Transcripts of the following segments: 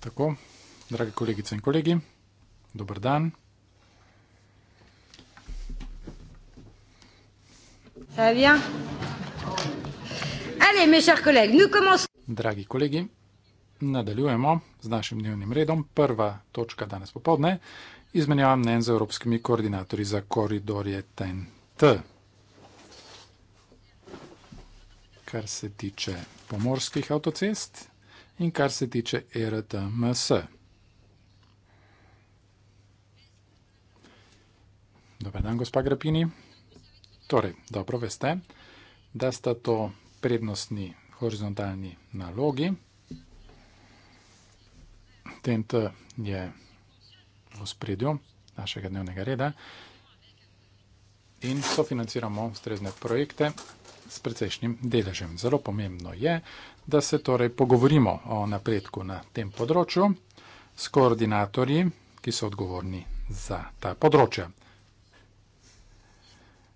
Tako, drage kolegice in kolegi, dober dan. Allez, mes chers collègues, nous commençons. Dragi kolegi, nadaljujemo z našim dnevnim redom. Prva točka danes popovdne, izmenjava mnen z evropskimi koordinatorji za koridorje TNT. kar se tiče pomorskih avtocest in kar se tiče e RTMS. Dobar dan, gospa Grapini. Torej, dobro veste, da sta to prednostni horizontalni nalogi. TNT je v spredju našega dnevnega reda in sofinanciramo strezne projekte s precejšnjim deležem. Zelo pomembno je, da se torej pogovorimo o napredku na tem področju s koordinatorji, ki so odgovorni za ta področja.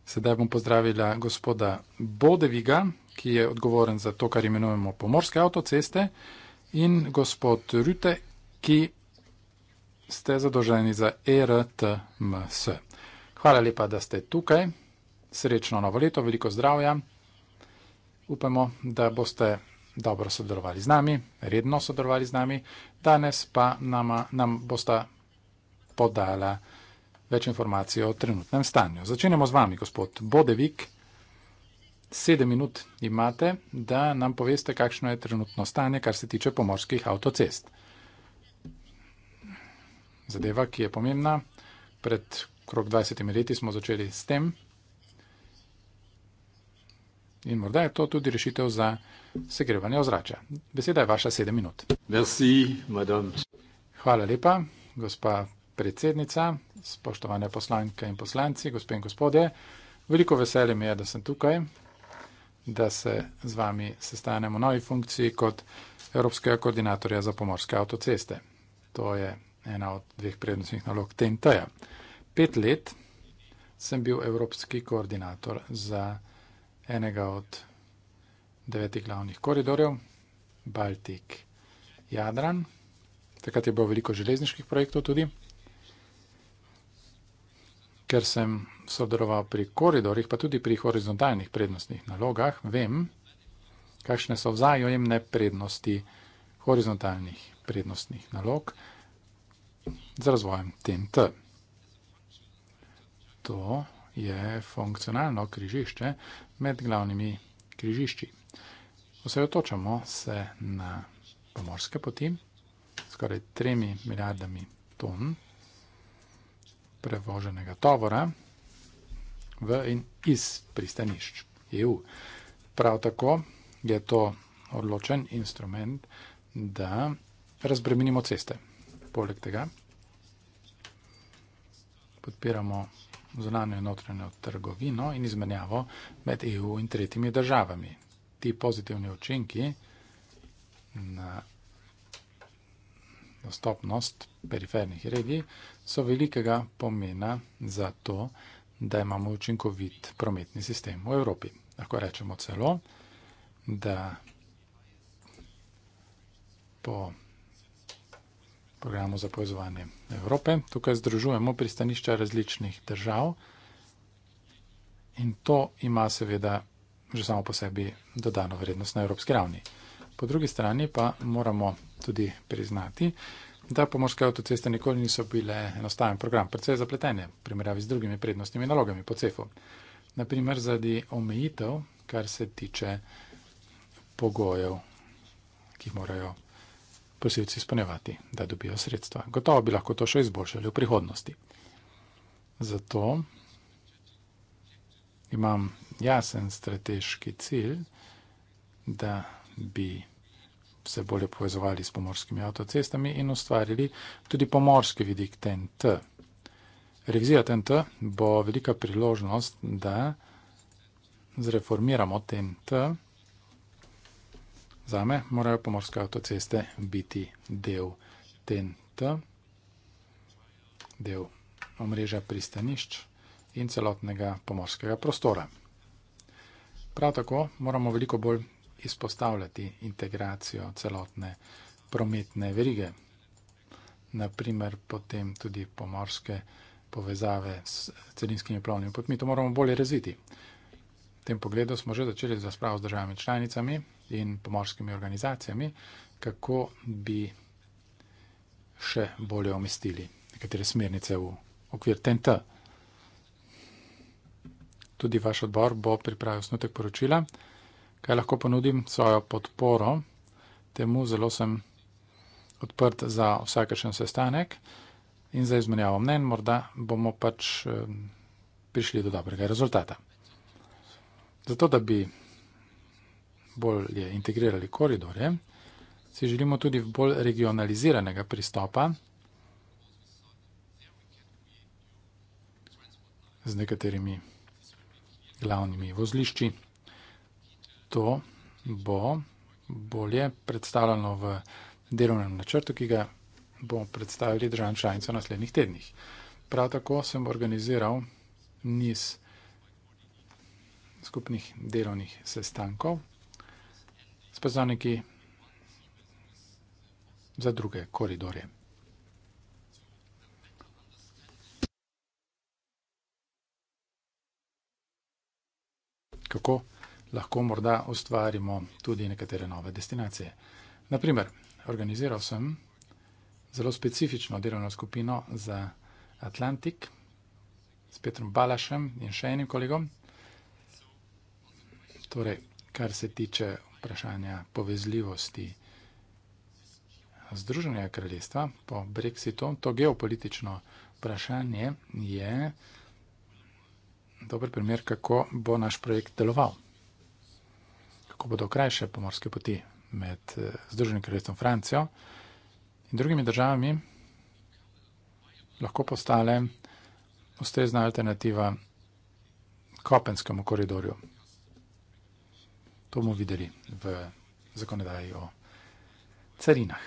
Sedaj bom pozdravila gospoda Bodeviga, ki je odgovoren za to, kar imenujemo pomorske avtoceste, in gospod Rute, ki ste zadolženi za ERTMS. Hvala lepa, da ste tukaj. Srečno novo leto, veliko zdravja upamo, da boste dobro sodelovali z nami, redno sodelovali z nami. Danes pa nama, nam bosta podala več informacij o trenutnem stanju. Začenjamo z vami, gospod Bodevik. Sedem minut imate, da nam poveste, kakšno je trenutno stanje, kar se tiče pomorskih avtocest. Zadeva, ki je pomembna, pred krok 20 leti smo začeli s tem, In morda je to tudi rešitev za segrevanje ozračja. Beseda je vaša sedem minut. Merci, Hvala lepa, gospa predsednica, spoštovane poslanke in poslanci, gospe in gospodje. Veliko veselje mi je, da sem tukaj, da se z vami sestanem v novi funkciji kot Evropskega koordinatorja za pomorske avtoceste. To je ena od dveh prednostnih nalog TNT-ja. Pet let sem bil Evropski koordinator za pomorske avtoceste enega od devetih glavnih koridorjev, Baltik, Jadran. Takrat je bilo veliko železniških projektov tudi. Ker sem sodeloval pri koridorjih, pa tudi pri horizontalnih prednostnih nalogah, vem, kakšne so vzajemne prednosti horizontalnih prednostnih nalog z razvojem TNT. To je funkcionalno križišče, med glavnimi križišči. Osredotočamo se na pomorske poti, skoraj 3 milijardami ton prevoženega tovora v in iz pristanišč EU. Prav tako je to odločen instrument, da razbremenimo ceste. Poleg tega podpiramo zunanjo in notranjo trgovino in izmenjavo med EU in tretjimi državami. Ti pozitivni učinki na dostopnost perifernih regij so velikega pomena za to, da imamo učinkovit prometni sistem v Evropi. Lahko rečemo celo, da po programu za povezovanje Evrope. Tukaj združujemo pristanišča različnih držav in to ima seveda že samo po sebi dodano vrednost na evropski ravni. Po drugi strani pa moramo tudi priznati, da pomorske avtoceste nikoli niso bile enostaven program, predvsej zapletene, v primerjavi z drugimi prednostnimi nalogami po CEF-u. Naprimer, zaradi omejitev, kar se tiče pogojev, ki morajo posilci izpolnjevati, da dobijo sredstva. Gotovo bi lahko to še izboljšali v prihodnosti. Zato imam jasen strateški cilj, da bi se bolje povezovali s pomorskimi avtocestami in ustvarili tudi pomorski vidik TNT. Revizija TNT bo velika priložnost, da zreformiramo TNT. Zame morajo pomorske avtoceste biti del TNT, del omrežja pristanišč in celotnega pomorskega prostora. Prav tako moramo veliko bolj izpostavljati integracijo celotne prometne verige, naprimer potem tudi pomorske povezave s celinskimi plovnimi potmi. To moramo bolje razviti. V tem pogledu smo že začeli z razpravo z državami članicami in pomorskimi organizacijami, kako bi še bolje omestili nekatere smernice v okvir TNT. Tudi vaš odbor bo pripravil snotek poročila, kaj lahko ponudim svojo podporo. Temu zelo sem odprt za vsakečen sestanek in za izmenjavo mnen, morda bomo pač eh, prišli do dobrega rezultata. Zato, da bi bolje integrirali koridorje, si želimo tudi bolj regionaliziranega pristopa z nekaterimi glavnimi vozlišči. To bo bolje predstavljeno v delovnem načrtu, ki ga bomo predstavili državam članice v naslednjih tednih. Prav tako sem organiziral niz skupnih delovnih sestankov spoznaniki za druge koridorje. Kako lahko morda ustvarimo tudi nekatere nove destinacije. Naprimer, organiziral sem zelo specifično delovno skupino za Atlantik s Petrom Balašem in še enim kolegom. Torej, kar se tiče vprašanja povezljivosti Združenega kraljestva po Brexitu. To geopolitično vprašanje je dober primer, kako bo naš projekt deloval. Kako bodo krajše pomorske poti med eh, Združenim kraljestvom Francijo in drugimi državami lahko postale ustrezna alternativa kopenskemu koridorju. To bomo videli v zakonodaji o carinah.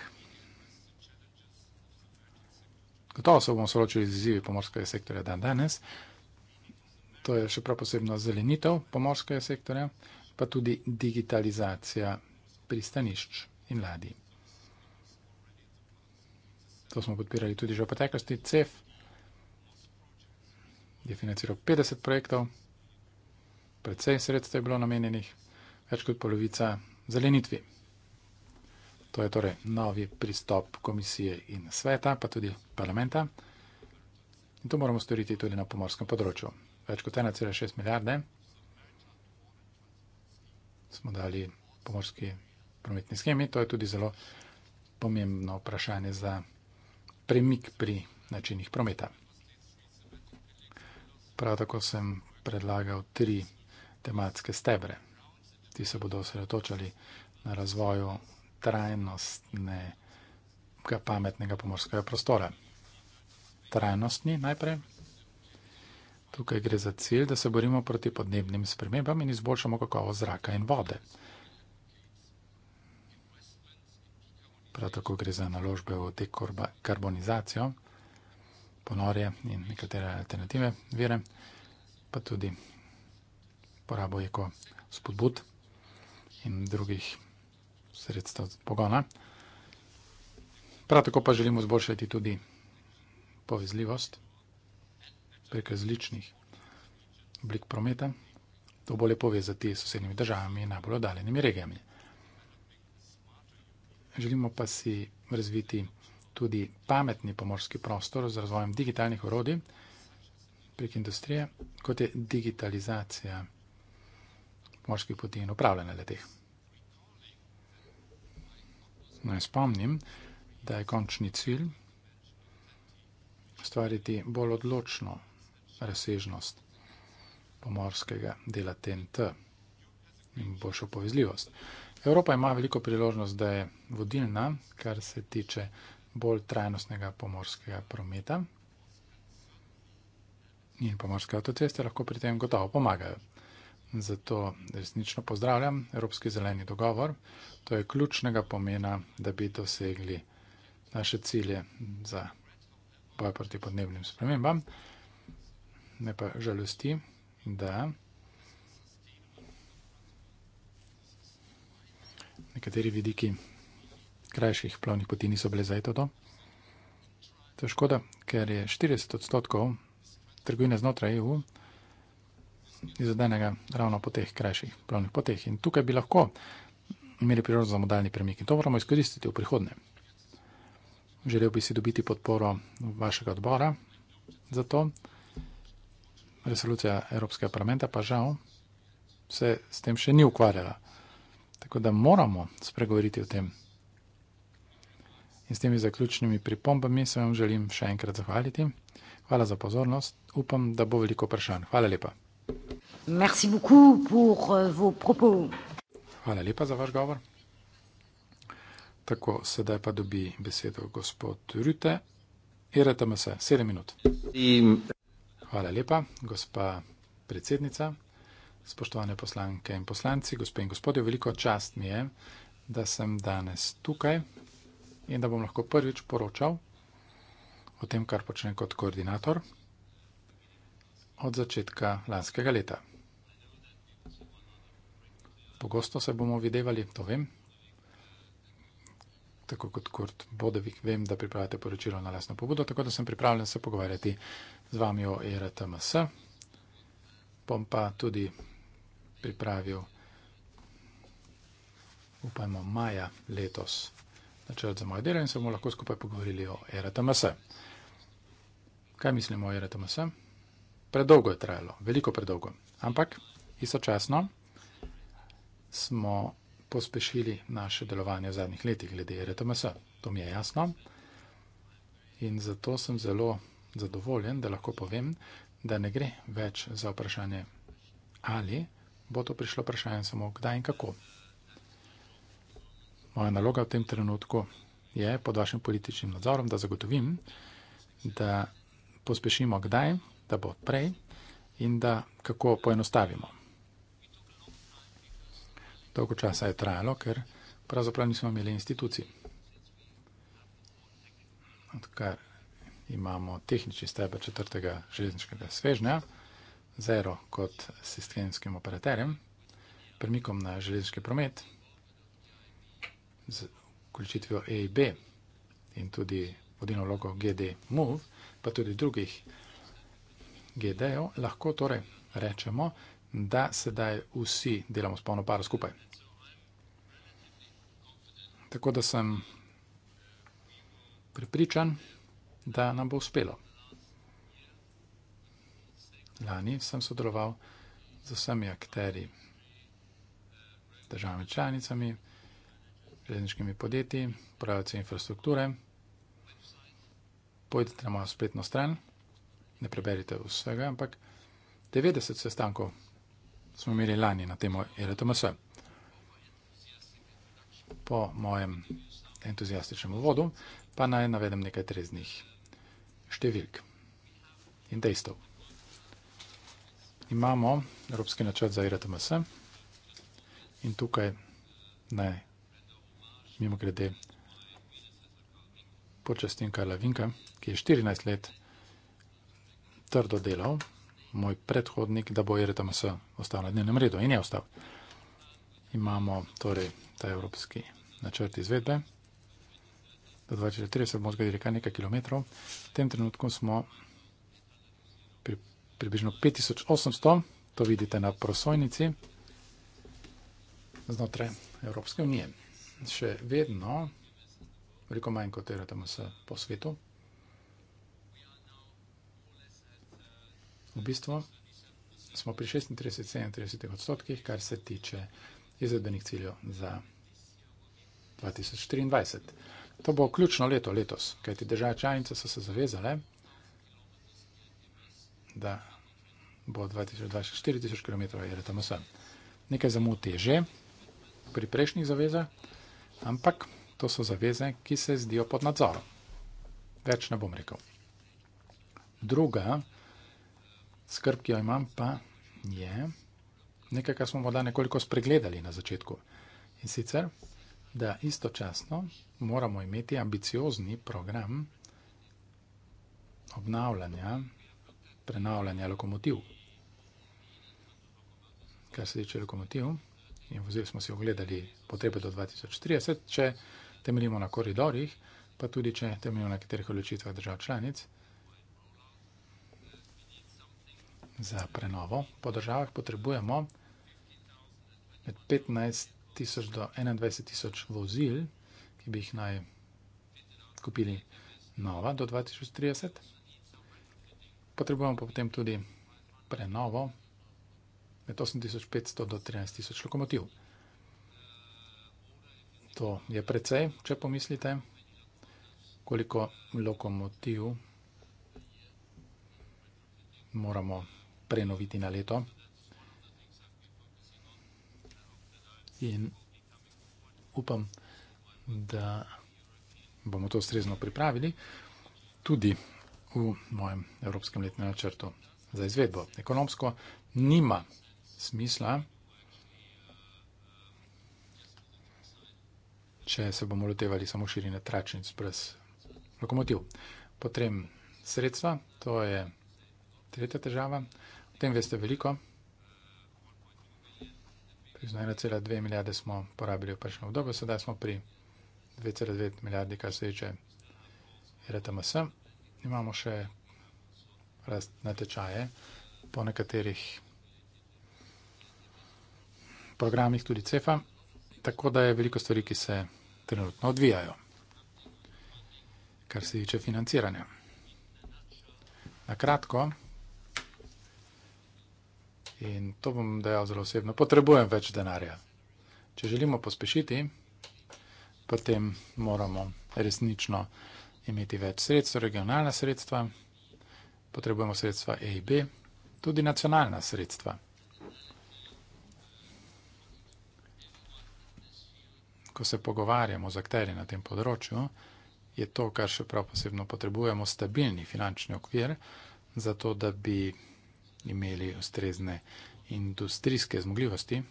Gotovo se bomo soočili z izzivi pomorskega sektorja dan danes. To je še prav posebno zelenitev pomorskega sektorja, pa tudi digitalizacija pristanišč in ladij. To smo podpirali tudi že v preteklosti. CEF je financiral 50 projektov, precej sredstev je bilo namenjenih več kot polovica zelenitvi. To je torej novi pristop komisije in sveta, pa tudi parlamenta. In to moramo storiti tudi na pomorskem področju. Več kot 1,6 milijarde smo dali pomorski prometni schemi. To je tudi zelo pomembno vprašanje za premik pri načinih prometa. Prav tako sem predlagal tri tematske stebre ti se bodo osredotočali na razvoju trajnostnega pametnega pomorskega prostora. Trajnostni najprej. Tukaj gre za cilj, da se borimo proti podnebnim spremembam in izboljšamo kakovost zraka in vode. Prav tako gre za naložbe v dekarbonizacijo, ponorje in nekatere alternative vire, pa tudi porabo eko spodbud in drugih sredstev pogona. Prav tako pa želimo zboljšati tudi povezljivost prek različnih oblik prometa, to bolje povezati s sosednjimi državami in najbolj oddaljenimi regijami. Želimo pa si razviti tudi pametni pomorski prostor z razvojem digitalnih orodij prek industrije, kot je digitalizacija morskih poti in upravljanja leteh. Naj spomnim, da je končni cilj stvariti bolj odločno razsežnost pomorskega dela TNT in boljšo povezljivost. Evropa ima veliko priložnost, da je vodilna, kar se tiče bolj trajnostnega pomorskega prometa. In pomorske avtoceste lahko pri tem gotovo pomagajo. Zato resnično pozdravljam Evropski zeleni dogovor. To je ključnega pomena, da bi dosegli naše cilje za boj proti podnebnim spremembam. Me pa žalosti, da nekateri vidiki krajših plovnih poti niso bile zajeto do. To je škoda, ker je 40 odstotkov trgovine znotraj EU izvedenega ravno po teh krajših plovnih poteh. In tukaj bi lahko imeli priložnost za modalni premik in to moramo izkoristiti v prihodnje. Želel bi si dobiti podporo vašega odbora za to. Resolucija Evropskega parlamenta pa žal se s tem še ni ukvarjala. Tako da moramo spregovoriti o tem. In s temi zaključnimi pripombami se vam želim še enkrat zahvaliti. Hvala za pozornost. Upam, da bo veliko vprašanj. Hvala lepa. Merci beaucoup pour euh, vos propos. Hvala lepa za vaš govor. Tako, sedaj pa dobi besedo gospod Rute. Irate me se, sedem minut. Hvala lepa, gospa predsednica, spoštovane poslanke in poslanci, gospe in gospodje, veliko čast mi je, da sem danes tukaj in da bom lahko prvič poročal o tem, kar počnem kot koordinator od začetka lanskega leta pogosto se bomo videvali, to vem. Tako kot Kurt Bodevik, vem, da pripravljate poročilo na lasno pobudo, tako da sem pripravljen se pogovarjati z vami o ERTMS. Bom pa tudi pripravil, upajmo, maja letos načrt za moje delo in se bomo lahko skupaj pogovorili o ERTMS. Kaj mislimo o ERTMS? Predolgo je trajalo, veliko predolgo. Ampak istočasno smo pospešili naše delovanje v zadnjih letih glede RTMS. To mi je jasno. In zato sem zelo zadovoljen, da lahko povem, da ne gre več za vprašanje, ali bo to prišlo vprašanje samo kdaj in kako. Moja naloga v tem trenutku je pod vašim političnim nadzorom, da zagotovim, da pospešimo kdaj, da bo prej in da kako poenostavimo dolgo časa je trajalo, ker pravzaprav nismo imeli institucij. Odkar imamo tehnični stebr četrtega železniškega svežnja, zero kot sistemskim operaterjem, premikom na železniški promet z vključitvijo AIB e in tudi vodilno logo GD Move, pa tudi drugih GD-jev, lahko torej rečemo, da sedaj vsi delamo s polno paro skupaj. Tako da sem pripričan, da nam bo uspelo. Lani sem sodeloval z vsemi akteri, državami članicami, železniškimi podjetji, upravljalci infrastrukture. Pojdite na mojo spletno stran, ne preberite vsega, ampak 90 sestankov smo imeli lani na temo RTMS. Po mojem entuzijastičnem uvodu pa naj navedem nekaj treznih številk in dejstev. Imamo Evropski načrt za RTMS in tukaj naj mimo grede počastim Karla Vinka, ki je 14 let trdo delal moj predhodnik, da bo RTMS ostal na dnevnem redu in je ostal. Imamo torej ta evropski načrt izvedbe. Do 2030 bomo zgradili kar nekaj kilometrov. V tem trenutku smo pri približno 5800, to vidite na prosojnici, znotraj Evropske unije. Še vedno, veliko manj kot RTMS po svetu, v bistvu smo pri 36-37 odstotkih, kar se tiče izvedbenih ciljev za 2024. To bo ključno leto letos, kajti države članice so se zavezale, da bo 2024 tisoč km JRTMS. Nekaj zamud je že pri prejšnjih zavezah, ampak to so zaveze, ki se zdijo pod nadzorom. Več ne bom rekel. Druga Skrb, ki jo imam, pa je nekaj, kar smo morda nekoliko spregledali na začetku. In sicer, da istočasno moramo imeti ambiciozni program obnavljanja, prenavljanja lokomotiv. Kar se tiče lokomotiv, in vzeli smo si ogledali potrebe do 2030, če temeljimo na koridorjih, pa tudi če temeljimo na katerih odločitvah držav članic. za prenovo. Po državah potrebujemo med 15 tisoč do 21 tisoč vozil, ki bi jih naj kupili nova do 2030. Potrebujemo pa potem tudi prenovo med 8500 do 13000 lokomotiv. To je precej, če pomislite, koliko lokomotiv moramo prenoviti na leto. In upam, da bomo to ustrezno pripravili tudi v mojem evropskem letnem načrtu za izvedbo. Ekonomsko nima smisla, če se bomo lotevali samo širine tračnic brez lokomotiv. Potrem sredstva, to je tretja težava. O tem veste veliko. Pri 1,2 milijarde smo porabili v prejšnjem obdobju, sedaj smo pri 2,9 milijardi, kar se tiče RTMS. Imamo še rast natečaje po nekaterih programih, tudi CEFA, tako da je veliko stvari, ki se trenutno odvijajo, kar se tiče financiranja. Na kratko, In to bom dejal zelo osebno. Potrebujem več denarja. Če želimo pospešiti, potem moramo resnično imeti več sredstev, regionalna sredstva, potrebujemo sredstva EIB, tudi nacionalna sredstva. Ko se pogovarjamo z akteri na tem področju, je to, kar še prav posebno potrebujemo, stabilni finančni okvir, zato da bi imeli ustrezne industrijske zmogljivosti,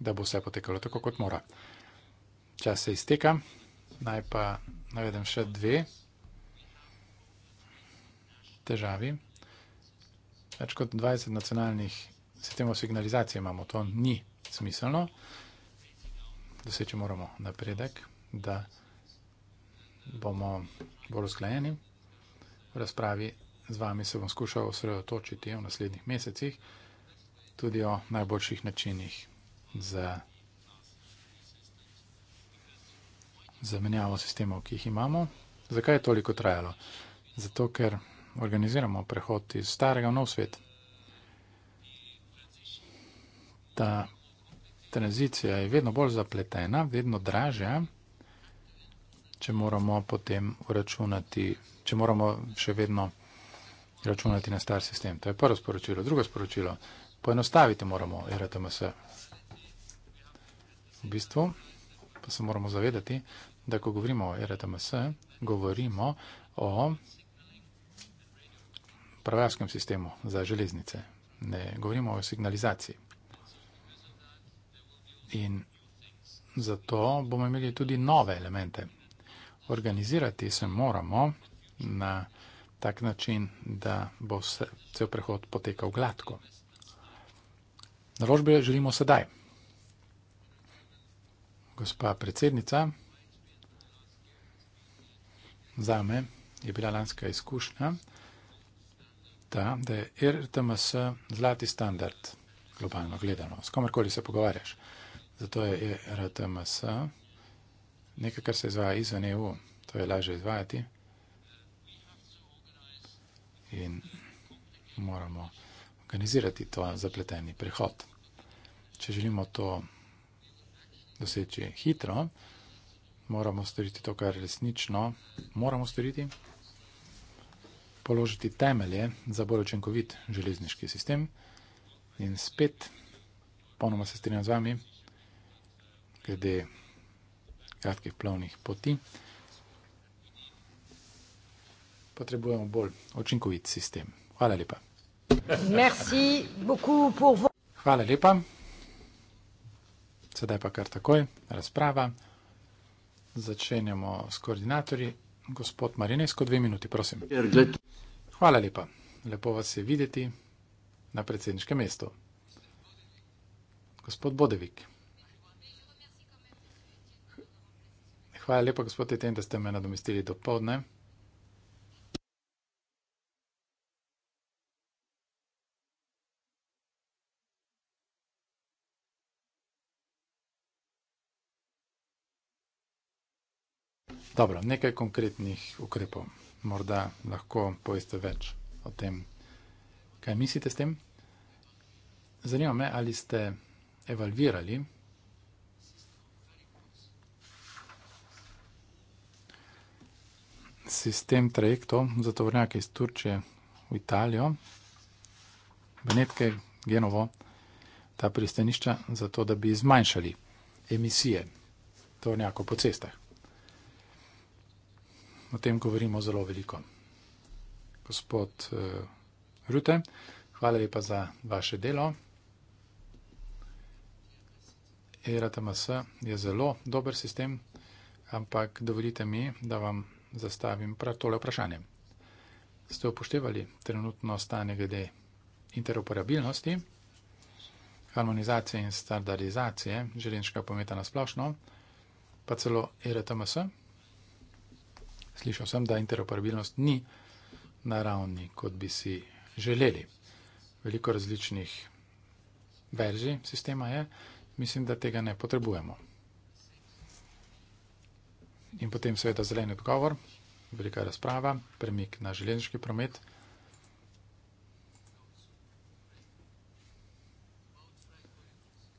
da bo vse potekalo tako, kot mora. Čas se izteka. Naj pa navedem še dve težavi. Več kot 20 nacionalnih sistemov signalizacije imamo. To ni smiselno. Doseči moramo napredek, da bomo bolj usklajeni. V razpravi z vami se bom skušal osredotočiti v naslednjih mesecih tudi o najboljših načinih za zamenjavo sistemov, ki jih imamo. Zakaj je toliko trajalo? Zato, ker organiziramo prehod iz starega v nov svet. Ta tranzicija je vedno bolj zapletena, vedno dražja, če moramo potem uračunati, če moramo še vedno uračunati, računati na star sistem. To je prvo sporočilo. Drugo sporočilo. Poenostaviti moramo RTMS. V bistvu pa se moramo zavedati, da ko govorimo o RTMS, govorimo o pravarskem sistemu za železnice. Ne govorimo o signalizaciji. In zato bomo imeli tudi nove elemente. Organizirati se moramo na tak način, da bo se cel prehod potekal gladko. Naložbe želimo sedaj. Gospa predsednica, za me je bila lanska izkušnja ta, da je RTMS zlati standard, globalno gledano, s komerkoli se pogovarjaš. Zato je RTMS nekaj, kar se izvaja izven EU, to je lažje izvajati in moramo organizirati ta zapleteni prehod. Če želimo to doseči hitro, moramo storiti to, kar resnično moramo storiti, položiti temelje za bolj učinkovit železniški sistem in spet ponoma se strinjam z vami glede kratkih plovnih poti potrebujemo bolj učinkovit sistem. Hvala lepa. Hvala lepa. Sedaj pa kar takoj razprava. Začenjamo s koordinatorji. Gospod Marinesko, dve minuti, prosim. Hvala lepa. Lepo vas je videti na predsedniškem mestu. Gospod Bodevik. Hvala lepa, gospod Eten, da ste me nadomestili do povdne. Dobro, nekaj konkretnih ukrepov. Morda lahko poveste več o tem, kaj mislite s tem. Zanima me, ali ste evalvirali sistem trajektov za tovornjake iz Turčije v Italijo, Benetke, Genovo, ta pristanišča, zato da bi zmanjšali emisije tovornjakov po cestah o tem govorimo zelo veliko. Gospod uh, Rute, hvala lepa za vaše delo. ERTMS je zelo dober sistem, ampak dovolite mi, da vam zastavim prav tole vprašanje. Ste upoštevali trenutno stanje glede interoperabilnosti, harmonizacije in standardizacije želenčkega pometa na splošno, pa celo ERTMS? Slišal sem, da interoperabilnost ni na ravni, kot bi si želeli. Veliko različnih verzij sistema je, mislim, da tega ne potrebujemo. In potem seveda zeleni odgovor, velika razprava, premik na železniški promet.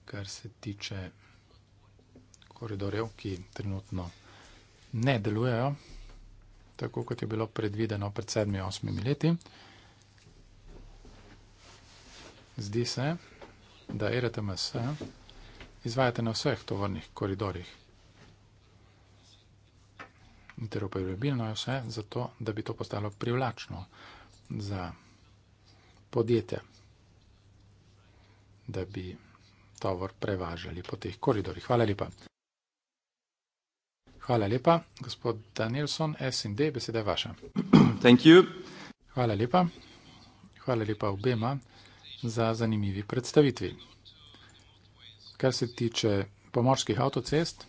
Kar se tiče koridorjev, ki trenutno ne delujejo tako kot je bilo predvideno pred sedmi, osmimi leti. Zdi se, da RTMS izvajate na vseh tovornih koridorih. Interoperabilno je vse, zato da bi to postalo privlačno za podjetje, da bi tovor prevažali po teh koridorih. Hvala lepa. Hvala lepa. Gospod Danielson, SND, beseda je vaša. Hvala lepa. Hvala lepa obema za zanimivi predstavitvi. Kar se tiče pomorskih avtocest,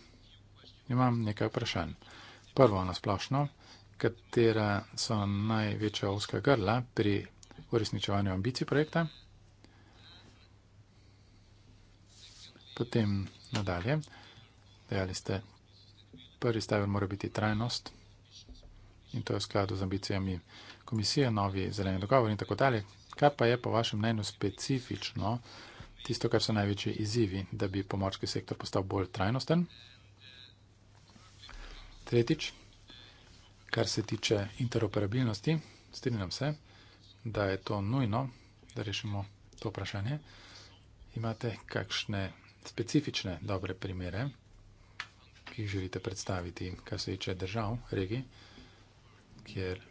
imam nekaj vprašanj. Prvo na splošno, katera so največja oska grla pri uresničevanju ambicij projekta. Potem nadalje, dejali ste, Prvi stavek mora biti trajnost in to je v skladu z ambicijami komisije, novi zeleni dogovor in tako dalje. Kaj pa je po vašem mnenju specifično tisto, kar so največji izzivi, da bi pomorski sektor postal bolj trajnosten? Tretjič, kar se tiče interoperabilnosti, strinjam se, da je to nujno, da rešimo to vprašanje. Imate kakšne specifične dobre primere? ki jih želite predstaviti, kar se tiče držav, regij, kjer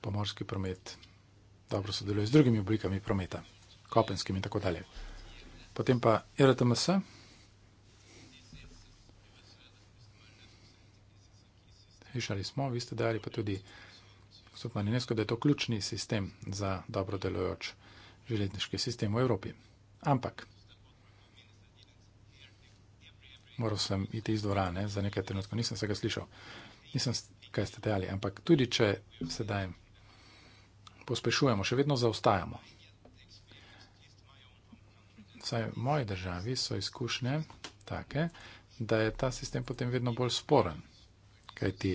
pomorski promet dobro sodeluje z drugimi oblikami prometa, kopenskimi in tako dalje. Potem pa RTMS. Slišali smo, vi ste dali pa tudi Sopmaninesko, da je to ključni sistem za dobro delujoč železniški sistem v Evropi. Ampak moral sem iti iz dvorane za nekaj trenutkov, nisem se ga slišal, nisem kaj ste dejali, ampak tudi če sedaj pospešujemo, še vedno zaostajamo. Vsaj v moji državi so izkušnje take, da je ta sistem potem vedno bolj sporen, kajti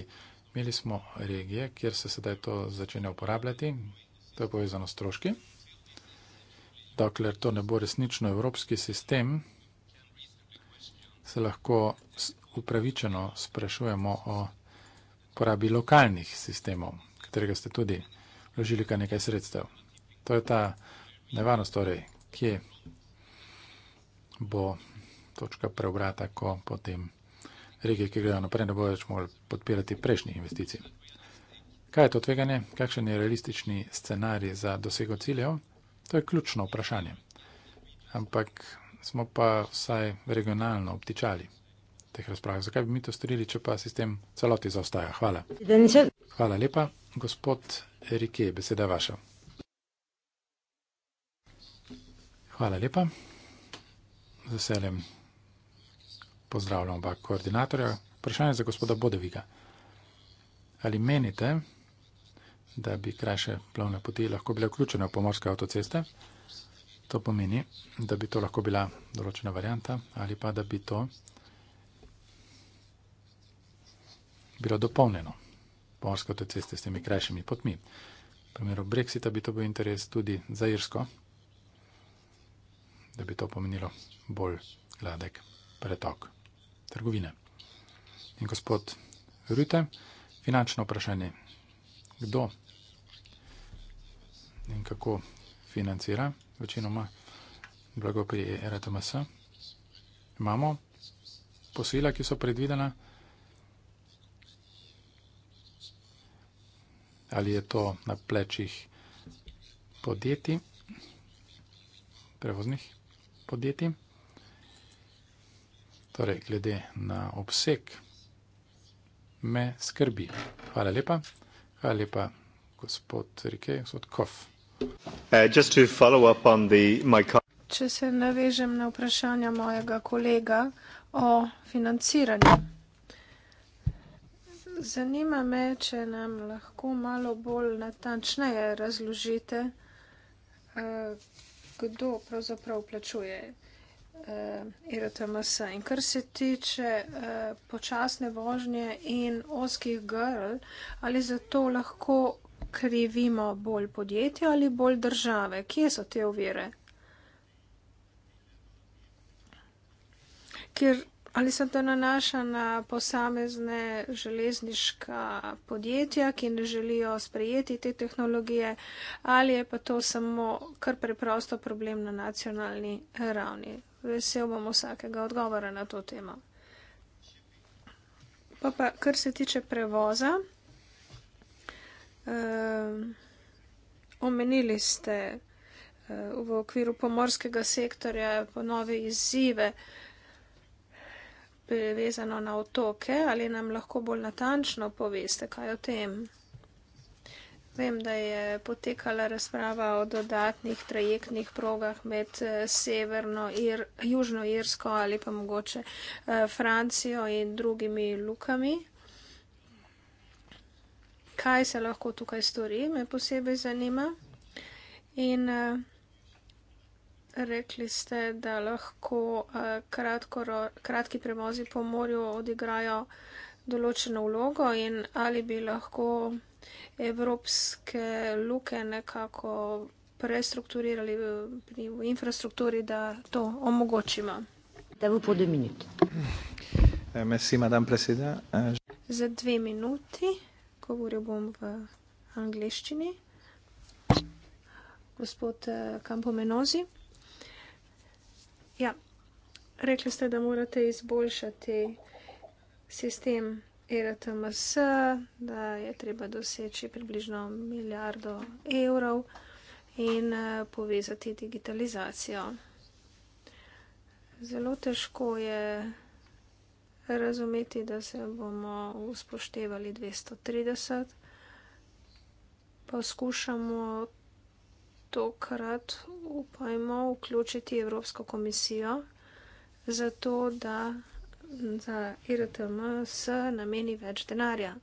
imeli smo regije, kjer se sedaj to začne uporabljati, to je povezano s stroški, dokler to ne bo resnično evropski sistem, se lahko upravičeno sprašujemo o porabi lokalnih sistemov, katerega ste tudi vložili kar nekaj sredstev. To je ta nevarnost, torej, kje bo točka preobrata, ko potem regije, ki gledajo naprej, ne bo več mogli podpirati prejšnjih investicij. Kaj je to tveganje? Kakšen je realistični scenarij za dosego ciljev? To je ključno vprašanje. Ampak smo pa vsaj regionalno obtičali v teh razpravah. Zakaj bi mi to storili, če pa sistem celoti zaostaja? Hvala. Hvala lepa. Gospod Rike, beseda vaša. Hvala lepa. Z veseljem pozdravljam oba koordinatorja. Vprašanje za gospoda Bodeviga. Ali menite, da bi krajše plovne poti lahko bile vključene v pomorske avtoceste? To pomeni, da bi to lahko bila določena varianta ali pa da bi to bilo dopolnjeno po morskote ceste s temi krajšimi potmi. V primeru Brexita bi to bil interes tudi za Irsko, da bi to pomenilo bolj gladek pretok trgovine. In gospod Rute, finančno vprašanje, kdo in kako financira večinoma blago pri RTMS. Imamo posojila, ki so predvidena. Ali je to na plečih podjetij, prevoznih podjetij? Torej, glede na obseg, me skrbi. Hvala lepa, hvala lepa, gospod Rike, gospod Kov. Uh, če se navežem na vprašanja mojega kolega o financiranju. Zanima me, če nam lahko malo bolj natančneje razložite, uh, kdo pravzaprav plačuje IRTMS. Uh, in kar se tiče počasne vožnje in oskih grl, ali zato lahko krivimo bolj podjetja ali bolj države? Kje so te ovire? Ker ali se to nanaša na posamezne železniška podjetja, ki ne želijo sprejeti te tehnologije, ali je pa to samo kar preprosto problem na nacionalni ravni. Vesel bom vsakega odgovora na to temo. Pa pa, kar se tiče prevoza. Uh, omenili ste uh, v okviru pomorskega sektorja ponove izzive vezano na otoke. Ali nam lahko bolj natančno poveste, kaj o tem? Vem, da je potekala razprava o dodatnih trajektnih progah med eh, Severno in Ir, Južno Irsko ali pa mogoče eh, Francijo in drugimi lukami kaj se lahko tukaj stori, me posebej zanima. In eh, rekli ste, da lahko eh, kratkoro, kratki premozi po morju odigrajo določeno vlogo in ali bi lahko evropske luke nekako prestrukturirali v infrastrukturi, da to omogočimo. Eh, merci, Madame Presida. Za dve minuti govoril bom v angleščini. Gospod eh, Campo Menozi. Ja, rekli ste, da morate izboljšati sistem ERTMS, da je treba doseči približno milijardo evrov in eh, povezati digitalizacijo. Zelo težko je razumeti, da se bomo uspoštevali 230. Poskušamo tokrat, upajmo, vključiti Evropsko komisijo, zato da za IRTM se nameni več denarja.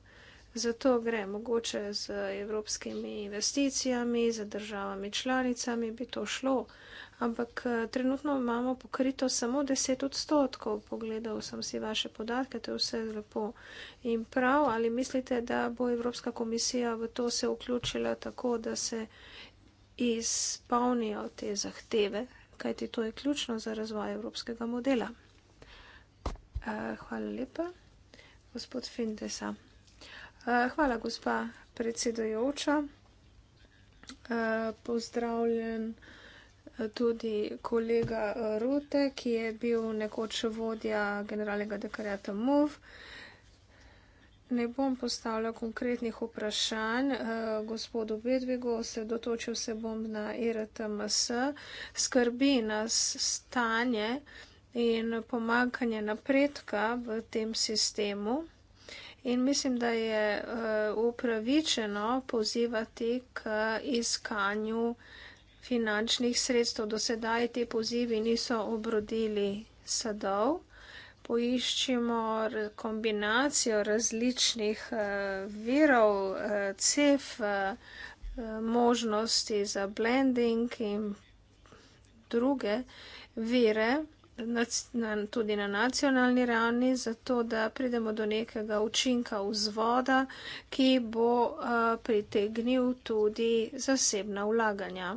Zato gre mogoče z evropskimi investicijami, z državami članicami bi to šlo. Ampak eh, trenutno imamo pokrito samo 10 odstotkov. Pogledal sem si vaše podatke, to je vse lepo in prav. Ali mislite, da bo Evropska komisija v to se vključila tako, da se izpolnijo te zahteve, kajti to je ključno za razvoj evropskega modela? Eh, hvala lepa, gospod Findesa. Eh, hvala, gospa predsedojoča. Pozdravljen tudi kolega eh, Rute, ki je bil nekoč vodja generalnega dekarjata MOV. Ne bom postavljal konkretnih vprašanj eh, gospodu Bedvigu, se dotočil se bom na IRTMS. Skrbi nas stanje in pomankanje napredka v tem sistemu. In mislim, da je eh, upravičeno pozivati k iskanju uh, finančnih sredstev. Do sedaj te pozivi niso obrodili sadov. Poiščimo kombinacijo različnih eh, virov, eh, cef, eh, možnosti za blending in druge vire, tudi na nacionalni ravni, zato da pridemo do nekega učinka vzvoda, ki bo pritegnil tudi zasebna vlaganja.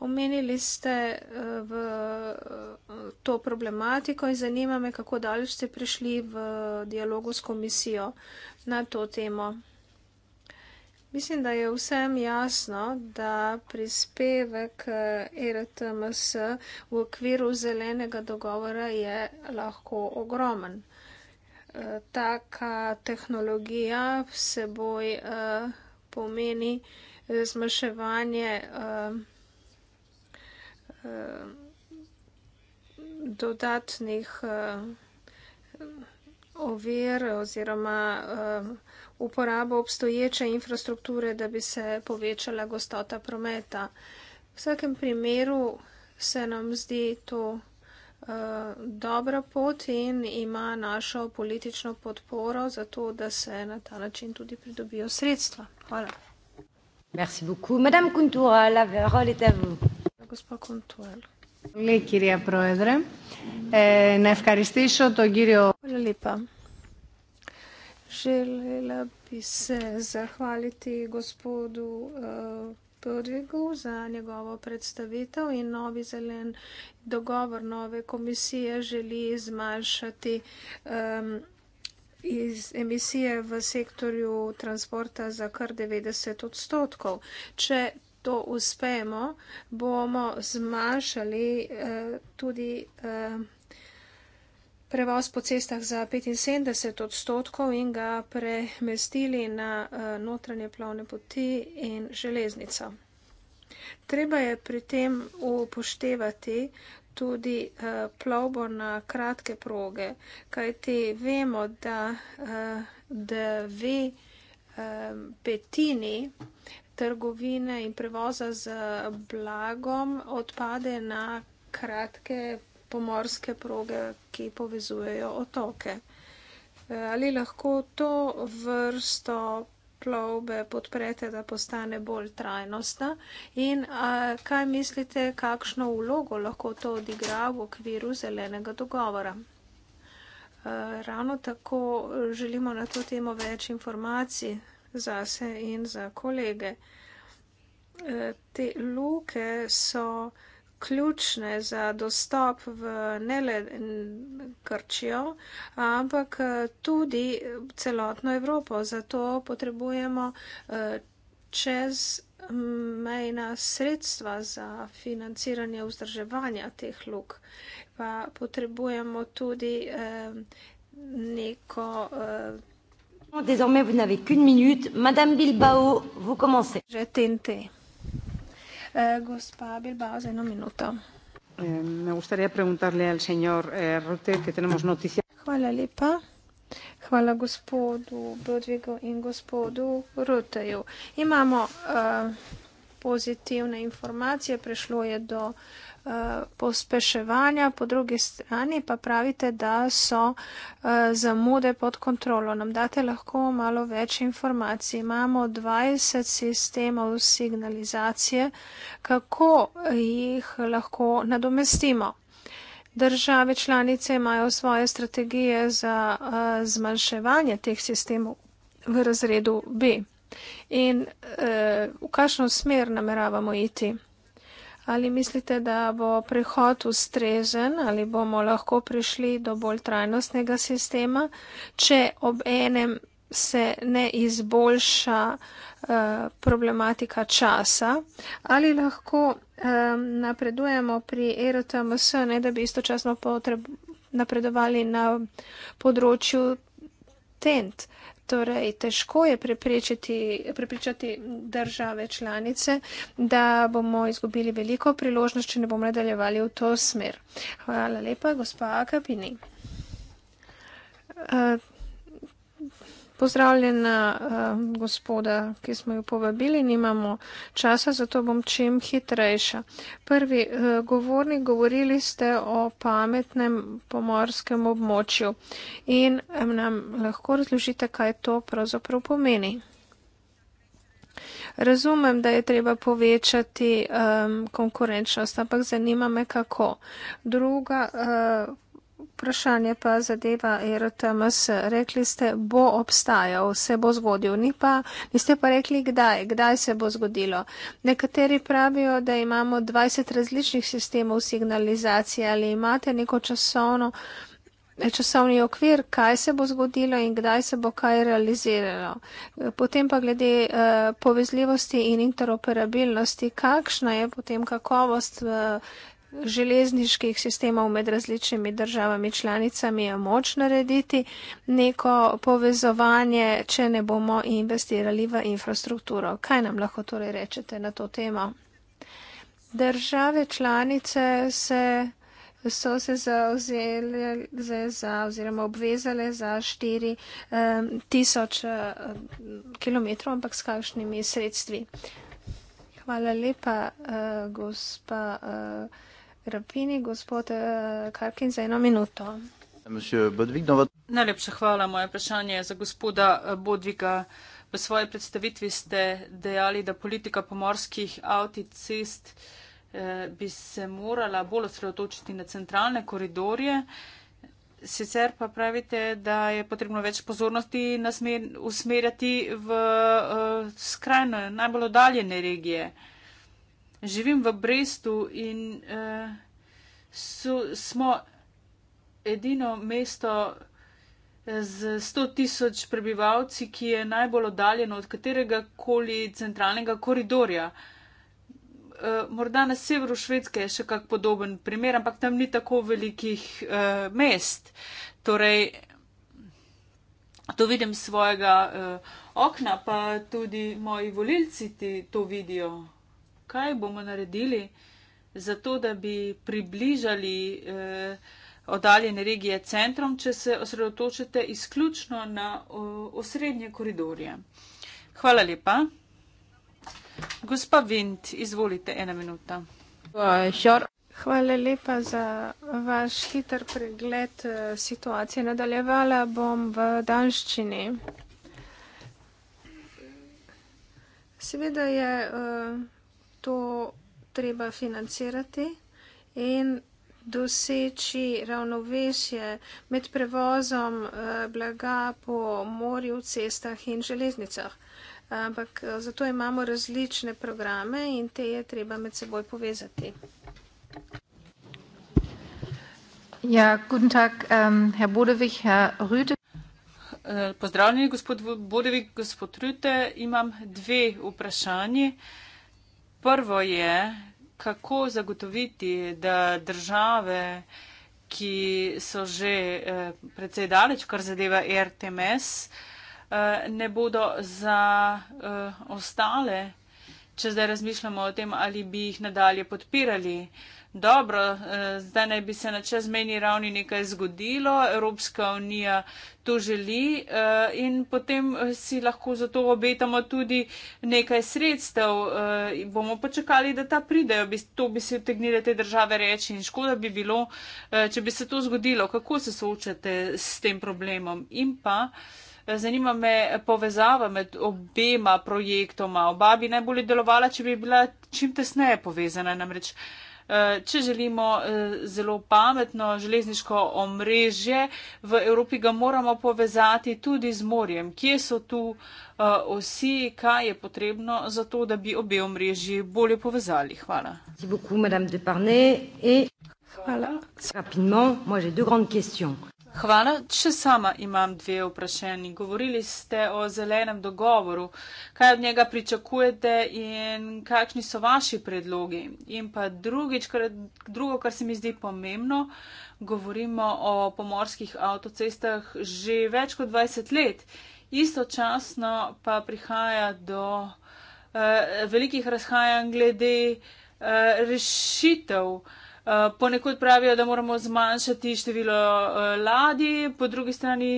Omenili ste eh, v eh, to problematiko in zanima me, kako daleč ste prišli v dialogu s komisijo na to temo. Mislim, da je vsem jasno, da prispevek eh, e RTMS v okviru zelenega dogovora je lahko ogromen. Taka tehnologija v seboj pomeni zmaševanje. Eh, dodatnih eh, ovir oziroma eh, uporabo obstoječe infrastrukture, da bi se povečala gostota prometa. V vsakem primeru se nam zdi to dobra pot in ima našo politično podporo za to, da se na ta način tudi pridobijo sredstva. Hvala. Merci beaucoup. Madame Kuntura, la parole est à vous. Γοσπα Κοντουέλ. Πολύ κυρία Πρόεδρε. Ε, να ευχαριστήσω τον κύριο... Πολύ λίπα. Желела би се захвалити господу Подвигу за негово представител и нови зелен договор нове комисија жели измаршати из емисија во секторију транспорта за кар 90 одстотков. Че to uspemo, bomo zmanjšali eh, tudi eh, prevoz po cestah za 75 odstotkov in ga premestili na eh, notranje plavne poti in železnico. Treba je pri tem upoštevati tudi eh, plovbo na kratke proge, kajti vemo, da eh, dve eh, petini trgovine in prevoza z blagom odpade na kratke pomorske proge, ki povezujejo otoke. E, ali lahko to vrsto plovbe podprete, da postane bolj trajnostna in a, kaj mislite, kakšno vlogo lahko to odigra v okviru zelenega dogovora? E, ravno tako želimo na to temo več informacij zase in za kolege. Eh, te luke so ključne za dostop v ne le Grčijo, ampak eh, tudi celotno Evropo. Zato potrebujemo eh, čez mejna sredstva za financiranje vzdrževanja teh luk. Pa potrebujemo tudi neko Désormais, vous n'avez qu'une minute. Madame Bilbao, vous commencez. Je tente. Uh, gospa Bilbao, c'est une minute. Eh, me gustaría preguntarle al señor eh, Rutte que tenemos noticias. Hvala lepa. Hvala gospodu Brodvigu in gospodu Ruteju. Imamo uh, pozitivne informacije, prišlo je do uh, Eh, pospeševanja, po drugi strani pa pravite, da so eh, zamude pod kontrolo. Nam date lahko malo več informacij. Imamo 20 sistemov signalizacije, kako jih lahko nadomestimo. Države članice imajo svoje strategije za eh, zmanjševanje teh sistemov v razredu B. In e, v kakšno smer nameravamo iti? Ali mislite, da bo prihod ustrezen ali bomo lahko prišli do bolj trajnostnega sistema, če ob enem se ne izboljša eh, problematika časa? Ali lahko eh, napredujemo pri ERTMS, ne da bi istočasno potreb, napredovali na področju tent? Eh, Torej, težko je prepričati države članice, da bomo izgubili veliko priložnost, če ne bomo nadaljevali v to smer. Hvala lepa, gospa Akapini. Uh, pozdravljena uh, gospoda, ki smo jo povabili, nimamo časa, zato bom čim hitrejša. Prvi uh, govornik, govorili ste o pametnem pomorskem območju in um, nam lahko razložite, kaj to pravzaprav pomeni. Razumem, da je treba povečati um, konkurenčnost, ampak zanima me, kako. Druga uh, vprašanje pa zadeva RTMS. Rekli ste, bo obstajal, se bo zgodil, ni pa, niste pa rekli, kdaj, kdaj se bo zgodilo. Nekateri pravijo, da imamo 20 različnih sistemov signalizacije ali imate neko časovno, časovni okvir, kaj se bo zgodilo in kdaj se bo kaj realiziralo. Potem pa glede uh, povezljivosti in interoperabilnosti, kakšna je potem kakovost. Uh, železniških sistemov med različnimi državami članicami je moč narediti neko povezovanje, če ne bomo investirali v infrastrukturo. Kaj nam lahko torej rečete na to temo? Države članice se, so se zauzele za oziroma obvezale za 4000 km, ampak s kakšnimi sredstvi. Hvala lepa, uh, gospa. Uh, Rapini, gospod eh, Karkin, za eno minuto. Bodvig, Najlepša hvala. Moje vprašanje je za gospoda eh, Bodviga. V svoji predstavitvi ste dejali, da politika pomorskih avticist eh, bi se morala bolj osredotočiti na centralne koridorje. Sicer pa pravite, da je potrebno več pozornosti usmerjati v skrajno najbolj oddaljene regije živim v Brestu in uh, so, smo edino mesto eh, z 100 tisoč prebivalci, ki je najbolj oddaljeno od katerega koli centralnega koridorja. Eh, morda na severu Švedske je še kak podoben primer, ampak tam ni tako velikih uh, mest. Torej, to vidim svojega uh, okna, pa tudi moji volilci ti to vidijo kaj bomo naredili za to, da bi približali eh, odaljene regije centrom, če se osredotočite izključno na o, osrednje koridorje. Hvala lepa. Gospa Vint, izvolite ena minuta. Hvala lepa za vaš hiter pregled eh, situacije. Nadaljevala bom v danščini. Seveda je. Uh, to treba financirati in doseči ravnovesje med prevozom eh, blaga po morju, cestah in železnicah. Ampak eh, zato imamo različne programe in te je treba med seboj povezati. Ja, guten tag, um, herr Bodevik, herr Rüde. Eh, pozdravljeni, gospod Bodevik, gospod Rüde. Imam dve vprašanje. Uh, Prvo je, kako zagotoviti, da države, ki so že eh, predvsej daleč, kar zadeva RTMS, eh, ne bodo za eh, ostale, če zdaj razmišljamo o tem, ali bi jih nadalje podpirali. Eh, Dobro, eh, zdaj naj bi se na čezmeni ravni nekaj zgodilo, Evropska unija to želi eh, in potem eh, si lahko za to obetamo tudi nekaj sredstev. Bomo pa čakali, da ta pridejo, to bi si utegnile te države reči in škoda bi bilo, če bi se to zgodilo. Kako se soočate s tem problemom? In pa zanima me povezava med obema projektoma. Oba bi najbolje delovala, če bi bila čim tesneje povezana. Namreč Eh, če želimo eh, zelo pametno železniško omrežje, v Evropi ga moramo povezati tudi z morjem. Kje so tu vsi, eh, kaj je potrebno za to, da bi obe omrežji bolje povezali? Hvala. Hvala. Hvala. Še sama imam dve vprašanji. Govorili ste o zelenem dogovoru. Kaj od njega pričakujete in kakšni so vaši predlogi? In pa drugič, kar, drugo, kar se mi zdi pomembno, govorimo o pomorskih avtocestah že več kot 20 let. Istočasno pa prihaja do uh, velikih razhajanj glede uh, rešitev. Uh, Eh, Ponekud pravijo, da moramo zmanjšati število eh, ladij, po drugi strani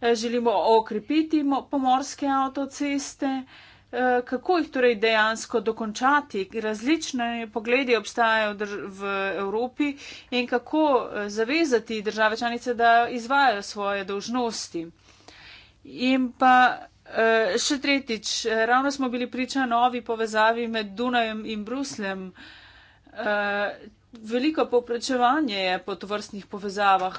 eh, želimo okrepiti pomorske avtoceste. Kako jih torej dejansko dokončati? Različne poglede obstajajo v Evropi in kako zavezati države članice, da izvajajo svoje dožnosti. In pa še tretjič, ravno smo bili priča novi povezavi med Dunajem in Bruslem veliko povpraševanje je po tovrstnih povezavah.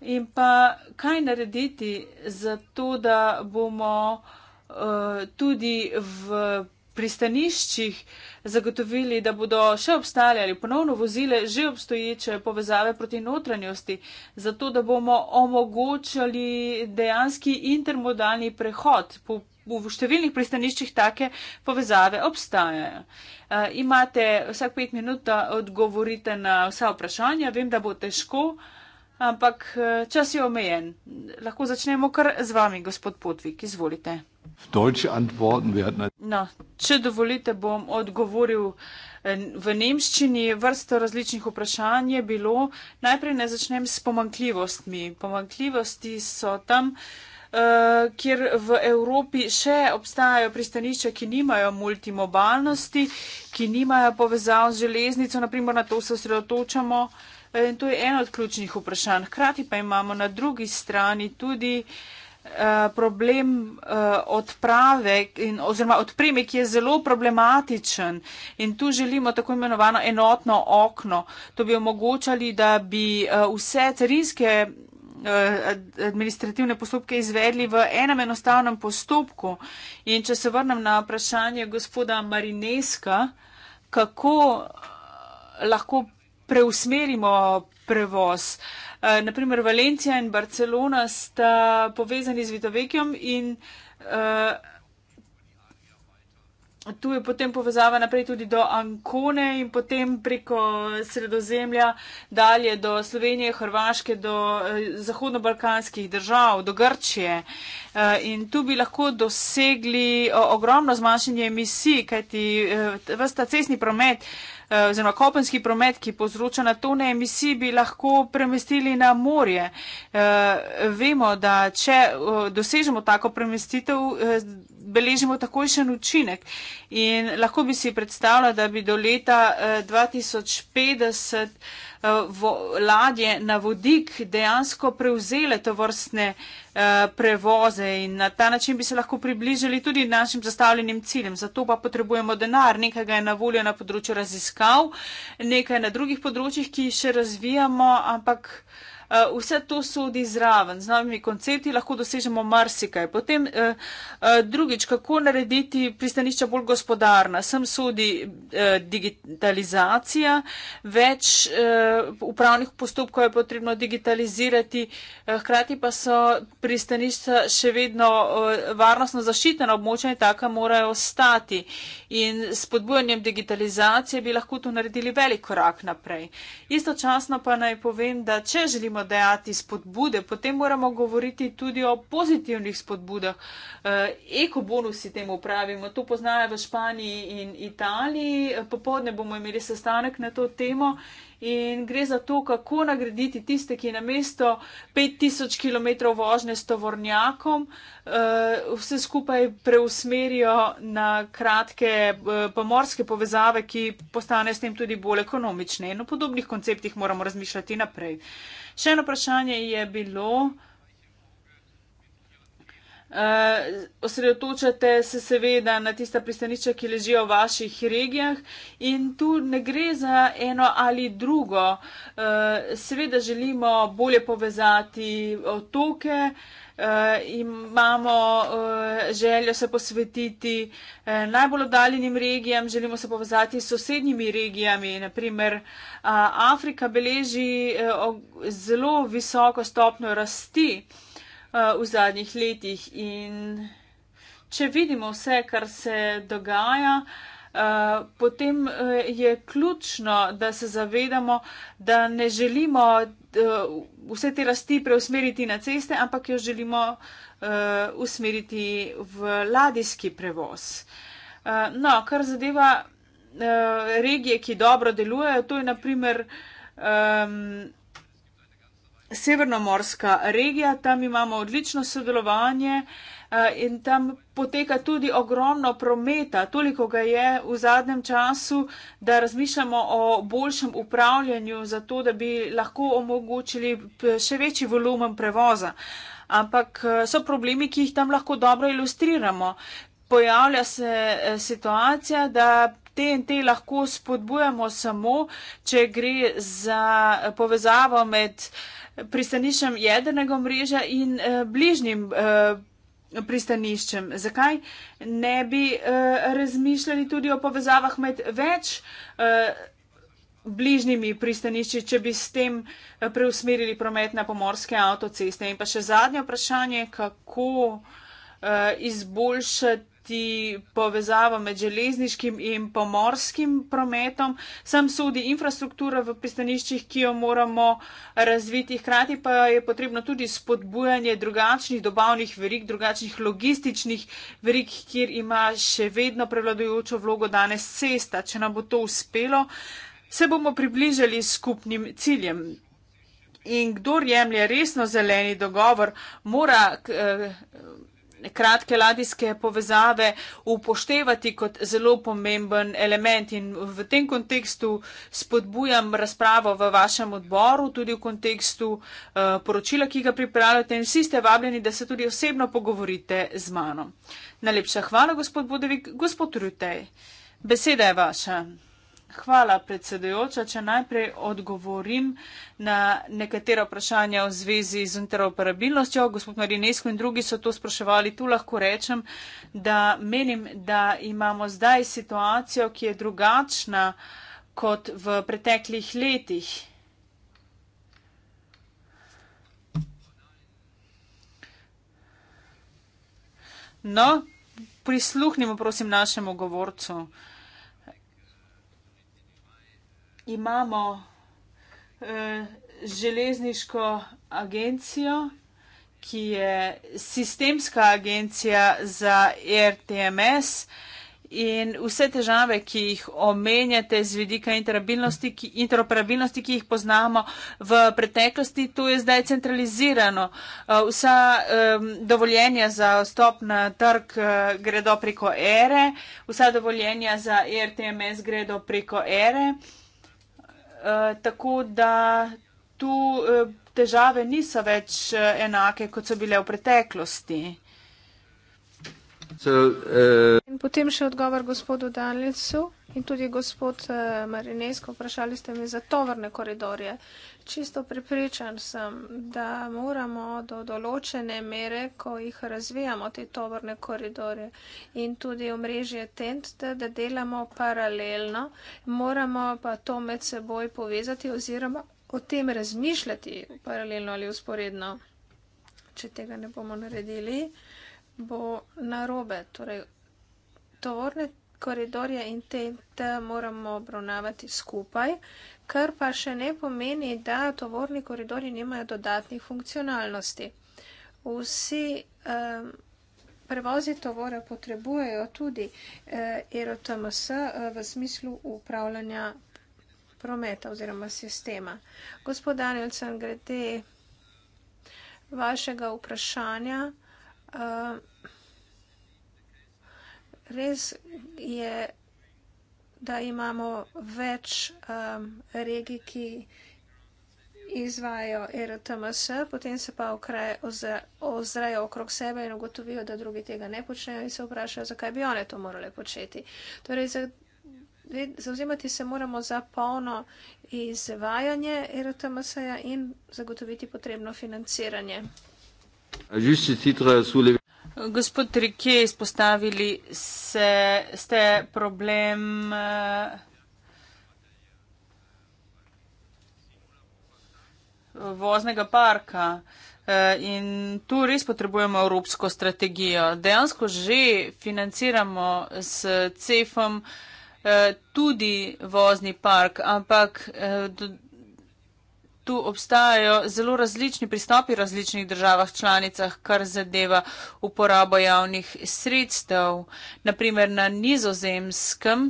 In pa kaj narediti za to, da bomo uh, tudi v pristaniščih zagotovili, da bodo še obstale ali ponovno vozile že obstoječe povezave proti notranjosti, zato da bomo omogočali dejanski intermodalni prehod po v številnih pristaniščih take povezave obstajajo. E, imate vsak pet minut, da odgovorite na vsa vprašanja. Vem, da bo težko, ampak eh, čas je omejen. Lahko začnemo kar z vami, gospod Potvik. Izvolite. No, če dovolite, bom odgovoril eh, v nemščini. Vrsto različnih vprašanj je bilo. Najprej ne začnem s pomankljivostmi. Pomankljivosti so tam uh, kjer v Evropi še obstajajo pristanišča, ki nimajo multimobilnosti, ki nimajo povezav z železnico, naprimer na to se osredotočamo. Eh, in to je eno od ključnih vprašanj. Hkrati pa imamo na drugi strani tudi eh, problem odprave in, oziroma odpreme, ki je zelo problematičen in tu želimo tako imenovano enotno okno. To bi omogočali, da bi vse carinske Eh, administrativne postopke izvedli v enem enostavnem postopku. In če se vrnem na vprašanje gospoda Marineska, kako eh, lahko preusmerimo prevoz. Eh, Naprimer, Valencija in Barcelona sta povezani z Vitovekjem in uh, tu je potem povezava naprej tudi do Ankone in potem preko Sredozemlja dalje do Slovenije, Hrvaške, do eh, zahodno-balkanskih držav, do Grčije. Eh, in tu bi lahko dosegli eh, ogromno zmanjšanje emisij, kajti vsta cestni promet oziroma kopenski promet, ki povzroča na tone emisij, bi lahko premestili na morje. Vemo, da če dosežemo tako premestitev, beležimo takojšen učinek. In lahko bi si predstavljal, da bi do leta 2050 eh, eh, ladje na vodik dejansko prevzele to vrstne eh, prevoze in na ta način bi se lahko približali tudi našim zastavljenim ciljem. Zato pa potrebujemo denar, nekaj ga je na voljo na področju raziskav, nekaj na drugih področjih, ki jih še razvijamo, ampak uh, vse to sodi zraven, z novimi koncepti lahko dosežemo marsikaj. Potem uh, uh, drugič, kako narediti pristanišča bolj gospodarna. Sem sodi uh, digitalizacija, več uh, upravnih postopkov je potrebno digitalizirati, uh, hkrati pa so pristanišča še vedno uh, varnostno zaščitena območja in taka morajo ostati. In s podbojanjem digitalizacije bi lahko to naredili velik korak naprej. Istočasno pa naj povem, da če želimo moramo dejati spodbude, potem moramo govoriti tudi o pozitivnih spodbudah. E, eko bonusi temu pravimo, to poznajo v Španiji in Italiji. Popovdne bomo imeli sestanek na to temo in gre za to, kako nagraditi tiste, ki na mesto 5000 km vožnje s tovornjakom e, vse skupaj preusmerijo na kratke e, pomorske povezave, ki postane s tem tudi bolj ekonomične. In o podobnih konceptih moramo razmišljati naprej. Uh, Še eno vprašanje je bilo. Uh, osredotočate se seveda na tista pristanišča, ki ležijo v vaših regijah in tu ne gre za eno ali drugo. Uh, seveda želimo bolje povezati otoke. Uh, uh, imamo uh, željo se posvetiti uh, najbolj oddaljenim regijam, želimo se povezati s sosednjimi regijami. Naprimer, uh, Afrika beleži uh, zelo visoko stopno rasti uh, v zadnjih letih in če vidimo vse, kar se dogaja, uh, potem eh, je ključno, da se zavedamo, da ne želimo eh, vse te rasti preusmeriti na ceste, ampak jo želimo eh, usmeriti v ladijski prevoz. No, kar zadeva regije, ki dobro delujejo, to je naprimer um, Severnomorska regija, tam imamo odlično sodelovanje in tam poteka tudi ogromno prometa, toliko ga je v zadnjem času, da razmišljamo o boljšem upravljanju, zato da bi lahko omogočili še večji volumen prevoza. Ampak eh, so problemi, ki jih tam lahko dobro ilustriramo. Pojavlja se eh, situacija, da TNT lahko spodbujamo samo, če gre za povezavo med pristanišem jedrnega mreža in eh, bližnjim pristaniščem. Zakaj ne bi eh, razmišljali tudi o povezavah med več eh, bližnjimi pristanišči, če bi s tem eh, preusmerili promet na pomorske avtoceste? In pa še zadnje vprašanje, kako. Eh, izboljšati povezavo med železniškim in pomorskim prometom. Sam sodi infrastruktura v pristaniščih, ki jo moramo razviti, hkrati pa je potrebno tudi spodbujanje drugačnih dobavnih verik, drugačnih logističnih verik, kjer ima še vedno prevladujočo vlogo danes cesta. Če nam bo to uspelo, se bomo približali skupnim ciljem. In kdor jemlje resno zeleni dogovor, mora. Eh, kratke ladijske povezave upoštevati kot zelo pomemben element in v tem kontekstu spodbujam razpravo v vašem odboru, tudi v kontekstu uh, poročila, ki ga pripravljate in vsi ste vabljeni, da se tudi osebno pogovorite z mano. Najlepša hvala, gospod Budevik. Gospod Rutej, beseda je vaša. Hvala, predsedujoča. Če najprej odgovorim na nekatera vprašanja v zvezi z interoperabilnostjo. Gospod Marinesko in drugi so to spraševali. Tu lahko rečem, da menim, da imamo zdaj situacijo, ki je drugačna kot v preteklih letih. No, prisluhnimo, prosim, našemu govorcu imamo eh, železniško agencijo, ki je sistemska agencija za RTMS in vse težave, ki jih omenjate z vidika interoperabilnosti, ki, interoperabilnosti, ki jih poznamo v preteklosti, tu je zdaj centralizirano. Eh, vsa eh, dovoljenja za vstop na trg eh, gredo preko ERE, vsa dovoljenja za RTMS gredo preko ERE. Eh, tako da tu eh, težave niso več eh, enake, kot so bile v preteklosti. Uh, in potem še odgovor gospodu Danilcu in tudi gospod eh, Marinesko. Vprašali ste mi za tovrne koridorje. Čisto pripričan sem, da moramo do določene mere, ko jih razvijamo, te tovrne koridorje in tudi omrežje TENT, e da delamo paralelno, moramo pa to med seboj povezati oziroma o tem razmišljati paralelno ali usporedno, če tega ne bomo naredili bo narobe. Torej, tovorne koridorje in TNT moramo obravnavati skupaj, kar pa še ne pomeni, da tovorni koridori nimajo dodatnih funkcionalnosti. Vsi um, prevozi tovora potrebujejo tudi ERTMS eh, e eh, v smislu upravljanja prometa oziroma sistema. Gospod Danielson, gre te vašega vprašanja. Eh, res je, da imamo več um, regij, ki izvajo e RTMS, potem se pa okraj, ozrajo okrog sebe in ugotovijo, da drugi tega ne počnejo in se vprašajo, zakaj bi one to morale početi. Torej, za, zauzemati se moramo za polno izvajanje e RTMS-ja in zagotoviti potrebno financiranje. Gospod Rike, izpostavili se, ste problem eh, voznega parka eh, in tu res potrebujemo evropsko strategijo. Dejansko že financiramo s CEF-om eh, tudi vozni park, ampak. Do, tu obstajajo zelo različni pristopi v različnih državah članicah, kar zadeva uporabo javnih sredstev. Naprimer na nizozemskem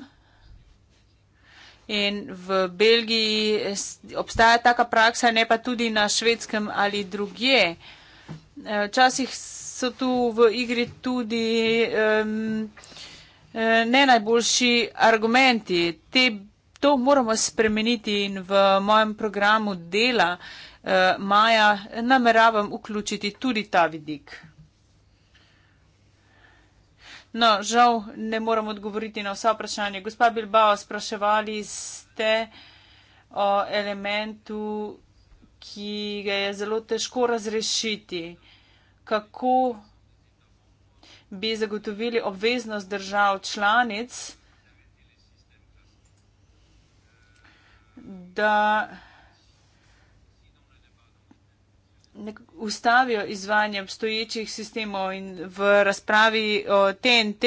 in v Belgiji obstaja taka praksa, ne pa tudi na švedskem ali druge. Eh, včasih so tu v igri tudi. Um, Ne najboljši argumenti. Te to moramo spremeniti in v mojem programu dela eh, maja nameravam vključiti tudi ta vidik. No, žal ne moram odgovoriti na vsa vprašanja. Gospa Bilbao, spraševali ste o elementu, ki ga je zelo težko razrešiti. Kako bi zagotovili obveznost držav članic? da ustavijo izvanje obstoječih sistemov in v razpravi o TNT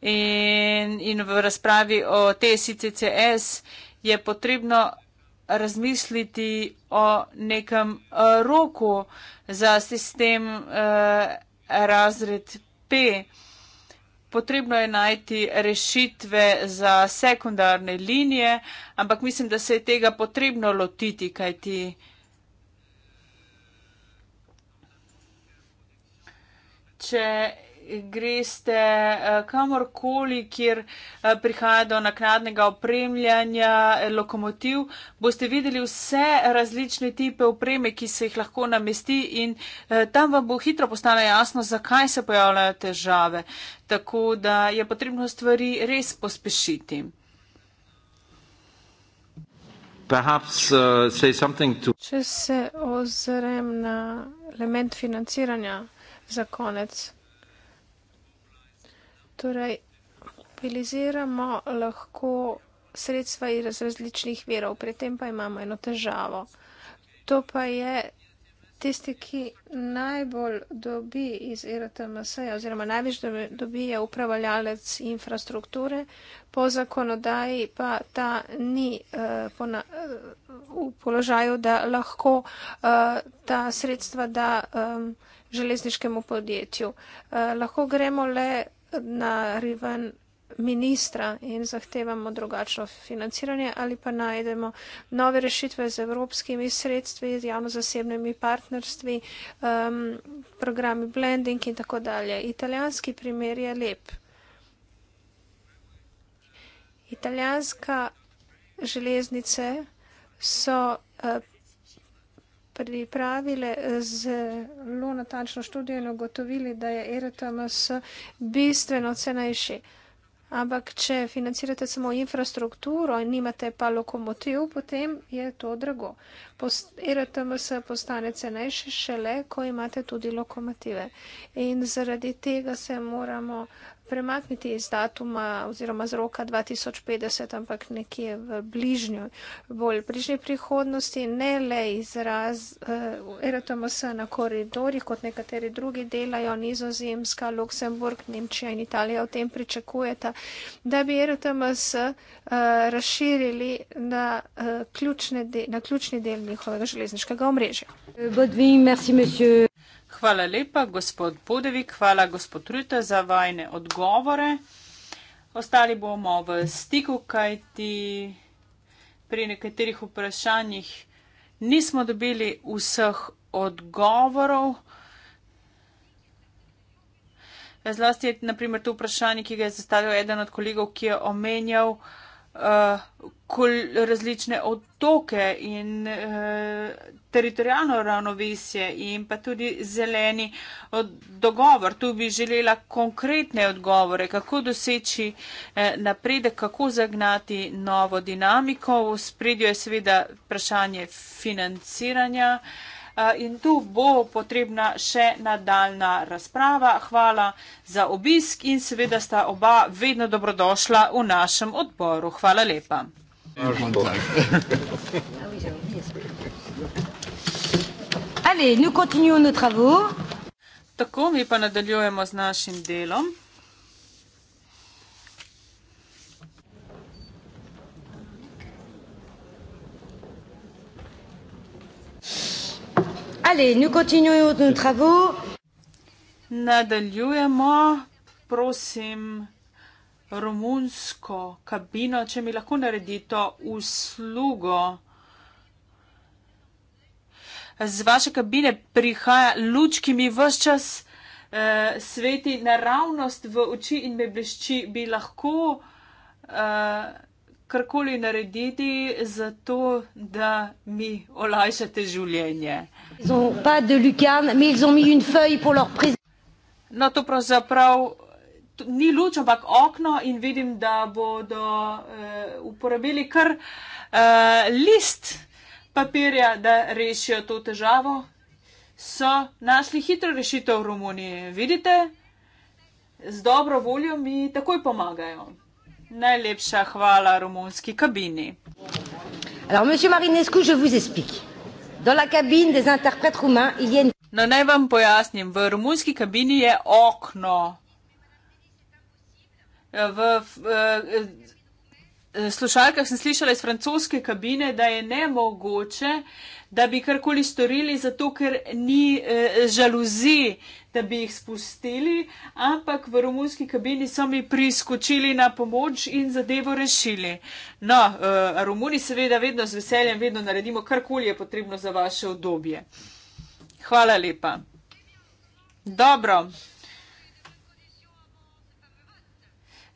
in, in v razpravi o TSCCS je potrebno razmisliti o nekem roku za sistem eh, razred P. Eh, potrebno je najti rešitve za sekundarne linije, ampak mislim, da se je tega potrebno lotiti, kajti če greste eh, kamorkoli, kjer eh, prihaja do nakladnega opremljanja eh, lokomotiv, boste videli vse različne tipe opreme, ki se jih lahko namesti in tam vam bo hitro postane jasno, zakaj se pojavljajo težave. Tako da je potrebno stvari res pospešiti. Perhaps, uh, to... Če se ozrem na element financiranja za konec, Torej, mobiliziramo lahko sredstva iz različnih verov, pri tem pa imamo eno težavo. To pa je tisti, ki najbolj dobi iz e RTMS, oziroma največ dobi je upravljalec infrastrukture, po zakonodaji pa ta ni uh, eh, pona, uh, eh, v položaju, da lahko uh, ta sredstva da um, železniškemu podjetju. Uh, lahko gremo le na raven ministra in zahtevamo drugačno financiranje ali pa najdemo nove rešitve z evropskimi sredstvi, z javno-zasebnimi partnerstvi, um, programi blending in tako dalje. Italijanski primer je lep. Italijanska železnice so uh, pripravile zelo natančno študijo in ugotovili, da je e RTMS bistveno cenejši. Ampak, če financirate samo infrastrukturo in nimate pa lokomotiv, potem je to drago. RTMS e postane cenejši šele, ko imate tudi lokomotive. In zaradi tega se moramo uh, premakniti iz datuma oziroma z roka 2050, ampak nekje v bližnjo, bolj bližnji prihodnosti, ne le izraz uh, eh, RTMS na koridori, kot nekateri drugi delajo, Nizozemska, Luksemburg, Nemčija in Italija o tem pričakujeta, da bi RTMS uh, eh, razširili na, uh, de, na ključni del njihovega železniškega omrežja. Bodvin, merci, Hvala lepa, gospod Podevik, hvala, gospod Trute, za vajne odgovore. Ostali bomo v stiku, kajti pri nekaterih vprašanjih nismo dobili vseh odgovorov. Zlasti je naprimer to vprašanje, ki ga je zastavil eden od kolegov, ki je omenjal, kol, različne otoke in uh, eh, teritorijalno ravnovesje in pa tudi zeleni od, dogovor. Tu bi želela konkretne odgovore, kako doseči eh, napredek, kako zagnati novo dinamiko. V spredju je seveda vprašanje financiranja. Eh, in tu bo potrebna še nadaljna razprava. Hvala za obisk in seveda sta oba vedno dobrodošla v našem odboru. Hvala lepa. Allez, nous continuons nos travaux. Tako mi pa nadaljujemo z našim delom. Allez, nous continuons nos travaux. Nadaljujemo, prosim, romunsko kabino, če mi lahko naredite uslugo. Z vaše kabine prihaja luč, ki mi vse čas eh, sveti naravnost v oči in me blišči. Bi lahko eh, karkoli narediti, zato da mi olajšate življenje. Ils ont pas de lucarne, mais ils ont mis une feuille pour leur président. No, to pravzaprav ni luč, ampak okno in vidim, da bodo uh, uporabili kar uh, list papirja, da rešijo to težavo. So našli hitro rešitev v Romuniji. Vidite, z dobro voljo mi takoj pomagajo. Najlepša hvala romunski kabini. Alors, No, naj vam pojasnim, v romunski kabini je okno. Ja, v, v, v, eh, v slušalkah sem slišala iz francoske kabine, da je nemogoče, da bi karkoli storili, zato ker ni eh, žaluzi da bi jih spustili, ampak v romunski kabini so mi priskočili na pomoč in zadevo rešili. No, uh, Romuni seveda vedno z veseljem, vedno naredimo karkoli je potrebno za vaše obdobje. Hvala lepa. Dobro.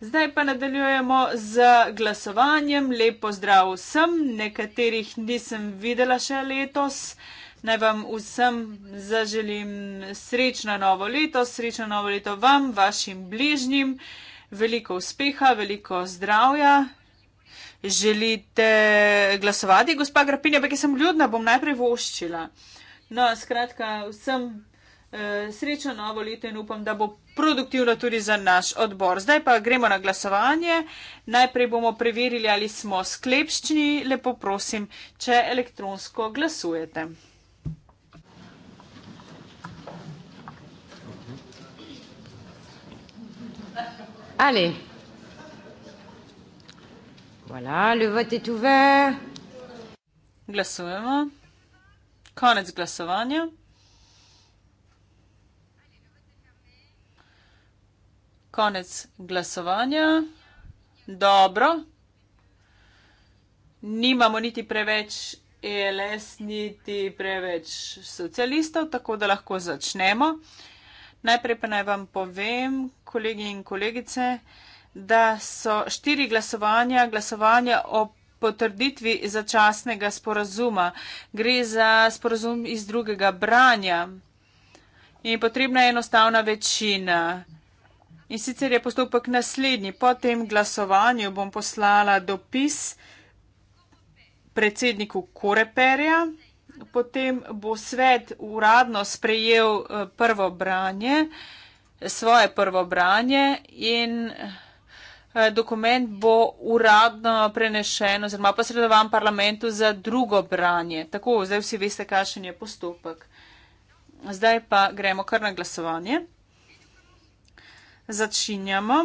Zdaj pa nadaljujemo z glasovanjem. Lepo zdrav vsem, nekaterih nisem videla še letos. Uh, Naj vam vsem zaželim srečno novo leto, srečno novo leto vam, vašim bližnjim, veliko uspeha, veliko zdravja. Želite glasovati, gospa Grapinja, ampak jaz sem ljudna, bom najprej voščila. No, skratka, vsem eh, srečno novo leto in upam, da bo produktivno tudi za naš odbor. Zdaj pa gremo na glasovanje. Najprej bomo preverili, ali smo sklepščni. Lepo prosim, če elektronsko glasujete. Allez. Voilà, le vote est ouvert. Glasujemo. Konec glasovanja. Konec glasovanja. Dobro. Nimamo niti preveč ELS, niti preveč socialistov, tako da lahko začnemo. Najprej pa naj vam povem, kolegi in kolegice, da so štiri glasovanja, glasovanja o potrditvi začasnega sporazuma. Gre za sporazum iz drugega branja in potrebna je enostavna večina. In sicer je postopek naslednji. Po tem glasovanju bom poslala dopis predsedniku Koreperja potem bo svet uradno sprejel eh, prvo branje, svoje prvo branje in eh, dokument bo uradno prenešen oziroma posredovan parlamentu za drugo branje. Tako, zdaj vsi veste, kakšen je postopek. Zdaj pa gremo kar na glasovanje. Začinjamo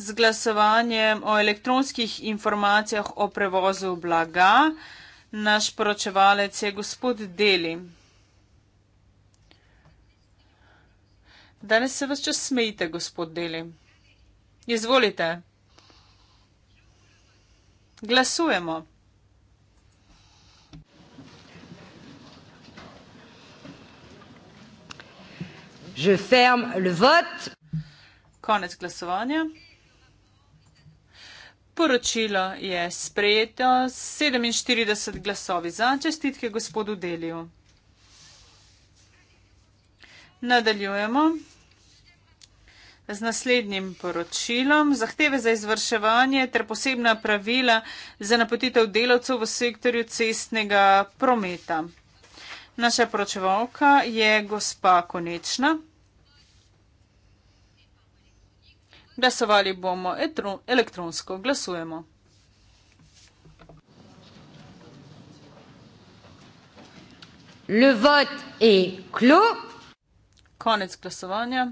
z glasovanjem o elektronskih informacijah o prevozu blaga. Naš poročevalec je gospod Deli. Danes se vse čas smejite, gospod Deli. Izvolite. Glasujemo. Je ferm le vote. Konec glasovanja. Poročilo je sprejeto s 47 glasovi za čestitke gospodu Deliju. Nadaljujemo z naslednjim poročilom. Zahteve za izvrševanje ter posebna pravila za napotitev delavcev v sektorju cestnega prometa. Naša poročevalka je gospa Konečna. Glasovali bomo elektronsko. Glasujemo. Le vote est clos. Konec glasovanja.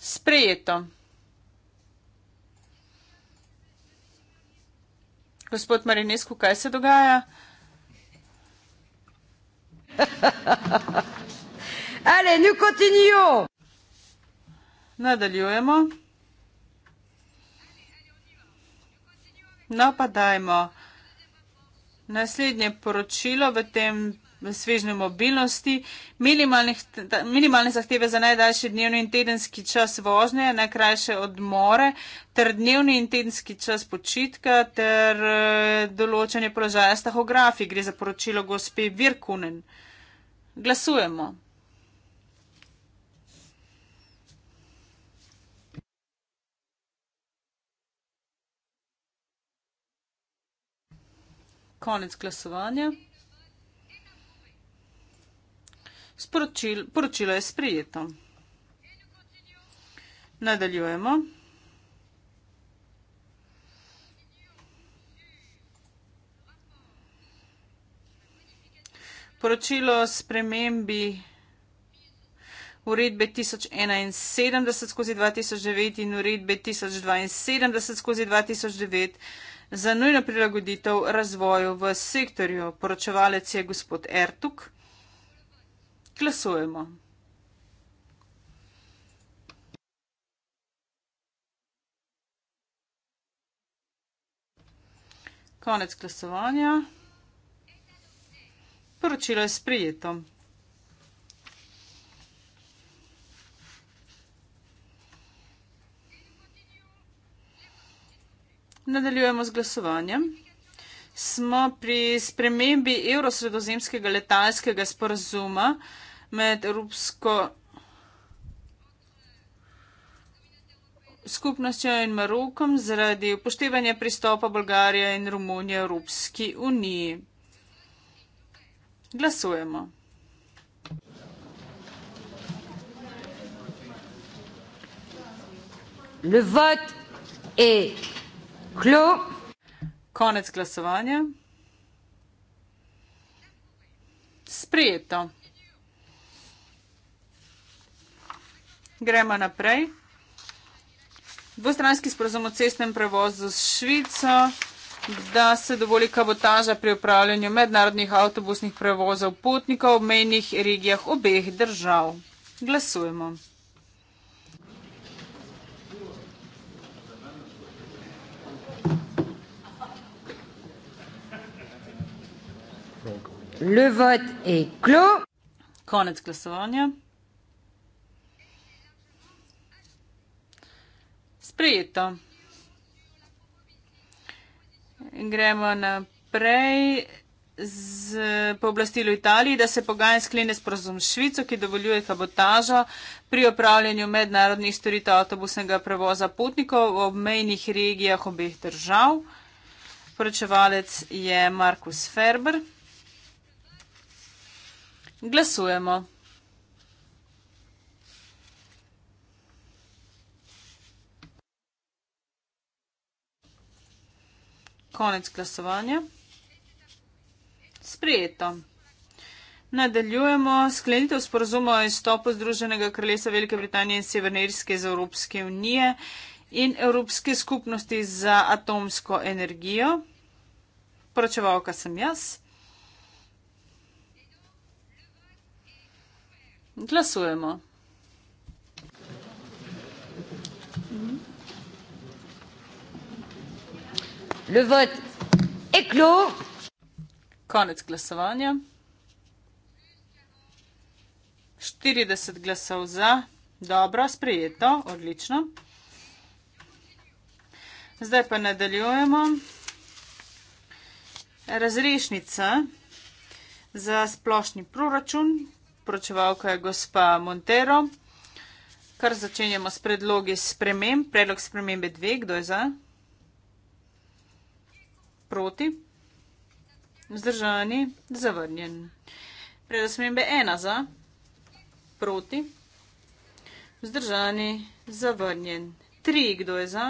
Sprejeto. Gospod Marinesku, kaj se dogaja? Allez, nous continuons. Nadaljujemo. Napadajmo. No, Naslednje poročilo v tem svežnju mobilnosti. Minimalne zahteve za najdaljši dnevni in tedenski čas vožnje, najkrajše odmore, ter dnevni in tedenski čas počitka, ter eh, določanje položaja stahografi. Gre za poročilo gospe Virkunen. Glasujemo. konec glasovanja. Sporočilo, poročilo je sprejeto. Nadaljujemo. Poročilo o spremembi uredbe 1071 skozi 2009 in uredbe 1072 skozi 2009 za nujno prilagoditev razvoju v sektorju. Poročevalec je gospod Ertuk. Glasujemo. Konec glasovanja. Poročilo je sprijeto. Nadaljujemo z glasovanjem. Smo pri spremembi evrosredozemskega letalskega sporazuma med Evropsko skupnostjo in Marokom zaradi upoštevanja pristopa Bolgarije in Romunije Evropski uniji. Glasujemo. Le vote est Klo. Konec glasovanja. Sprijeto. Gremo naprej. Dvostranski sporozum o cestnem prevozu z Švico, da se dovoli kabotaža pri upravljanju mednarodnih avtobusnih prevozov potnikov v mejnih regijah obeh držav. Glasujemo. le vote est clos. Konec glasovanja. Sprejeto. Gremo naprej z pooblastilo Italiji, da se pogajanj sklene sporozum s Švico, ki dovoljuje kabotažo pri opravljanju mednarodnih storitev avtobusnega prevoza potnikov v obmejnih regijah obeh držav. Poročevalec je Markus Ferber. Glasujemo. Konec glasovanja. Sprijeto. Nadaljujemo. Sklenitev sporozuma o izstopu Združenega kraljestva Velike Britanije in Severne Irske iz Evropske unije in Evropske skupnosti za atomsko energijo. Poročevalka sem jaz. Glasujemo. Le vote est clos. Konec glasovanja. 40 glasov za. Dobro, sprejeto, odlično. Zdaj pa nadaljujemo. Razrešnica za splošni proračun, poročevalko je gospa Montero. Kar začenjamo s predlogi sprememb. Predlog spremembe dve, kdo je za? Proti? Zdržani? Zavrnjen. Predlog spremembe ena za? Proti? Zdržani? Zavrnjen. Tri, kdo je za?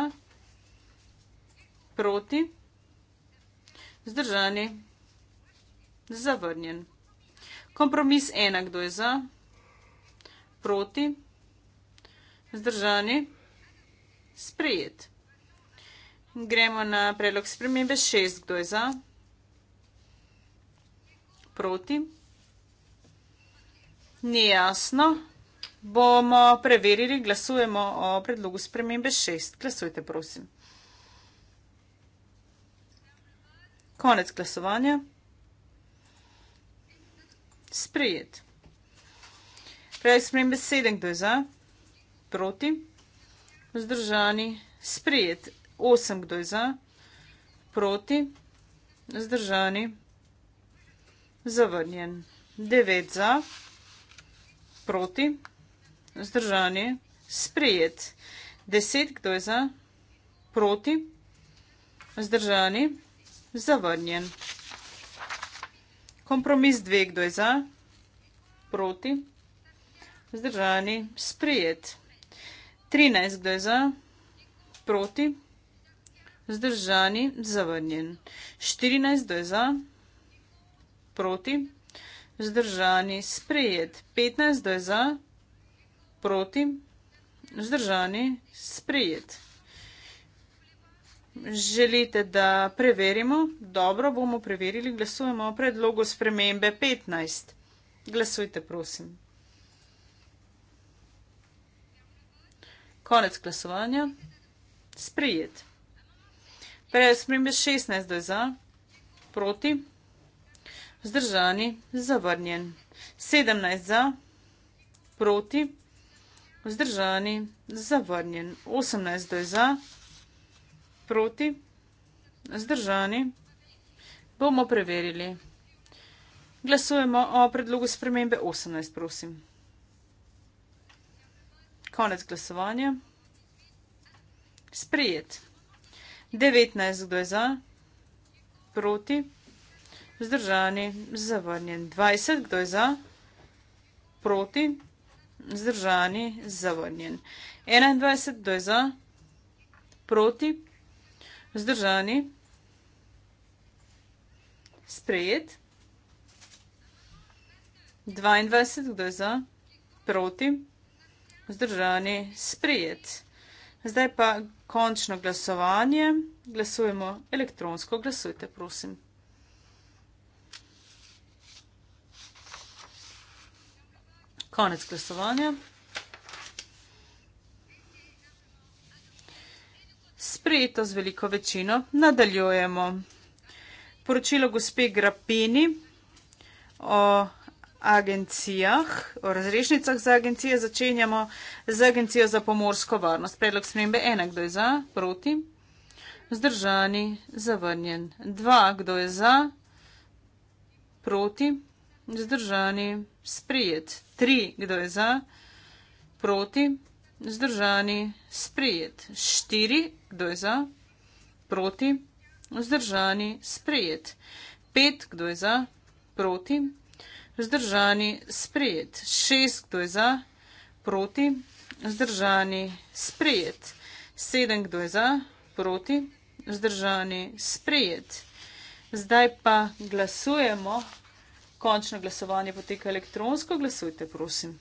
Proti? Zdržani? Zavrnjen. Kompromis ena, kdo je za, proti, zdržani, sprejet. Gremo na predlog spremembe šest, kdo je za, proti, nejasno. Bomo preverili, glasujemo o predlogu spremembe šest. Glasujte, prosim. Konec glasovanja sprejet. Prej smem besede, kdo je za, proti, vzdržani, sprejet. Osem, kdo je za, proti, vzdržani, zavrnjen. Devet za, proti, vzdržani, sprejet. Deset, kdo je za, proti, vzdržani, zavrnjen. Kompromis dve, kdo je za, proti, vzdržani, sprijet. 13, kdo je za, proti, vzdržani, zavrnjen. 14, kdo je za, proti, vzdržani, sprijet. 15, kdo je za, proti, vzdržani, sprijet. Želite, da preverimo? Dobro, bomo preverili. Glasujemo o predlogu spremembe 15. Glasujte, prosim. Konec glasovanja. Sprijet. Prej spremembe 16 do za. Proti. Vzdržani. Zavrnjen. 17 za. Proti. Vzdržani. Zavrnjen. 18 do za. Proti proti, zdržani, bomo preverili. Glasujemo o predlogu spremembe 18, prosim. Konec glasovanja. Sprijet. 19, kdo je za, proti, zdržani, zavrnjen. 20, kdo je za, proti, zdržani, zavrnjen. 21, kdo je za, proti, zdržani. Vzdržani. Sprejet. 22, kdo je za? Proti. Vzdržani. Sprejet. Zdaj pa končno glasovanje. Glasujemo elektronsko. Glasujte, prosim. Konec glasovanja. sprejeto z veliko večino. Nadaljujemo. Poročilo gospe Grapeni o agencijah, o razrešnicah za agencije začenjamo z agencijo za pomorsko varnost. Predlog smembe ena, kdo je za, proti, zdržani, zavrnjen. Dva, kdo je za, proti, zdržani, sprijet. Tri, kdo je za, proti, zdržani, sprijet. Štiri, kdo je za, proti, vzdržani, sprejet. Pet, kdo je za, proti, vzdržani, sprejet. Šest, kdo je za, proti, vzdržani, sprejet. Sedem, kdo je za, proti, vzdržani, sprejet. Zdaj pa glasujemo. Končno glasovanje poteka elektronsko. Glasujte, prosim.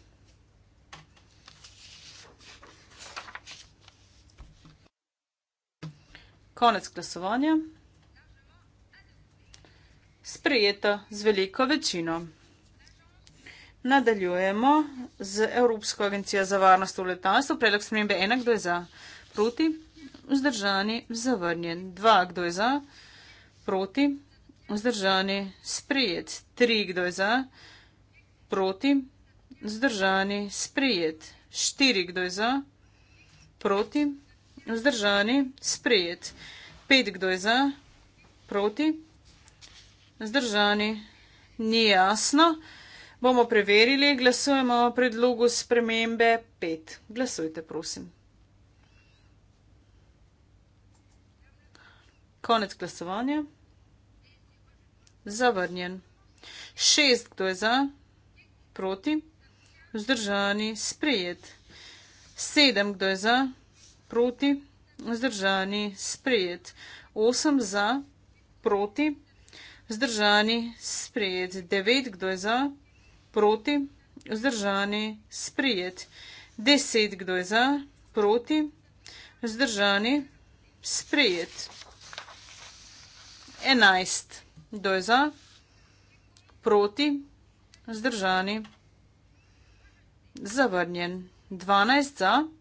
Konec glasovanja. Sprejeta z veliko večino. Nadaljujemo z Evropsko agencijo za varnost v letalstvu. Predlog spremembe ena, kdo je za, proti, vzdržani, zavrnjen. Dva, kdo je za, proti, vzdržani, sprejet. Tri, kdo je za, proti, vzdržani, sprejet. Štiri, kdo je za, proti, vzdržani. Vzdržani, sprejet. Pet, kdo je za, proti. Vzdržani, ni jasno. Bomo preverili, glasujemo o predlogu spremembe. Pet, glasujte, prosim. Konec glasovanja. Zavrnjen. Šest, kdo je za, proti. Vzdržani, sprejet. Sedem, kdo je za, proti proti, vzdržani, sprejet. 8 za, proti, vzdržani, sprejet. 9, kdo je za, proti, vzdržani, sprejet. 10, kdo je za, proti, vzdržani, sprejet. 11, kdo je za, proti, vzdržani, zavrnjen. 12 za, proti, vzdržani, sprejet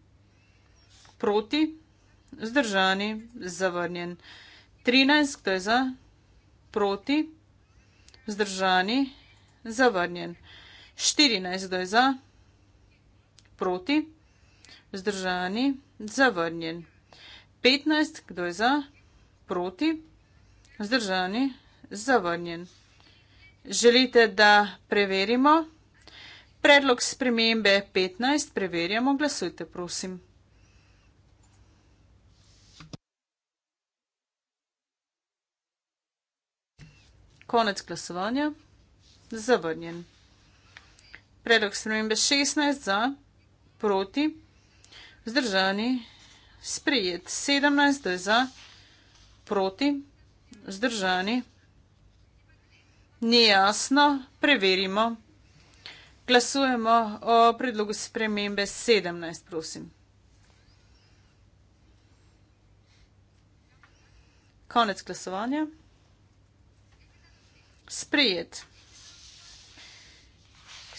proti, zdržani, zavrnjen. 13, kdo je za, proti, zdržani, zavrnjen. 14, kdo je za, proti, zdržani, zavrnjen. 15, kdo je za, proti, zdržani, zavrnjen. Želite, da preverimo? Predlog spremembe 15 preverjamo, glasujte prosim. Konec glasovanja. Zavrnjen. Predlog spremembe 16 za, proti, vzdržani, sprijet. 17 je za, proti, vzdržani. Ni jasno, preverimo. Glasujemo o predlogu spremembe 17, prosim. Konec glasovanja sprejet.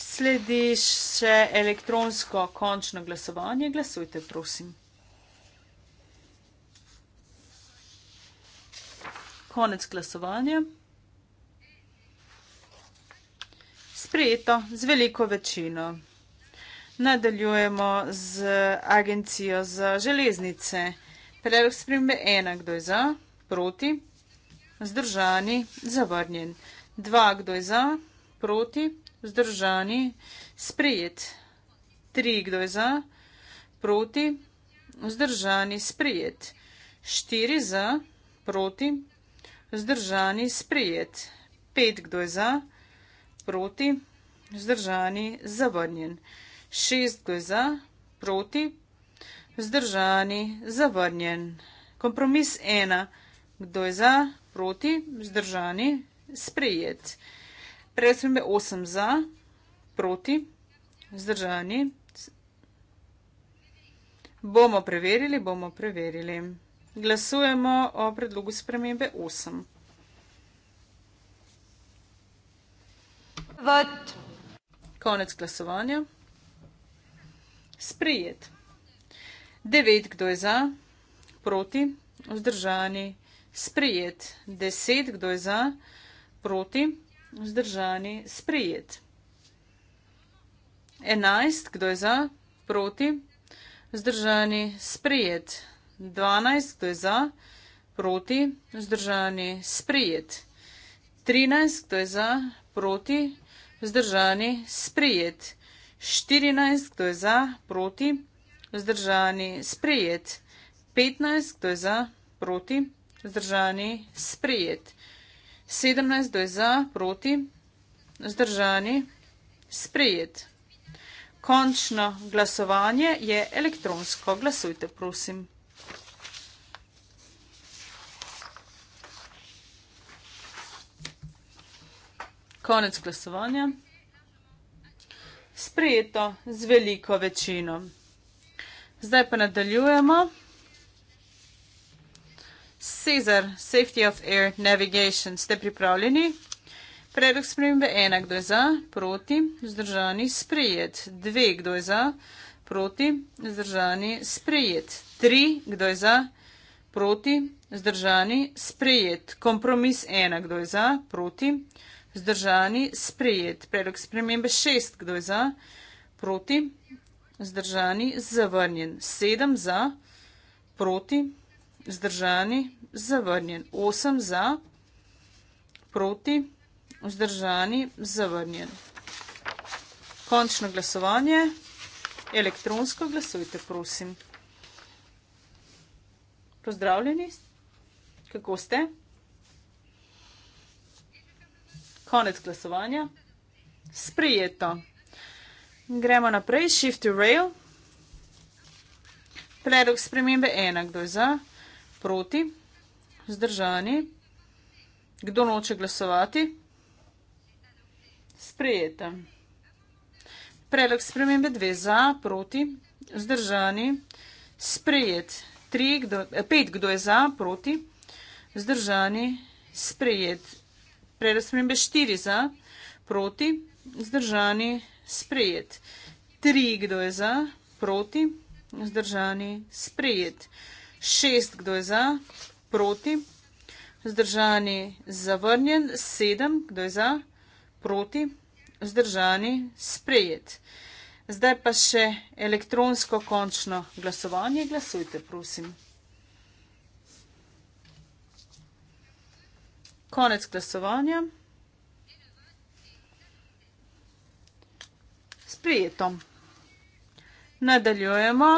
Slediš še elektronsko končno glasovanje. Glasujte, prosim. Konec glasovanja. Sprejeto z veliko večino. Nadaljujemo z agencijo za železnice. Predlog spremembe ena, kdo je za, proti, zdržani, zavrnjen. 2, kdo je za, proti, vzdržani, sprijet. 3, kdo je za, proti, vzdržani, sprijet. 4, za, proti, vzdržani, sprijet. 5, kdo je za, proti, vzdržani, zavrnjen. 6, kdo je za, proti, vzdržani, zavrnjen. Kompromis 1, kdo je za, proti, vzdržani, sprejet. Prej smo imeli 8 za, proti, zdržani. Bomo preverili, bomo preverili. Glasujemo o predlogu spremembe 8. Vod. Konec glasovanja. Sprijet. 9, kdo je za, proti, vzdržani. Sprijet. 10, kdo je za, proti proti, vzdržani, sprejet. 11, kdo je za, proti, vzdržani, sprejet. 12, kdo je za, proti, vzdržani, sprejet. 13, kdo je za, proti, vzdržani, sprejet. 14, kdo je za, proti, vzdržani, sprejet. 15, kdo je za, proti, vzdržani, sprejet. 16, 17 do je za, proti, zdržani, sprejet. Končno glasovanje je elektronsko. Glasujte, prosim. Konec glasovanja. Sprejeto z veliko večino. Zdaj pa nadaljujemo. Cezar, Safety of Air Navigation, ste pripravljeni? Predlog spremembe ena, kdo je za, proti, zdržani, sprejet. Dve, kdo je za, proti, zdržani, sprejet. Tri, kdo je za, proti, zdržani, sprejet. Kompromis ena, kdo je za, proti, zdržani, sprejet. Predlog spremembe šest, kdo je za, proti, zdržani, zavrnjen. Sedem za, proti, zdržani vzdržani, zavrnjen. 8 za, proti, vzdržani, zavrnjen. Končno glasovanje, elektronsko glasujte, prosim. Pozdravljeni, kako ste? Konec glasovanja, sprijeto. Gremo naprej, shift to rail. Predlog spremembe enak, kdo je za? proti, vzdržani, kdo noče glasovati, sprejeta. Predlog spremembe dve za, proti, vzdržani, sprejet. Tri, kdo, eh, pet, kdo je za, proti, vzdržani, sprejet. Predlog spremembe štiri za, proti, vzdržani, sprejet. Tri, kdo je za, proti, vzdržani, sprejet. 6, kdo je za, proti, vzdržani, zavrnjen, 7, kdo je za, proti, vzdržani, sprejet. Zdaj pa še elektronsko končno glasovanje. Glasujte, prosim. Konec glasovanja. Sprijetom. Nadaljujemo.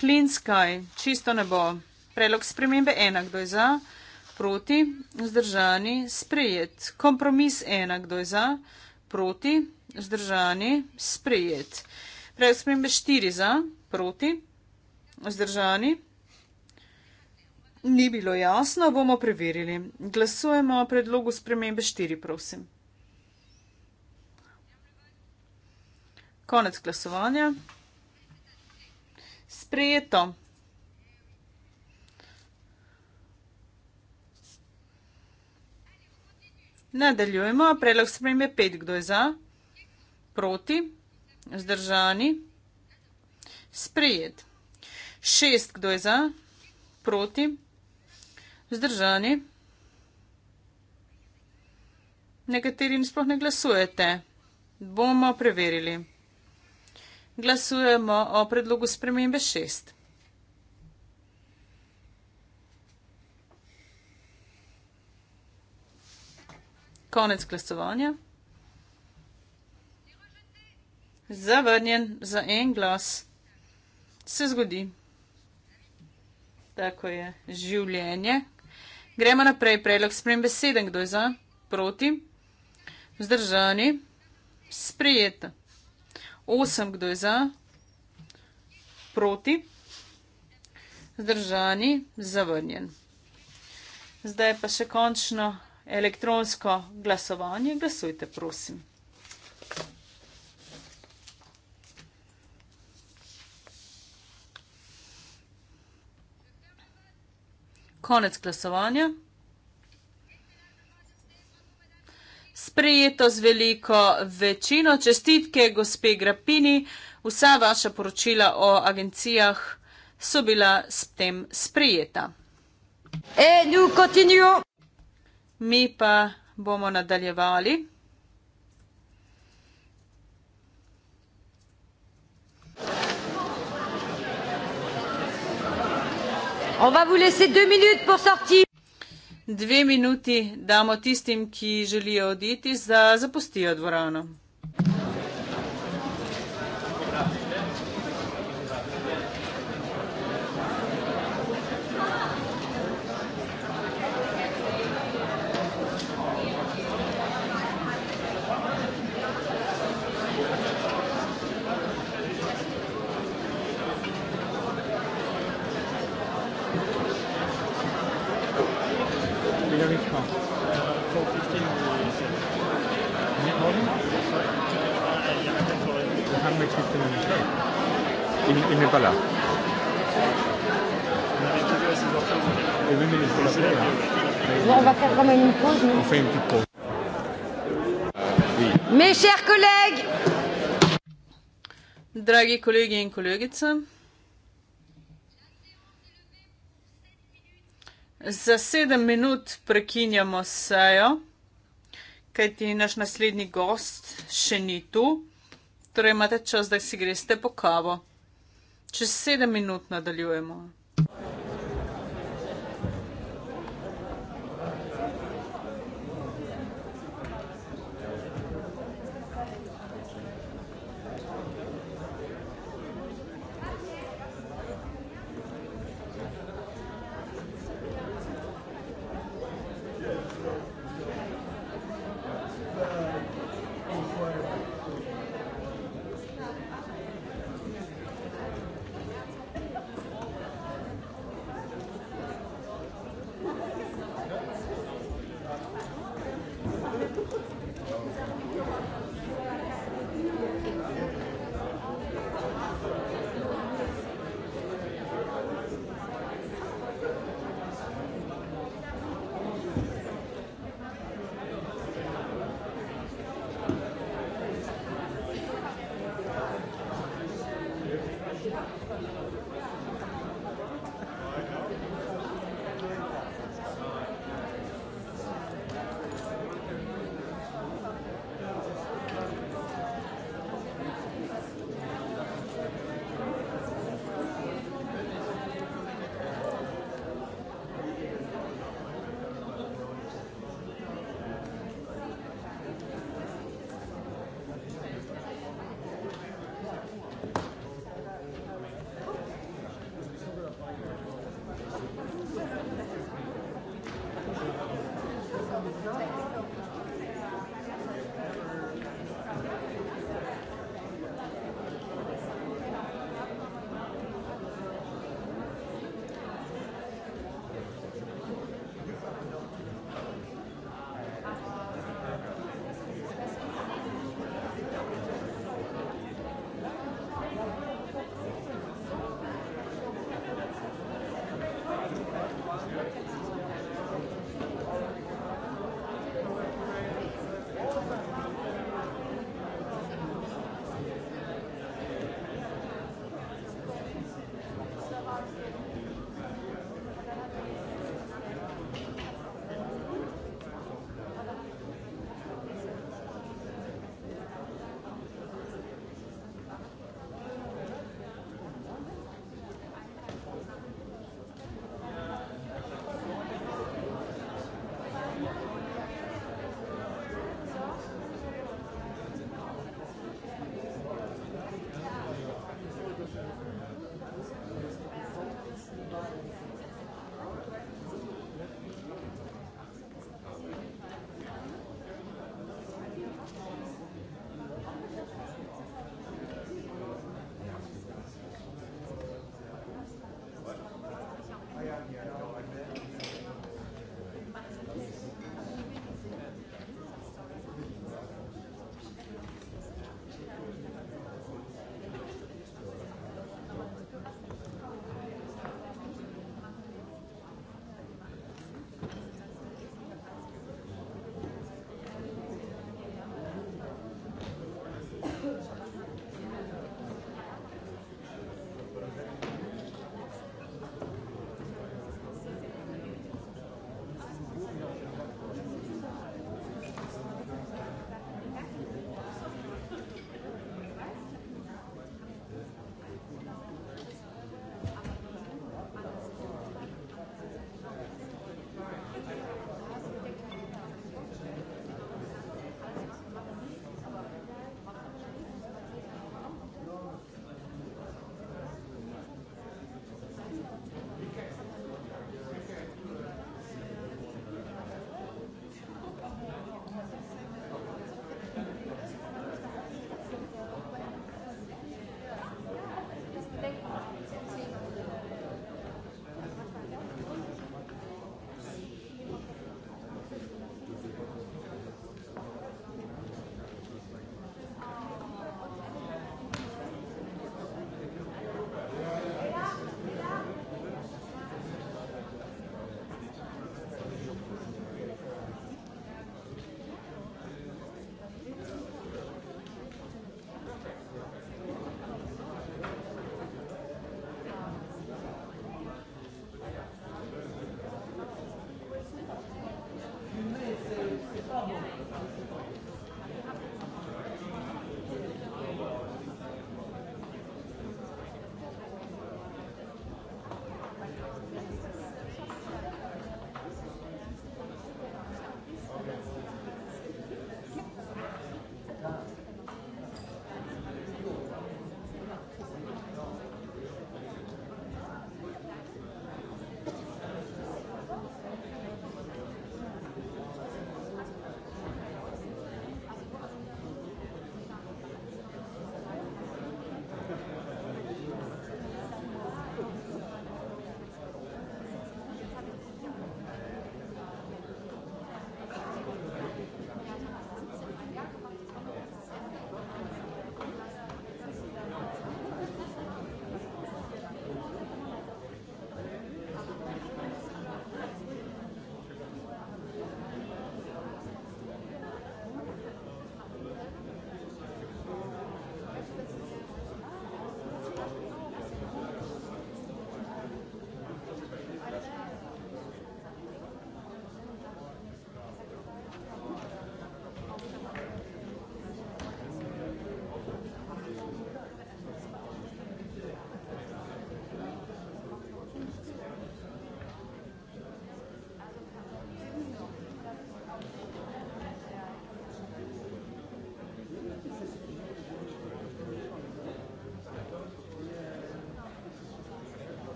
Clean sky, čisto nebo. Predlog spremembe ena, kdo je za, proti, vzdržani, sprejet. Kompromis ena, kdo je za, proti, vzdržani, sprejet. Predlog spremembe štiri za, proti, vzdržani. Ni bilo jasno, bomo preverili. Glasujemo o predlogu spremembe štiri, prosim. Konec glasovanja. Sprejeto. Nadaljujemo. Predlog spremembe pet. Kdo je za? Proti? Zdržani? Sprejet. Šest. Kdo je za? Proti? Zdržani? Nekateri sploh ne glasujete. Bomo preverili glasujemo o predlogu spremembe šest. Konec glasovanja. Zavrnjen za en glas. Se zgodi. Tako je življenje. Gremo naprej. Predlog spremembe sedem. Kdo je za? Proti? Vzdržani? Sprijeto. 8, kdo je za, proti, zdržani, zavrnjen. Zdaj pa še končno elektronsko glasovanje. Glasujte, prosim. Konec glasovanja. sprejeto z veliko večino. Čestitke, gospe Grapini, vsa vaša poročila o agencijah so bila s tem sprejeta. E, Mi pa bomo nadaljevali. On va vous laisser deux minutes pour sortir dve minuti damo tistim, ki želijo oditi, da zapustijo dvorano. dragi kolegi in kolegice. Za sedem minut prekinjamo sejo, kajti naš naslednji gost še ni tu. Torej imate čas, da si greste po kavo. Čez sedem minut nadaljujemo. Thank you.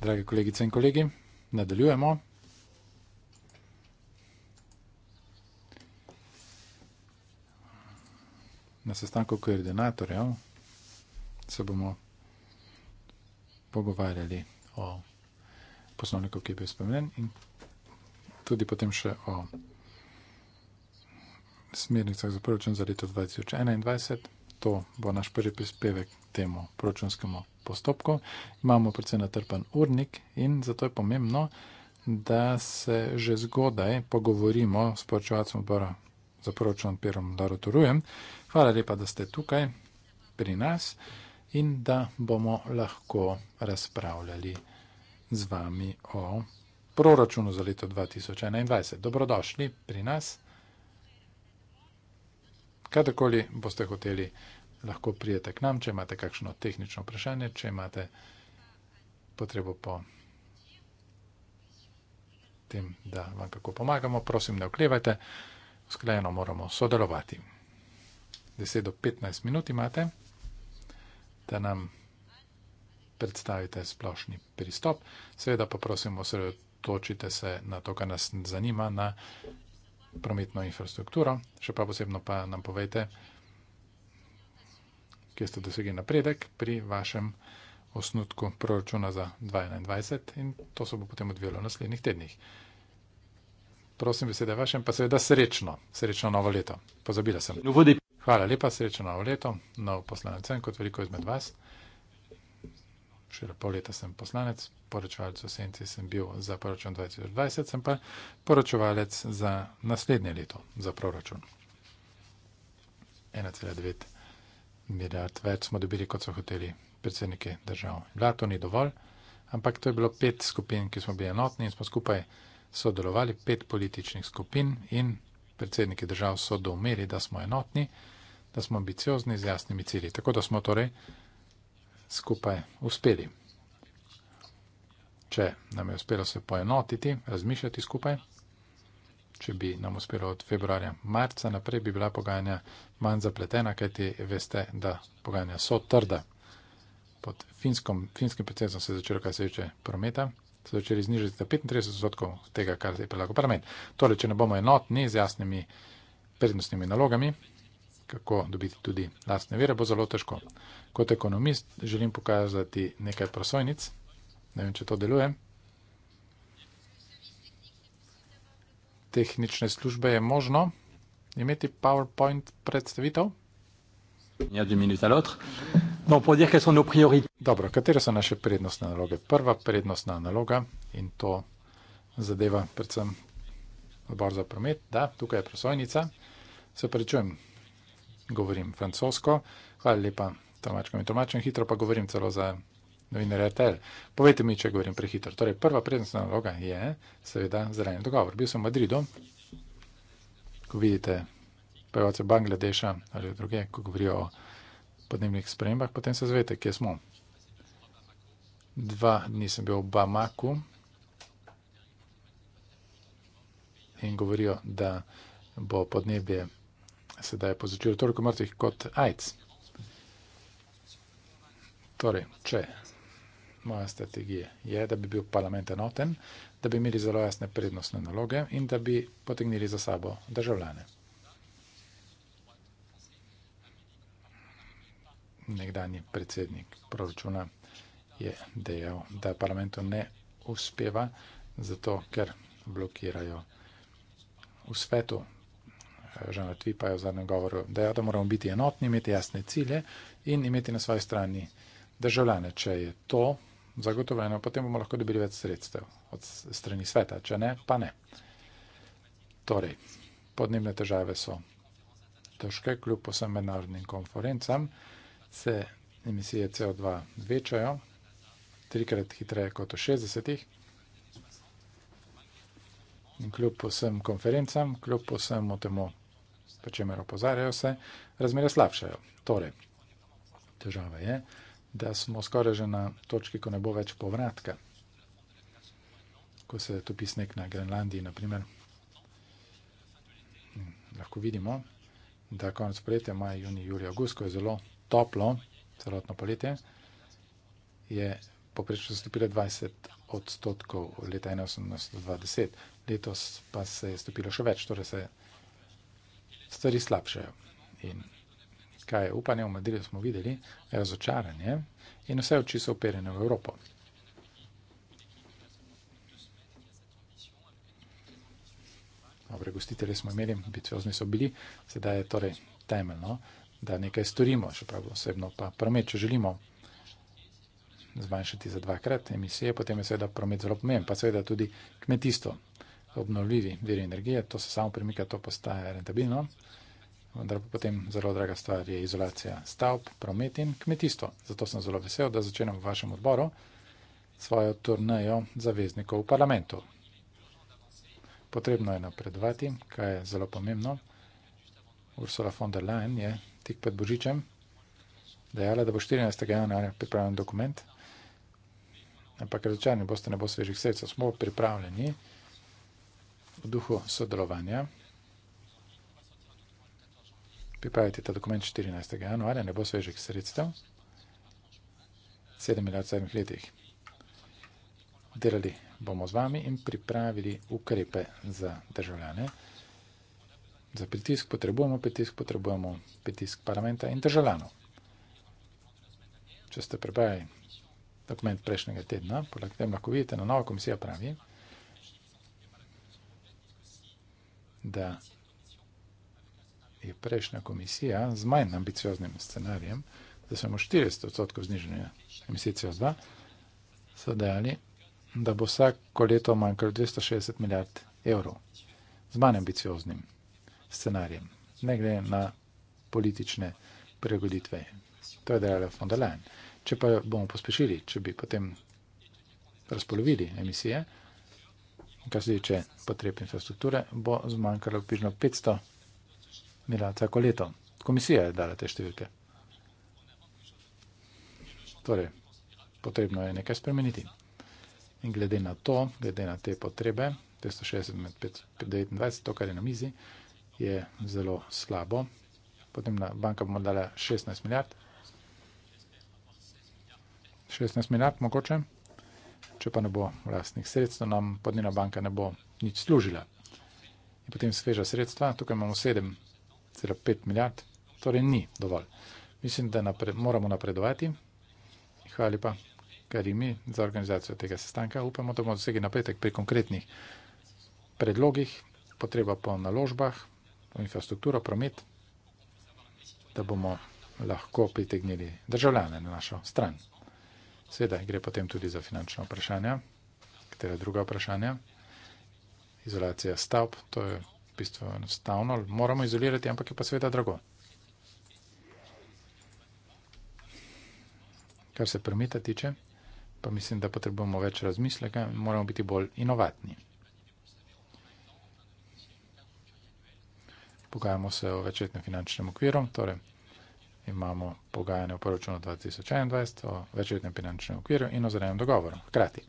Drage kolegice in kolegi, nadaljujemo. Na sestanku koordinatorjev se bomo pogovarjali o poslovniku, ki je bil spremenjen in tudi potem še o smernicah za proračun za leto 2021. To bo naš prvi prispevek temu proračunskemu postopkov, imamo precej natrpan urnik in zato je pomembno, da se že zgodaj pogovorimo s poročevalcem odbora za poročevalcem Pirom Darotorujem. Hvala lepa, da ste tukaj pri nas in da bomo lahko razpravljali z vami o proračunu za leto 2021. Dobrodošli pri nas. Kadarkoli boste hoteli lahko prijete k nam, če imate kakšno tehnično vprašanje, če imate potrebo po tem, da vam kako pomagamo, prosim, ne oklevajte, sklajeno moramo sodelovati. 10 do 15 minut imate, da nam predstavite splošni pristop. Seveda pa prosim, osredotočite se na to, kar nas zanima, na prometno infrastrukturo, še pa posebno pa nam povejte, kako kjer ste dosegli napredek pri vašem osnutku proračuna za 2021 in to se bo potem odvijalo v naslednjih tednih. Prosim, besede vašem, pa seveda srečno, srečno novo leto. Pozabila sem. Hvala lepa, srečno novo leto, nov poslanec sem kot veliko izmed vas. Šele pol leta sem poslanec, poročevalec v Senci sem bil za proračun 2020, sem pa poročevalec za naslednje leto, za proračun. 1,9 milijard več smo dobili, kot so hoteli predsedniki držav. Vlada to ni dovolj, ampak to je bilo pet skupin, ki smo bili enotni in smo skupaj sodelovali, pet političnih skupin in predsedniki držav so domeli, da smo enotni, da smo ambiciozni z jasnimi cilji. Tako da smo torej skupaj uspeli. Če nam je uspelo se poenotiti, razmišljati skupaj, če bi nam uspelo od februarja, marca naprej, bi bila pogajanja manj zapletena, kajti veste, da pogajanja so trda. Pod finskom, finskim predsednikom se je začelo, kar se tiče prometa, se je začeli znižati za 35 odstotkov tega, kar je predlagal parlament. Torej, če ne bomo enotni z jasnimi prednostnimi nalogami, kako dobiti tudi lastne vere, bo zelo težko. Kot ekonomist želim pokazati nekaj prosojnic, ne vem, če to deluje. tehnične službe je možno imeti PowerPoint predstavitev? Ja, no, Dobro, katere so naše prednostne naloge? Prva prednostna naloga in to zadeva predvsem odbor za promet, da, tukaj je prosojnica, se prečujem, govorim francosko, hvala lepa tomačkom in tomačkom, hitro pa govorim celo za novinar RTL. Povejte mi, če govorim prehitro. Torej, prva prednostna naloga je seveda zeleni dogovor. Bil sem v Madridu, ko vidite pevce Bangladeša ali druge, ko govorijo o podnebnih spremembah, potem se zvete, kje smo. Dva dni sem bil v Bamaku in govorijo, da bo podnebje sedaj pozročilo toliko mrtvih kot AIDS. Torej, če moja strategija je, da bi bil parlament enoten, da bi imeli zelo jasne prednostne naloge in da bi potegnili za sabo državljane. Nekdanji predsednik proračuna je dejal, da parlamentu ne uspeva, zato ker blokirajo v svetu. Eh, Žan Latvi pa je v zadnjem govoru dejal, da moramo biti enotni, imeti jasne cilje in imeti na svoji strani državljane. Če je to zagotovljeno, potem bomo lahko dobili več sredstev od strani sveta, če ne, pa ne. Torej, podnebne težave so težke, kljub posem mednarodnim konferencam, se emisije CO2 večajo, trikrat hitreje kot v 60-ih, in kljub posem konferencam, kljub posem o temu, po čemer opozarjajo se, razmere slabšajo. Torej, težava je, da da smo skoraj že na točki, ko ne bo več povratka, ko se to pisnik na Grenlandiji, naprimer, lahko vidimo, da konec poletja, maj, juni, juli, august, ko je zelo toplo, celotno poletje, je poprečno stopilo 20 odstotkov leta 1820, letos pa se je stopilo še več, torej se stvari slabšajo. In kaj je upanje v Madridu, smo videli, razočaranje in vse oči so uperjene v Evropo. Dobre gostitelje smo imeli, ambiciozni so bili, sedaj je torej temeljno, da nekaj storimo, še prav osebno pa promet, če želimo zmanjšati za dvakrat emisije, potem je seveda promet zelo pomemben, pa seveda tudi kmetijstvo, obnovljivi viri energije, to se samo premika, to postaja rentabilno vendar pa potem zelo draga stvar je izolacija stavb, promet in kmetijstvo. Zato sem zelo vesel, da začenjam v vašem odboru svojo turnejo zaveznikov v parlamentu. Potrebno je napredovati, kaj je zelo pomembno. Ursula von der Leyen je tik pred Božičem dejala, da bo 14. januarja pripravljen dokument, ampak razočarni boste, ne bo svežih sredstev. Smo pripravljeni v duhu sodelovanja pripraviti ta dokument 14. januarja, ne bo svežih sredstev, 7 milijard 7 letih. Delali bomo z vami in pripravili ukrepe za državljane. Za pritisk potrebujemo, pritisk potrebujemo, pritisk parlamenta in državljanov. Če ste prebrali dokument prejšnjega tedna, podlag tem lahko vidite, na nova komisija pravi, da je prejšnja komisija z manj ambicioznim scenarijem, da samo 400 odstotkov znižanja emisij CO2, so dejali, da bo vsako leto manjkalo 260 milijard evrov z manj ambicioznim scenarijem, ne glede na politične pregoditve. To je dejala von der Leyen. Če pa bomo pospešili, če bi potem razpolovili emisije, kar se tiče potreb infrastrukture, bo zmanjkalo približno 500 bila vsako leto. Komisija je dala te številke. Torej, potrebno je nekaj spremeniti. In glede na to, glede na te potrebe, 260 med 29, to, kar je na mizi, je zelo slabo. Potem na banka bomo dala 16 milijard. 16 milijard mogoče, če pa ne bo vlastnih sredstv, nam podnina banka ne bo nič služila. In potem sveža sredstva, tukaj imamo 7 milijard cela pet milijard, torej ni dovolj. Mislim, da napre moramo napredovati. Hvala lepa, kar je mi za organizacijo tega sestanka. Upamo, da bomo dosegli napredek pri konkretnih predlogih, potreba po naložbah, po infrastrukturo, promet, da bomo lahko pritegnili državljane na našo stran. Sveda gre potem tudi za finančna vprašanja, katera druga vprašanja. Izolacija stavb, to je v bistvu enostavno, moramo izolirati, ampak je pa seveda drago. Kar se premita tiče, pa mislim, da potrebujemo več razmisleka in moramo biti bolj inovatni. Pogajamo se o večletnem finančnem okviru, torej imamo pogajanje o poročunu 2021, o večletnem finančnem okviru in o zelenem dogovoru. Hkrati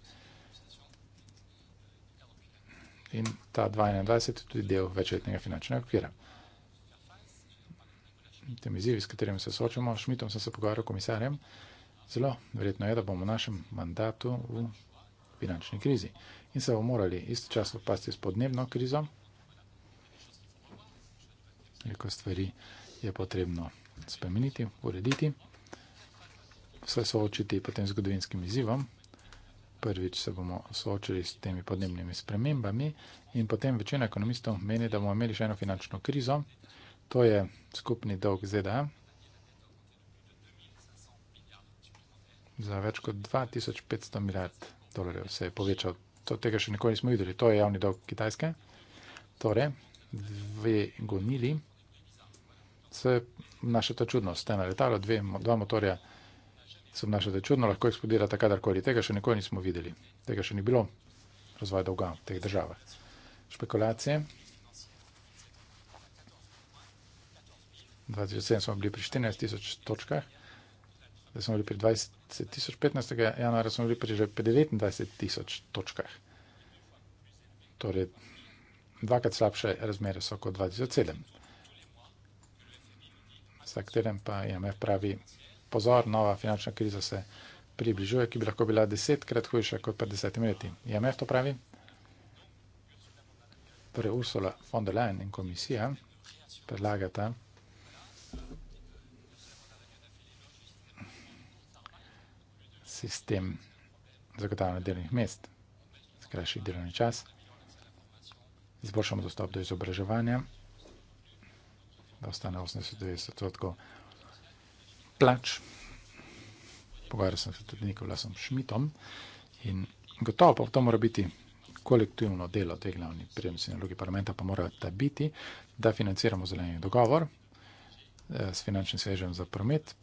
in ta 2021 je tudi del večletnega finančnega okvira. Tem izzivi, s katerimi se soočamo, Šmitom sem se pogovarjal komisarjem, zelo verjetno je, da bomo v našem mandatu v finančni krizi in se bomo morali istočasno pasti s podnebno krizo. Veliko stvari je potrebno spremeniti, urediti, vse soočiti potem zgodovinskim izzivom prvič se bomo soočili s temi podnebnimi spremembami in potem večina ekonomistov meni, da bomo imeli še eno finančno krizo, to je skupni dolg ZDA za več kot 2500 milijard dolarjev se je povečal. To, tega še nikoli nismo videli. To je javni dolg Kitajske. Torej, dve gonili se naša ta čudnost, ena letalo, dve, dva motorja se obnašate čudno, lahko eksplodirate kadarkoli. Tega še nikoli nismo videli. Tega še ni bilo razvoj dolga v teh državah. Špekulacije. 2007 smo bili pri 14 tisoč točkah, zdaj smo bili pri 20 tisoč, 15. januarja smo bili pri že 29 tisoč točkah. Torej, dvakrat slabše razmere so kot 2007. Vsak teden pa IMF pravi, pozor, nova finančna kriza se približuje, ki bi lahko bila desetkrat hujša kot pred desetimi leti. IMF to pravi, torej Ursula von der Leyen in komisija predlagata, sistem zagotavljanja delovnih mest, skrajši delovni čas, izboljšamo dostop do izobraževanja, da ostane 80-90 odstotkov plač. Pogovarjal sem se tudi nekaj vlasom Šmitom in gotovo pa to mora biti kolektivno delo teh glavnih prednosti in vlogi parlamenta, pa mora ta biti, da financiramo zeleni dogovor eh, s finančnim svežem za promet,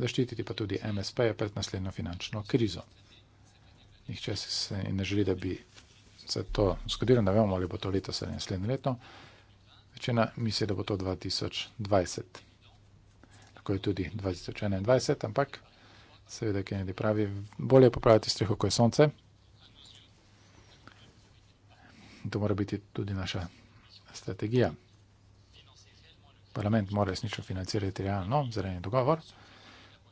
zaščititi pa tudi MSP pred naslednjo finančno krizo. Nihče si se ne želi, da bi se to zgodilo, ne vemo, ali bo to letos ali naslednje leto. Večina misli, da bo to 2020 tako je tudi 2021, ampak seveda, ki ne pravi, bolje je popraviti streho, ko je sonce. In to mora biti tudi naša strategija. Parlament mora resnično financirati realno, zeleni dogovor,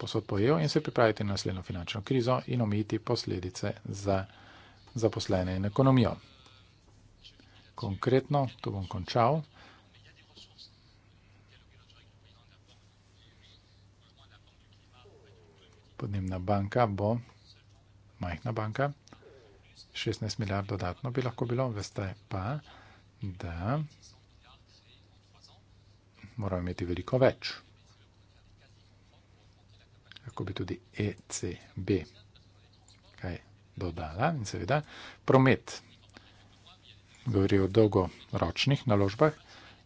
posod pojejo in se pripraviti na naslednjo finančno krizo in omejiti posledice za zaposlene in ekonomijo. Konkretno, tu bom končal. podnebna banka bo, majhna banka, 16 milijard dodatno bi lahko bilo, veste pa, da moramo imeti veliko več. Lahko bi tudi ECB kaj dodala in seveda promet. Govori o dolgoročnih naložbah.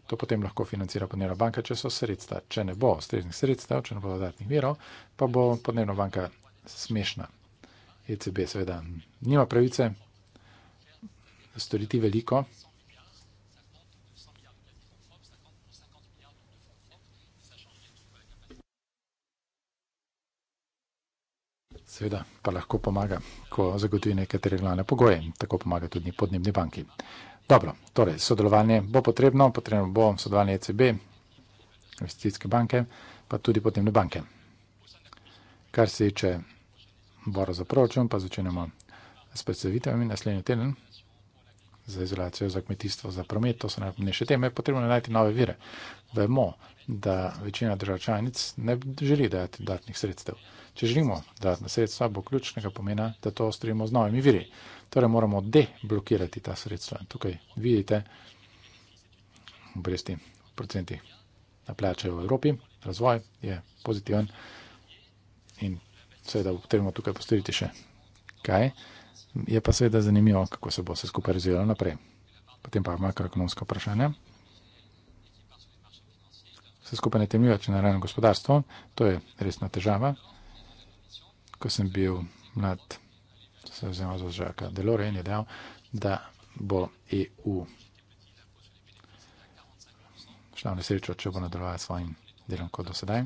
To potem lahko financira podnebna banka, če so sredstva. Če ne bo ustreznih sredstev, če ne bo dodatnih virov, pa bo podnebna banka smešna. ECB seveda nima pravice storiti veliko. Seveda pa lahko pomaga, ko zagotovi nekatere glavne pogoje in tako pomaga tudi podnebni banki. Dobro, torej sodelovanje bo potrebno, potrebno bo sodelovanje ECB, investicijske banke, pa tudi potemne banke. Kar se tiče bora za proračun, pa začenjamo s predstavitvami naslednji teden za izolacijo, za kmetijstvo, za promet, to so najpomembnejše teme, potrebno je najti nove vire. Vemo, da večina držav članic ne želi dajati dodatnih sredstev. Če želimo dodatna sredstva, bo ključnega pomena, da to ostrimo z novimi viri. Torej moramo deblokirati ta sredstva. In tukaj vidite, obresti v procentih naplačajo v Evropi, razvoj je pozitiven in seveda potrebno tukaj postaviti še kaj. Je pa seveda zanimivo, kako se bo vse skupaj razvijalo naprej. Potem pa makroekonomsko vprašanje. Vse skupaj ne temljuje, če naravno gospodarstvo, to je resna težava. Ko sem bil mlad, sem vzel za žaka Delore in je dejal, da bo EU šla v nesrečo, če bo nadaljevala svojim delom kot do sedaj.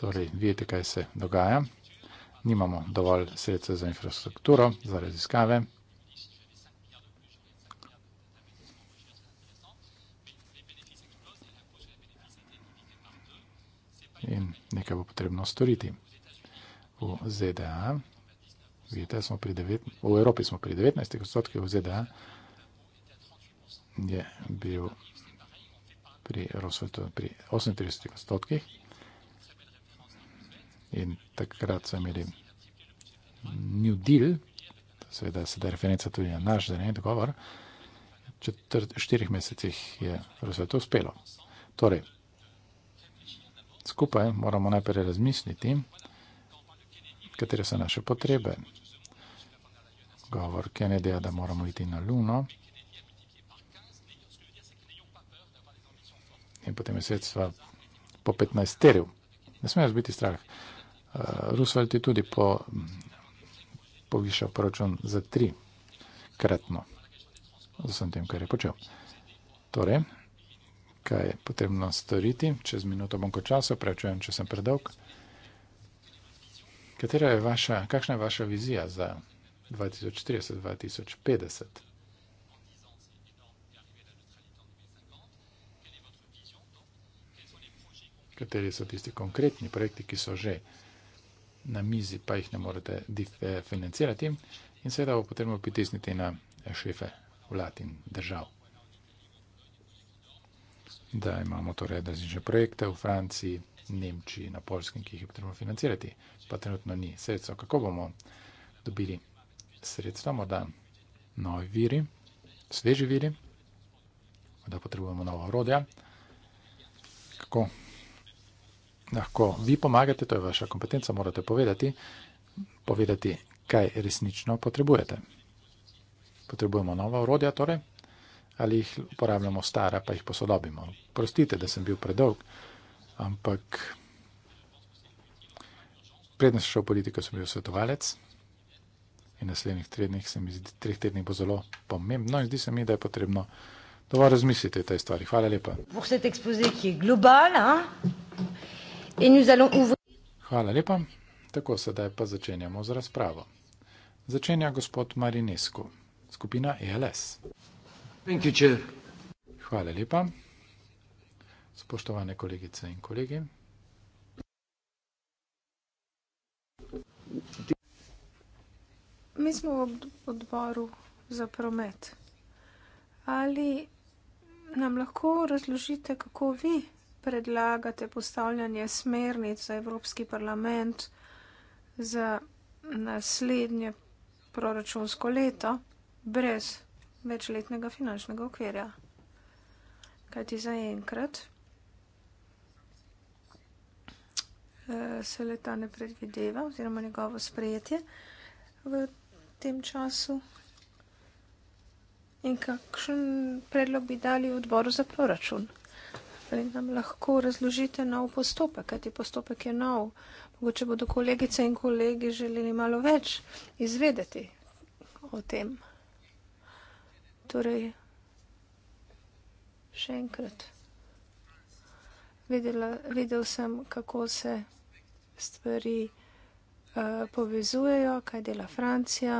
Torej, vidite, kaj se dogaja nimamo dovolj sredstev za infrastrukturo, za raziskave. In nekaj bo potrebno storiti. V ZDA, vidite, smo pri 9, v Evropi smo pri 19 odstotkih, v ZDA je bil pri Rosvetu pri 38 odstotkih. In takrat so imeli New Deal, seveda se da referenca tudi na naš zeleni dogovor, četrt, štirih mesecih je vse to uspelo. Torej, skupaj moramo najprej razmisliti, katere so naše potrebe. Govor Kennedyja, da moramo iti na Luno. In potem je svet po 15 teril. Ne smejo biti strah. Eh, Roosevelt je tudi po, povišal proračun za tri kratno z vsem tem, kar je počel. Torej, kaj je potrebno storiti, čez minuto bom ko časa, prevečujem, če sem predolg. Katera je vaša, kakšna je vaša vizija za 2030-2050? Kateri so tisti konkretni projekti, ki so že na mizi, pa jih ne morete financirati in seveda bo potrebno pritisniti na šefe vlad in držav. Da imamo torej različne projekte v Franciji, Nemčiji, na Polskem, ki jih je potrebno financirati, pa trenutno ni sredstva. Kako bomo dobili sredstva, morda novi viri, sveži viri, da potrebujemo nova orodja. Kako? lahko vi pomagate, to je vaša kompetenca, morate povedati, povedati, kaj resnično potrebujete. Potrebujemo nova orodja, torej, ali jih uporabljamo stara, pa jih posodobimo. Prostite, da sem bil predolg, ampak prednost šel v politiko, sem bil svetovalec in naslednjih trednih, se mi zdi, treh tednih bo zelo pomembno in zdi se mi, da je potrebno dovolj razmisliti o tej stvari. Hvala lepa. Vse te ekspozicije globalne. Hein? in nous allons ouvrir. Hvala lepa. Tako sedaj pa začenjamo z razpravo. Začenja gospod Marinescu, skupina ELS. Hvala lepa. Spoštovane kolegice in kolegi. Mi smo v odboru za promet. Ali nam lahko razložite, kako vi predlagate postavljanje smernic za Evropski parlament za naslednje proračunsko leto brez večletnega finančnega okvirja. Kaj ti zaenkrat? Eh, se leta ne predvideva oziroma njegovo sprejetje v tem času in kakšen predlog bi dali v odboru za proračun ali nam lahko razložite nov postopek, kajti postopek je nov. Mogoče bodo kolegice in kolegi želeli malo več izvedeti o tem. Torej, še enkrat. Videla, videl sem, kako se stvari uh, povezujejo, kaj dela Francija.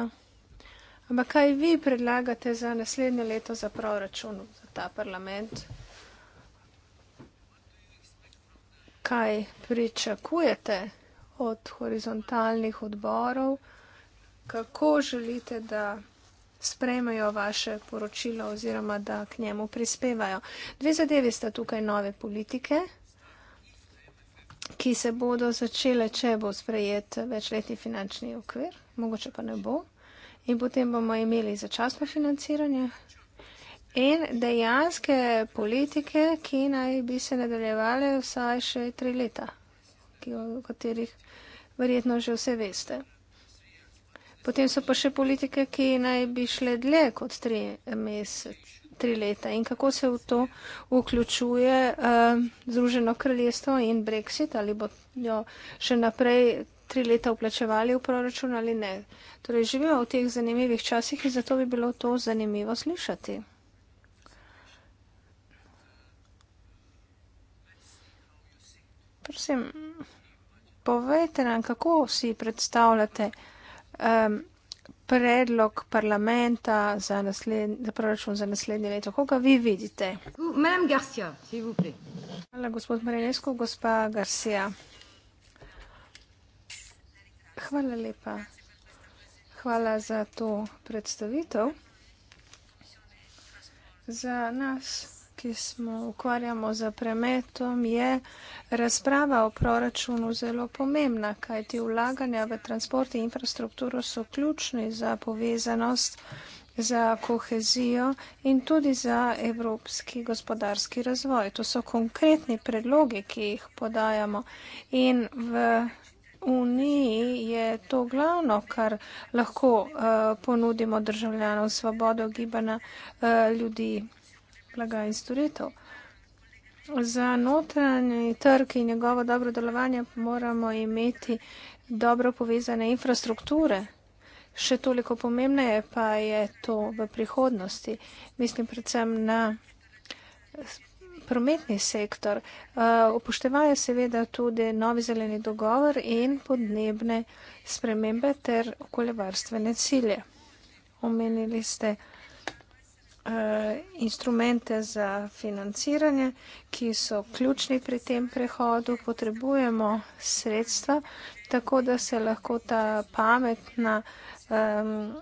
Ampak kaj vi predlagate za naslednje leto, za proračun, za ta parlament? kaj pričakujete od horizontalnih odborov, kako želite, da sprejmejo vaše poročilo oziroma da k njemu prispevajo. Dve zadeve sta tukaj nove politike, ki se bodo začele, če bo sprejet večletni finančni okvir, mogoče pa ne bo. In potem bomo imeli začasno financiranje, in dejanske politike, ki naj bi se nadaljevale vsaj še tri leta, o katerih verjetno že vse veste. Potem so pa še politike, ki naj bi šle dlje kot tri, mesec, tri leta in kako se v to vključuje uh, Združeno kraljestvo in Brexit ali bo jo še naprej tri leta uplačevali v proračun ali ne. Torej živimo v teh zanimivih časih in zato bi bilo to zanimivo slišati. prosim, povejte nam, kako si predstavljate um, predlog parlamenta za, nasled, za proračun za naslednje leto, koga vi vidite. Garcia, Hvala, gospod Marinesko, gospa Garcia. Hvala lepa. Hvala za to predstavitev. Za nas ki smo ukvarjamo za premetom, je razprava o proračunu zelo pomembna, kajti vlaganja v transport in infrastrukturo so ključni za povezanost, za kohezijo in tudi za evropski gospodarski razvoj. To so konkretni predlogi, ki jih podajamo in v Uniji je to glavno, kar lahko uh, ponudimo državljanom svobodo gibana uh, eh, ljudi blaga in storitev. Za notranji trg in njegovo dobro delovanje moramo imeti dobro povezane infrastrukture. Še toliko pomembneje pa je to v prihodnosti. Mislim predvsem na prometni sektor. Eh, upoštevajo seveda tudi novi zeleni dogovor in podnebne spremembe ter okoljevarstvene cilje. Omenili ste. Eh, instrumente za financiranje, ki so ključni pri tem prehodu. Potrebujemo sredstva, tako da se lahko ta pametna um,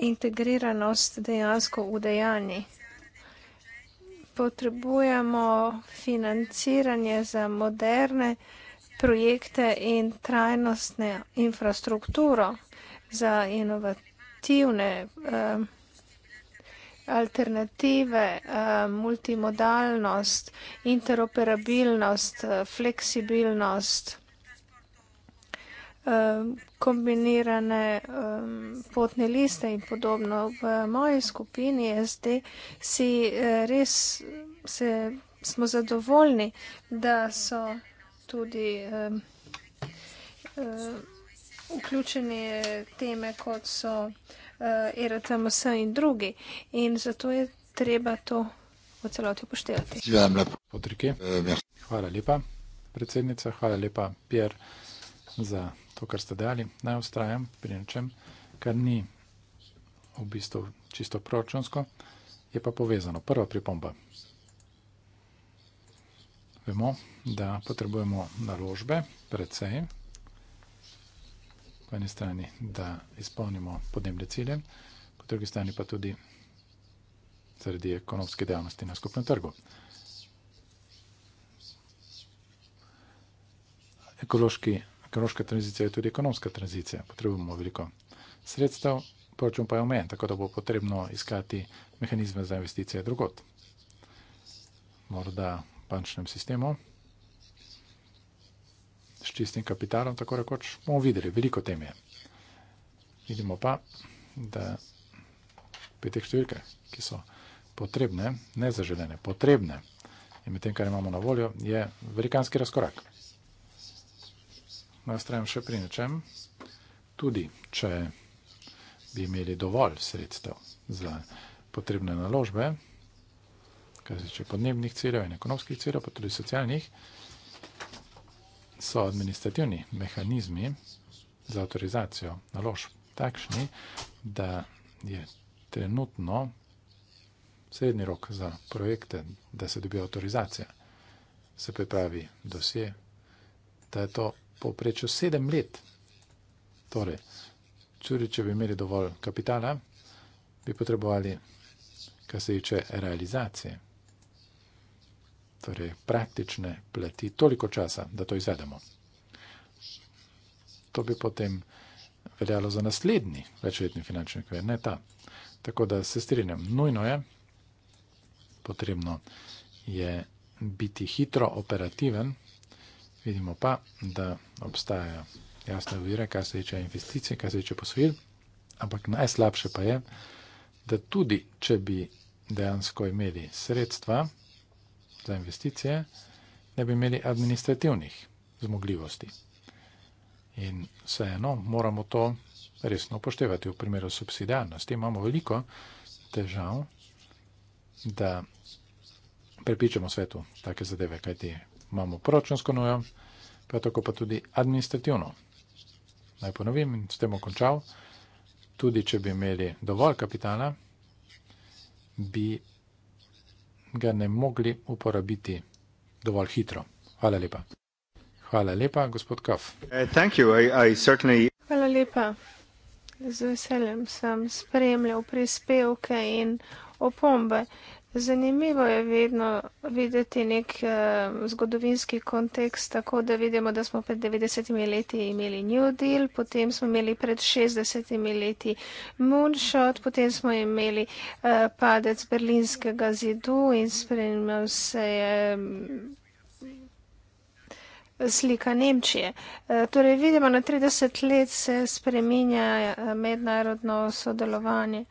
integriranost dejansko udejani. Potrebujemo financiranje za moderne projekte in trajnostne infrastrukturo za inovativne. Um, alternative, eh, multimodalnost, interoperabilnost, eh, fleksibilnost, eh, kombinirane potne liste in podobno. V moji skupini SD si res se, smo zadovoljni, da so tudi vključene teme, kot so uh, eh, RTMS in drugi. In zato je treba to v celoti upoštevati. Eh, Hvala lepa, predsednica. Hvala lepa, Pierre, za to, kar ste dali. Naj ustrajam pri nečem, kar ni v bistvu čisto proračunsko, je pa povezano. Prva pripomba. Vemo, da potrebujemo naložbe, predvsej po eni strani, da izpolnimo podnebne cilje, po drugi strani pa tudi zaradi ekonomske dejavnosti na skupnem trgu. Ekološki, ekološka tranzicija je tudi ekonomska tranzicija, potrebujemo veliko sredstev, poročun pa je omejen, tako da bo potrebno iskati mehanizme za investicije drugot. Morda bančnem sistemu s čistim kapitalom, tako rekoč, bomo videli, veliko tem je. Vidimo pa, da petih številke, ki so potrebne, nezaželene, potrebne, in med tem, kar imamo na voljo, je velikanski razkorak. Nastrajam še pri nečem, tudi če bi imeli dovolj sredstev za potrebne naložbe, kaj se če podnebnih ciljev in ekonomskih ciljev, pa tudi socialnih, so administrativni mehanizmi za avtorizacijo naložb takšni, da je trenutno srednji rok za projekte, da se dobijo avtorizacija, se pripravi dosje, da je to poprečju sedem let. Torej, tudi če bi imeli dovolj kapitala, bi potrebovali, kar se tiče realizacije torej praktične plati, toliko časa, da to izvedemo. To bi potem veljalo za naslednji večletni finančni okvir, ne ta. Tako da se strinjam, nujno je, potrebno je biti hitro operativen, vidimo pa, da obstajajo jasne uvire, kar se tiče investicij, kar se tiče posvil, ampak najslabše pa je, da tudi, če bi dejansko imeli sredstva, za investicije, ne bi imeli administrativnih zmogljivosti. In vseeno moramo to resno upoštevati v primeru subsidijarnosti. Imamo veliko težav, da prepričamo svetu take zadeve, kajti imamo proračunsko nujo, pa tako pa tudi administrativno. Naj ponovim in s tem končal. Tudi, če bi imeli dovolj kapitala, bi ga ne mogli uporabiti dovolj hitro. Hvala lepa. Hvala lepa, gospod Kaf. Eh, Hvala lepa. Z veseljem sem spremljal prispevke in opombe. Zanimivo je vedno videti nek uh, zgodovinski kontekst, tako da vidimo, da smo pred 90 leti imeli New Deal, potem smo imeli pred 60 leti Moonshot, potem smo imeli uh, padec berlinskega zidu in spremljal se je mm, slika Nemčije. Eh, torej vidimo, na 30 let se spreminja mednarodno sodelovanje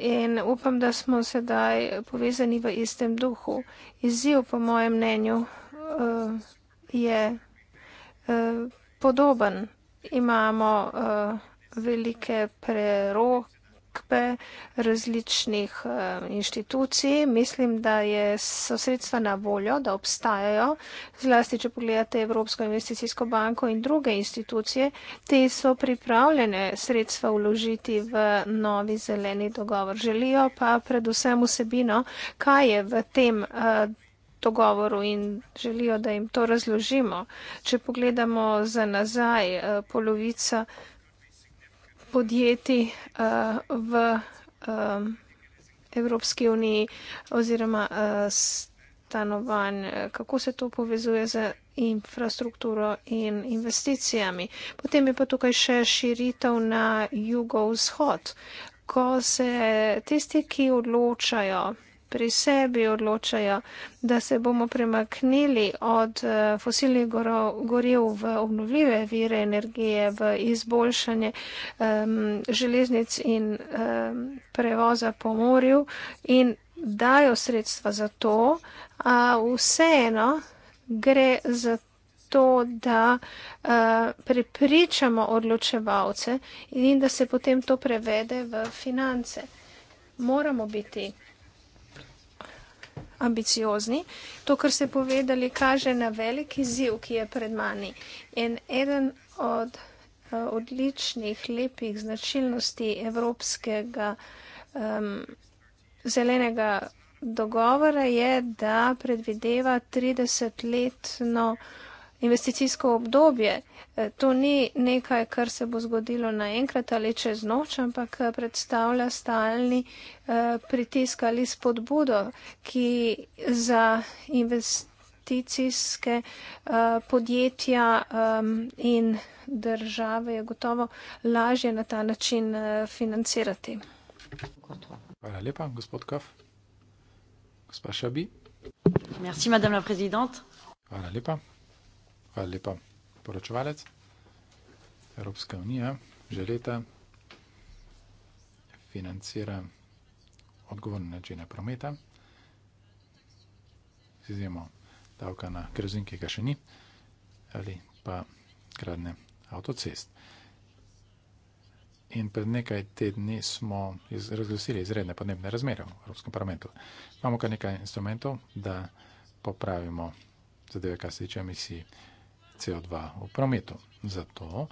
in upam, da smo sedaj povezani v istem duhu. Izziv, po mojem mnenju, eh, je eh, podoben. Imamo eh, velike prerok cerkve, različnih eh, inštitucij. Mislim, da je, so sredstva na voljo, da obstajajo. Zlasti, če pogledate Evropsko investicijsko banko in druge institucije, te so pripravljene sredstva vložiti v novi zeleni dogovor. Želijo pa predvsem vsebino, kaj je v tem eh, dogovoru in želijo, da jim to razložimo. Če pogledamo za nazaj, eh, polovica podjetij uh, v um, Evropski uniji oziroma uh, stanovanj, kako se to povezuje z infrastrukturo in investicijami. Potem je pa tukaj še širitev na jugovzhod. Ko se tisti, ki odločajo, pri sebi odločajo, da se bomo premaknili od eh, fosilnih goriv v obnovljive vire energije, v izboljšanje um, železnic in um, prevoza po morju in dajo sredstva za to, a vseeno gre za to, da uh, prepričamo odločevalce in da se potem to prevede v finance. Moramo biti ambiciozni. To, kar ste povedali, kaže na veliki ziv, ki je pred mani. In eden od eh, odličnih, lepih značilnosti evropskega um, zelenega dogovora je, da predvideva 30-letno investicijsko obdobje. Eh, to ni nekaj, kar se bo zgodilo naenkrat ali čez noč, ampak eh, predstavlja stalni eh, pritisk ali spodbudo, ki za investicijske podjetja in države je gotovo lažje na ta način financirati. Hvala lepa, gospod Kaf. Gospa Šabi. Merci, Hvala lepa. Hvala lepa. Poročevalec Evropska unija že leta financira odgovorne načine prometa, z izjemo davka na grozin, ki ga še ni, ali pa gradne avtocest. In pred nekaj tedni smo iz, razglasili izredne podnebne razmere v Evropskem parlamentu. Imamo kar nekaj instrumentov, da popravimo zadeve, kar se tiče emisij CO2 v prometu. Zato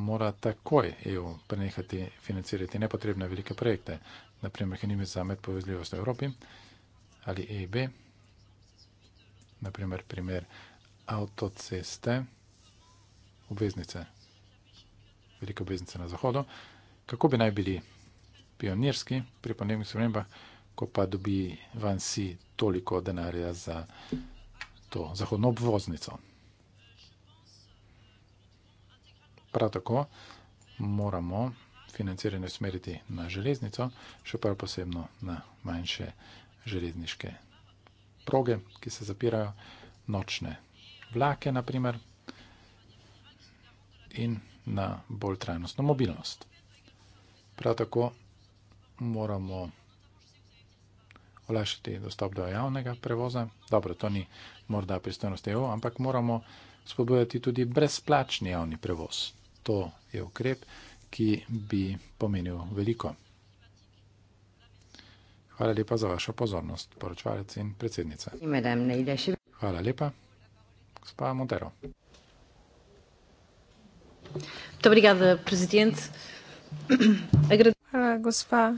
mora takoj EU prenehati financirati nepotrebne velike projekte, naprimer Hinimi za medpovezljivost v Evropi ali EIB, naprimer primer avtoceste, obveznice, velike obveznice na Zahodu. Kako bi naj bili pionirski pri podnebnih spremembah, ko pa dobi van si toliko denarja za to zahodno obvoznico? Prav tako moramo financiranje usmeriti na železnico, še prav posebno na manjše železniške proge, ki se zapirajo, nočne vlake naprimer in na bolj trajnostno mobilnost. Prav tako moramo olajšati dostop do javnega prevoza. Dobro, to ni morda pristojnost EU, ampak moramo spodbujati tudi brezplačni javni prevoz to je ukrep, ki bi pomenil veliko. Hvala lepa za vašo pozornost, poročvalec in predsednica. Hvala lepa, gospa Montero. Dobrigado, prezident. Hvala, gospa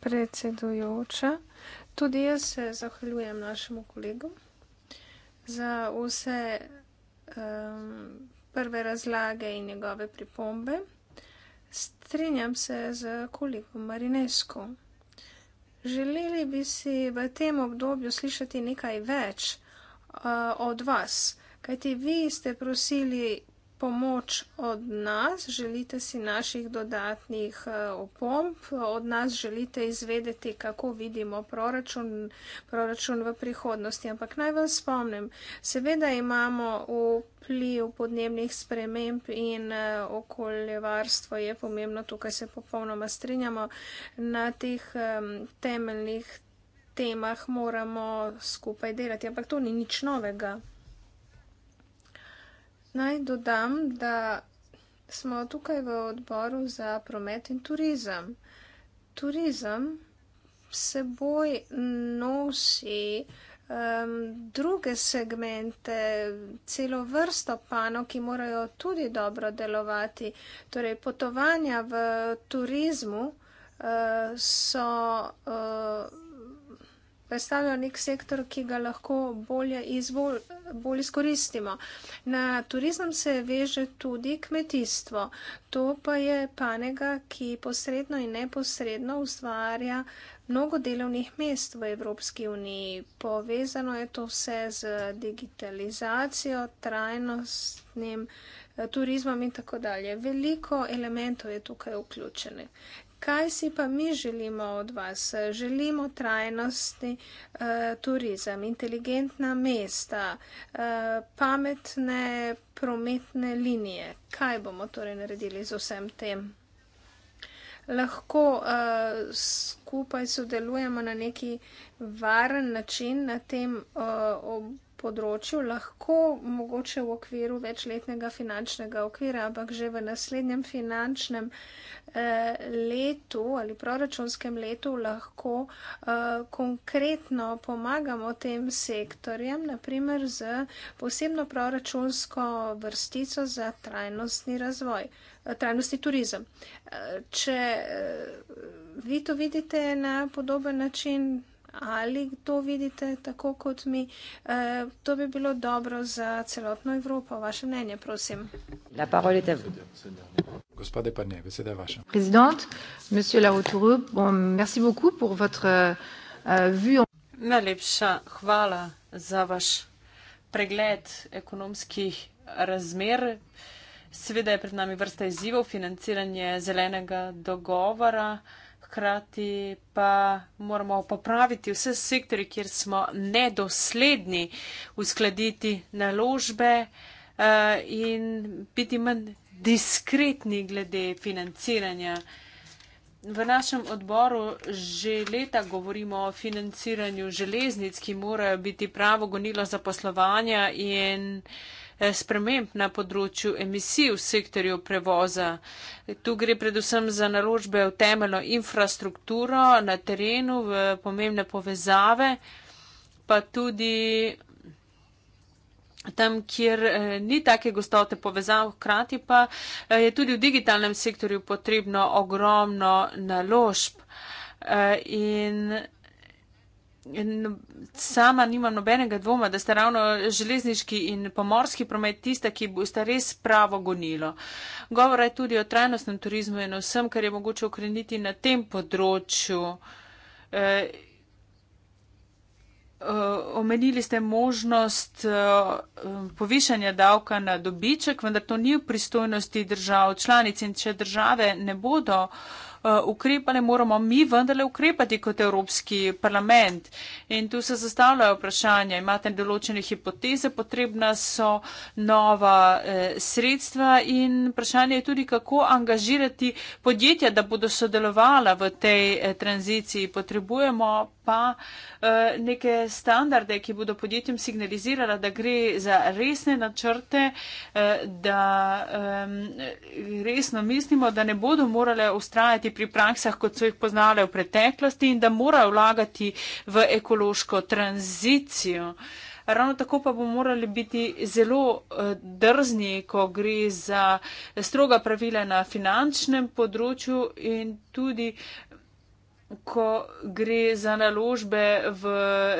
predsedujoča. Tudi jaz se zahvaljujem našemu kolegu za vse um, prve razlage in njegove pripombe. Strinjam se z kolegom Marinesko. Želeli bi si v tem obdobju slišati nekaj več uh, od vas, kajti vi ste prosili pomoč od nas, želite si naših dodatnih eh, opomb, od nas želite izvedeti, kako vidimo proračun, proračun v prihodnosti. Ampak naj vam spomnim, seveda imamo vpliv podnebnih sprememb in eh, okoljevarstvo je pomembno, tukaj se popolnoma strinjamo, na teh temeljnih temah moramo skupaj delati, ampak to ni nič novega. Naj dodam, da smo tukaj v odboru za promet in turizem. Turizem seboj nosi um, druge segmente, celo vrsto panov, ki morajo tudi dobro delovati. Torej, potovanja v turizmu uh, so. Uh, predstavljajo nek sektor, ki ga lahko bolje, izbol, bolje izkoristimo. Na turizem se veže tudi kmetijstvo. To pa je panega, ki posredno in neposredno ustvarja mnogo delovnih mest v Evropski uniji. Povezano je to vse z digitalizacijo, trajnostnim eh, turizmom in tako dalje. Veliko elementov je tukaj vključene. Kaj si pa mi želimo od vas? Želimo trajnostni eh, turizem, inteligentna mesta, eh, pametne prometne linije. Kaj bomo torej naredili z vsem tem? Lahko eh, skupaj sodelujemo na neki varen način na tem eh, območju področju, lahko mogoče v okviru večletnega finančnega okvira, ampak že v naslednjem finančnem eh, letu ali proračunskem letu lahko eh, konkretno pomagamo tem sektorjem, naprimer z posebno proračunsko vrstico za trajnostni razvoj, eh, trajnostni turizem. Če vi to vidite na podoben način, ali to vidite tako kot mi. E, to bi bilo dobro za celotno Evropo. Vaše mnenje, prosim. La parole est à vous. Gospod Depanje, beseda je vaša. Prezident, monsieur Lautourou, bon, merci beaucoup pour votre uh, vue. Najlepša hvala za vaš pregled ekonomskih razmer. Seveda je pred nami vrsta izzivov, financiranje zelenega dogovora. Uh, hkrati pa moramo popraviti vse sektori, kjer smo nedosledni, uskladiti naložbe uh, in biti manj diskretni glede financiranja. V našem odboru že leta govorimo o financiranju železnic, ki morajo biti pravo gonilo za poslovanja in uh, Eh, sprememb na področju emisij v sektorju prevoza. Tu gre predvsem za naložbe v temeljno infrastrukturo na terenu, v pomembne povezave, pa tudi tam, kjer eh, ni take gostote povezav, hkrati pa eh, je tudi v digitalnem sektorju potrebno ogromno naložb. In Sama nimam nobenega dvoma, da sta ravno železniški in pomorski promet tista, ki sta res pravo gonilo. Govora je tudi o trajnostnem turizmu in vsem, kar je mogoče ukreniti na tem področju. E, omenili ste možnost eh, povišanja davka na dobiček, vendar to ni v pristojnosti držav članic in če države ne bodo. Eh, ukrepanje moramo mi vendarle ukrepati kot Evropski parlament. In tu se zastavljajo vprašanja. Imate določene hipoteze, potrebna so nova eh, sredstva in vprašanje je tudi, kako angažirati podjetja, da bodo sodelovala v tej eh, tranziciji. Potrebujemo pa eh, neke standarde, ki bodo podjetjem signalizirala, da gre za resne načrte, eh, da resno mislimo, da ne bodo morale ustrajati pri praksah, kot so jih poznale v preteklosti in da morajo vlagati v ekološko tranzicijo. Ravno tako pa bomo morali biti zelo eh, drzni, ko gre za stroga pravila na finančnem področju in tudi ko gre za naložbe v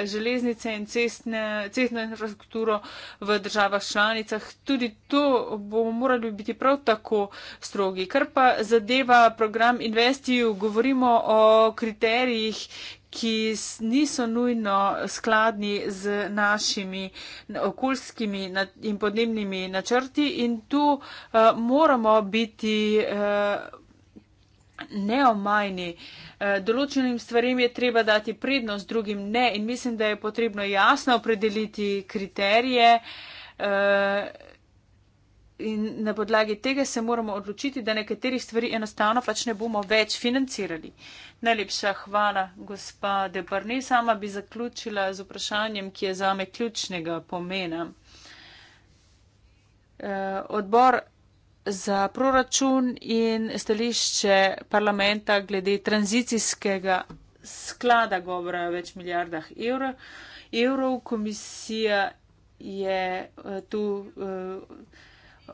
železnice in cestne, cestno infrastrukturo v državah članicah. Tudi to bomo morali biti prav tako strogi. Kar pa zadeva program Investiju, govorimo o kriterijih, ki niso nujno skladni z našimi okoljskimi in podnebnimi načrti in tu uh, moramo biti. Uh, neomajni. Eh, določenim stvarem je treba dati prednost, drugim ne in mislim, da je potrebno jasno opredeliti kriterije. Eh, in na podlagi tega se moramo odločiti, da nekaterih stvari enostavno pač ne bomo več financirali. Najlepša hvala, gospa Debrne. Sama bi zaključila z vprašanjem, ki je za me ključnega pomena. Eh, odbor za proračun in stališče parlamenta glede tranzicijskega sklada govora o več milijardah evra. evrov. Komisija je eh, tu eh,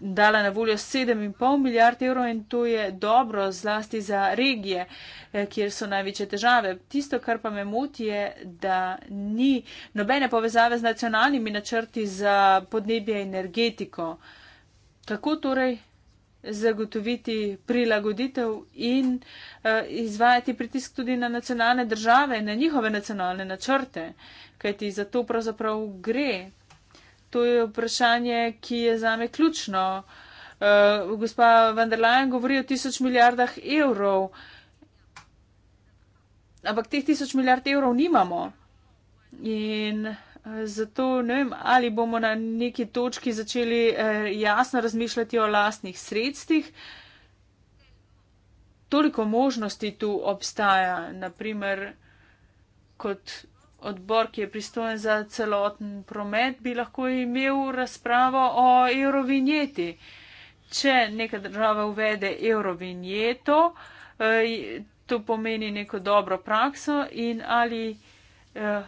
dala na voljo 7,5 milijard evrov in to je dobro zlasti za regije, eh, kjer so največje težave. Tisto, kar pa me moti, je, da ni nobene povezave z nacionalnimi načrti za podnebje in energetiko. Uh, Kako torej zagotoviti prilagoditev in uh, izvajati pritisk tudi na nacionalne države, na njihove nacionalne načrte, kajti za to pravzaprav gre. To je vprašanje, ki je za me ključno. Uh, gospa van der Leyen govori o tisoč milijardah evrov, ampak teh tisoč milijard evrov nimamo. In Zato ne vem, ali bomo na neki točki začeli eh, jasno razmišljati o lastnih sredstvih. Toliko možnosti tu obstaja, naprimer kot odbor, ki je pristojen za celoten promet, bi lahko imel razpravo o eurovinjeti. Če neka država uvede eurovinjeto, eh, to pomeni neko dobro prakso in ali eh,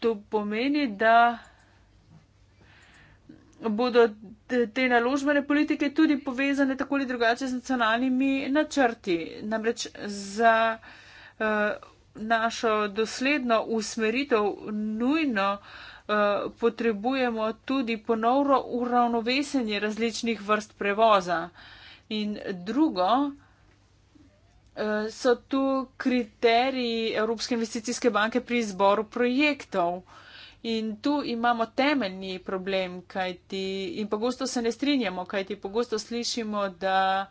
to pomeni, da bodo te naložbene politike tudi povezane tako ali drugače z nacionalnimi načrti. Namreč za eh, našo dosledno usmeritev nujno eh, potrebujemo tudi ponovno uravnovesenje različnih vrst prevoza. In drugo, so tu kriteriji Evropske investicijske banke pri izboru projektov. In tu imamo temeljni problem, kajti in pogosto se ne strinjamo, kajti pogosto slišimo, da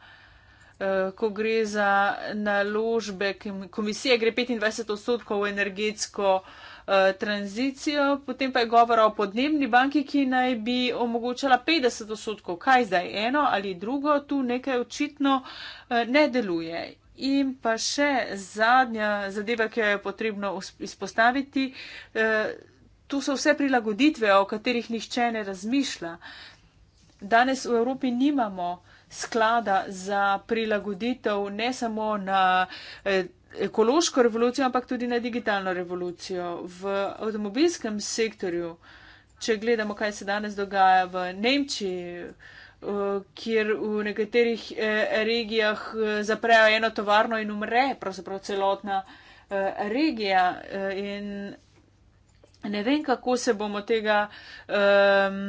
eh, ko gre za naložbe, komisija gre 25 odstotkov v energetsko eh, tranzicijo, potem pa je govora o podnebni banki, ki naj bi omogočala 50 odstotkov. Kaj zdaj eno ali drugo, tu nekaj očitno eh, ne deluje. In pa še zadnja zadeva, ki jo je potrebno izpostaviti, eh, tu so vse prilagoditve, o katerih nihče ne razmišlja. Danes v Evropi nimamo sklada za prilagoditev ne samo na eh, ekološko revolucijo, ampak tudi na digitalno revolucijo. V avtomobilskem sektorju, če gledamo, kaj se danes dogaja v Nemčiji, Eh, kjer v nekaterih eh, regijah eh, zaprejo eno tovarno in umre, pravzaprav celotna regija. In ne vem, kako se bomo tega um,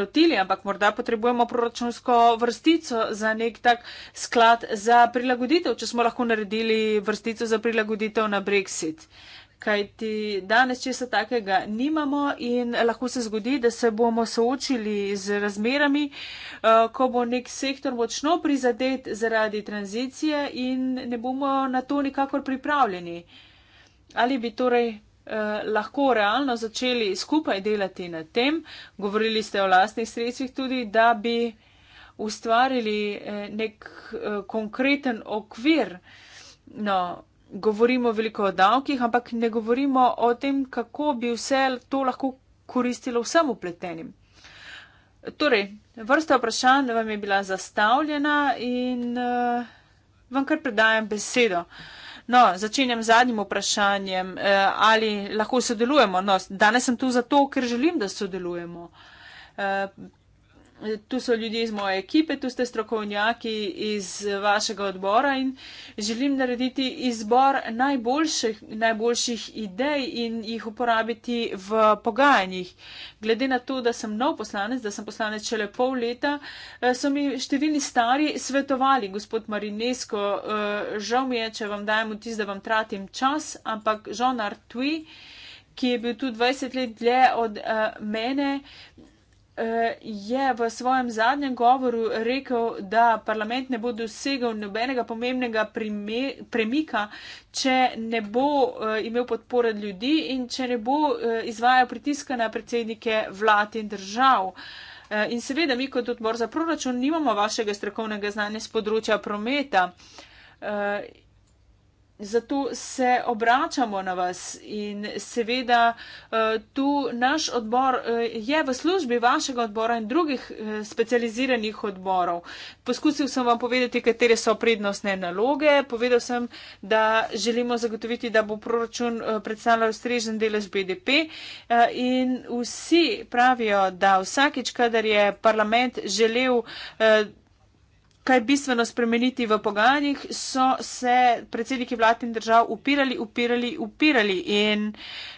lotili, ampak morda potrebujemo proračunsko vrstico za nek tak sklad za prilagoditev, če smo lahko naredili vrstico za prilagoditev na Brexit. Uh, kajti danes česa takega nimamo in lahko se zgodi, da se bomo soočili z razmerami, eh, ko bo nek sektor močno prizadet zaradi tranzicije in ne bomo na to nikakor pripravljeni. Ali bi torej eh, lahko realno začeli skupaj delati na tem, govorili ste o lastnih sredstvih tudi, da bi ustvarili eh, nek konkreten okvir. No, govorimo veliko o davkih, ampak ne govorimo o tem, kako bi vse to lahko koristilo vsem upletenim. Torej, vrsta vprašanj vam je bila zastavljena in uh, vam kar predajam besedo. No, začenjam z zadnjim vprašanjem, uh, ali lahko sodelujemo. No, danes sem tu zato, ker želim, da sodelujemo. Uh, tu so ljudje iz moje ekipe, tu ste strokovnjaki iz vašega odbora in želim narediti izbor najboljših, najboljših idej in jih uporabiti v pogajanjih. Glede na to, da sem nov poslanec, da sem poslanec šele pol leta, eh, so mi številni stari svetovali, gospod Marinesko, eh, žal mi je, če vam dajem vtis, da vam tratim čas, ampak Jean Artui, ki je bil tu 20 let dlje od eh, mene, je v svojem zadnjem govoru rekel, da parlament ne bo dosegel nobenega pomembnega premika, če ne bo eh, imel podpore ljudi in če ne bo eh, izvajal pritiska na predsednike vlad in držav. Eh, in seveda mi kot odbor za proračun nimamo vašega strokovnega znanja z področja prometa zato se obračamo na vas in seveda eh, tu naš odbor eh, je v službi vašega odbora in drugih eh, specializiranih odborov. Poskusil sem vam povedati, katere so prednostne naloge. Povedal sem, da želimo zagotoviti, da bo proračun predstavljal strežen delež BDP in vsi pravijo, da vsakič, kadar je parlament želel kaj bistveno spremeniti v pogajanjih, so se predsedniki vlad in držav upirali, upirali, upirali in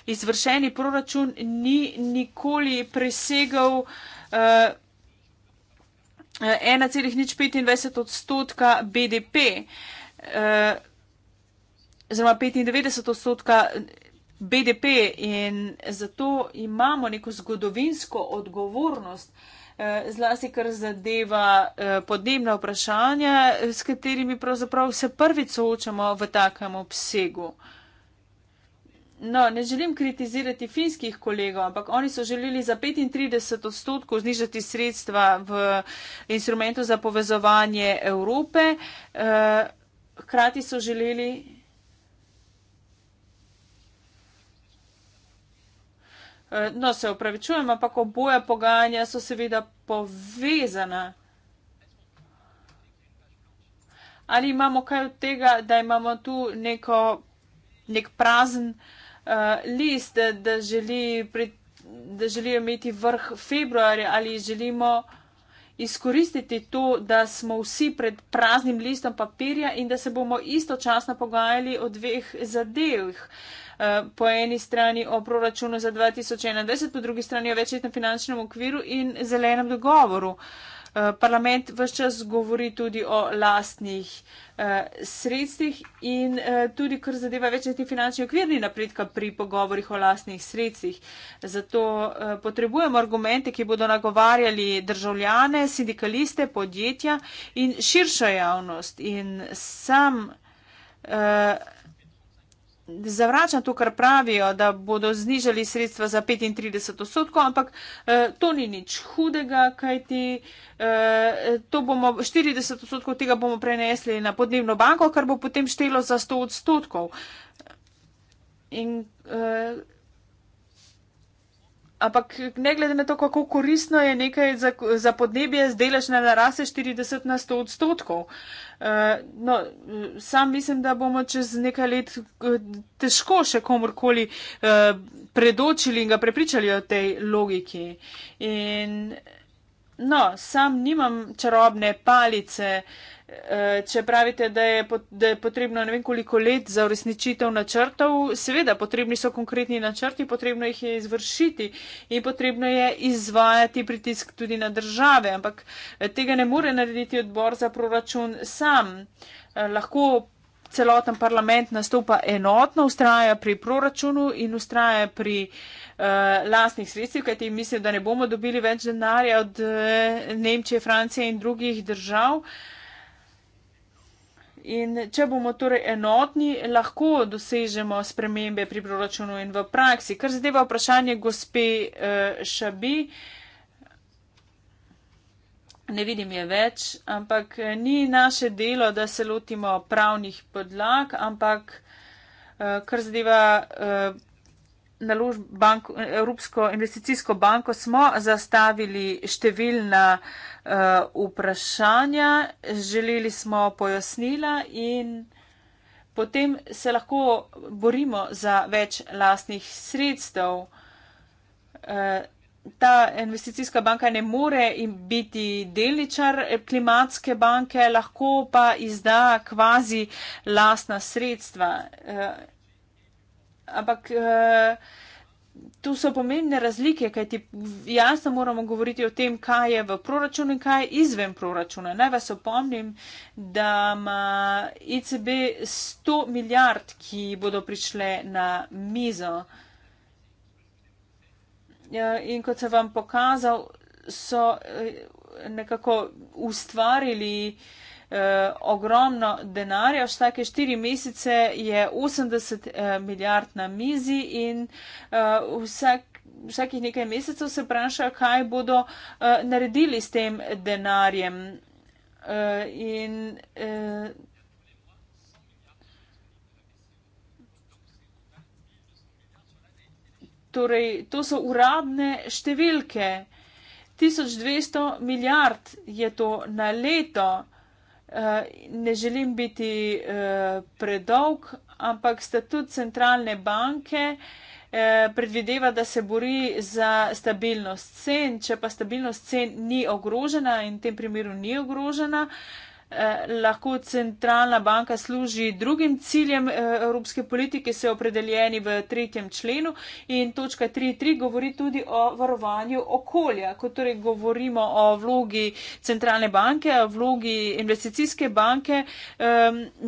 izvršeni proračun ni nikoli presegal uh, 1,25 odstotka BDP, eh, oziroma uh, 95 odstotka BDP in zato imamo neko zgodovinsko odgovornost. Uh, Eh, zlasti kar zadeva eh, podnebna vprašanja, s katerimi pravzaprav se prvi soočamo v takem obsegu. No, ne želim kritizirati finskih kolegov, ampak oni so želeli za 35 odstotkov znižati sredstva v instrumentu za povezovanje Evrope. Eh, hkrati so želeli Eh, no, se upravičujem, ampak oboje pogajanja so seveda povezana. Ali imamo kaj od tega, da imamo tu neko, nek prazen uh, list, da, da, želi pri, da želijo imeti vrh februarja ali želimo izkoristiti to, da smo vsi pred praznim listom papirja in da se bomo istočasno pogajali o dveh zadevih. Uh, Eh, po eni strani o proračunu za 2021, po drugi strani o večletnem finančnem okviru in zelenem dogovoru. Eh, parlament vse čas govori tudi o lastnih eh, sredstvih in eh, tudi, kar zadeva večletni finančni okvir, ni napredka pri pogovorih o lastnih sredstvih. Zato eh, potrebujemo argumente, ki bodo nagovarjali državljane, sindikaliste, podjetja in širšo javnost. In sam. Eh, zavrača to, kar pravijo, da bodo znižali sredstva za 35 odstotkov, ampak eh, to ni nič hudega, kajti eh, bomo, 40 odstotkov tega bomo prenesli na podnebno banko, kar bo potem štelo za 100 odstotkov. In, eh, ampak ne glede na to, kako koristno je nekaj za, za podnebje, zdelaš na narase 40 na 100 odstotkov. Uh, no, sam mislim, da bomo čez nekaj let eh, težko še komorkoli uh, eh, predočili in ga prepričali o tej logiki. In, no, sam nimam čarobne palice. Uh, Eh, če pravite, da je, pot, da je potrebno ne vem koliko let za uresničitev načrtov, seveda potrebni so konkretni načrti, potrebno jih je izvršiti in potrebno je izvajati pritisk tudi na države, ampak eh, tega ne more narediti odbor za proračun sam. Eh, lahko celoten parlament nastopa enotno, ustraja pri proračunu in ustraja pri lastnih sredstev, kajti mislim, da ne bomo dobili več denarja od Nemčije, Francije in drugih držav. In če bomo torej enotni, lahko dosežemo spremembe pri proračunu in v praksi. Kar zadeva vprašanje gospe uh, Šabi, ne vidim je več, ampak eh, ni naše delo, da se lotimo pravnih podlag, ampak uh, kar zadeva. Uh, naložb banko, Evropsko investicijsko banko smo zastavili številna uh, vprašanja, želeli smo pojasnila in potem se lahko borimo za več lastnih sredstev. Eh, ta investicijska banka ne more biti delničar klimatske banke, lahko pa izda kvazi lastna sredstva. Eh, ampak eh, tu so pomembne razlike, kaj ti jasno moramo govoriti o tem, kaj je v proračunu in kaj je izven proračuna. Naj vas opomnim, da ima ICB e 100 milijard, ki bodo prišle na mizo. Ja, in kot sem vam pokazal, so eh, nekako ustvarili uh, Eh, ogromno denarja, vsake štiri mesece je 80 eh, milijard na mizi in eh, vsak, vsakih nekaj mesecev se vpraša, kaj bodo naredili s tem denarjem. In, torej, to so uradne številke. 1200 milijard je to na leto. Eh, ne želim biti eh, predolg, ampak statut centralne banke eh, predvideva, da se bori za stabilnost cen. Če pa stabilnost cen ni ogrožena in v tem primeru ni ogrožena, Eh, lahko centralna banka služi drugim ciljem eh, evropske politike, se opredeljeni v tretjem členu in točka 3.3 govori tudi o varovanju okolja. Ko torej govorimo o vlogi centralne banke, o vlogi investicijske banke,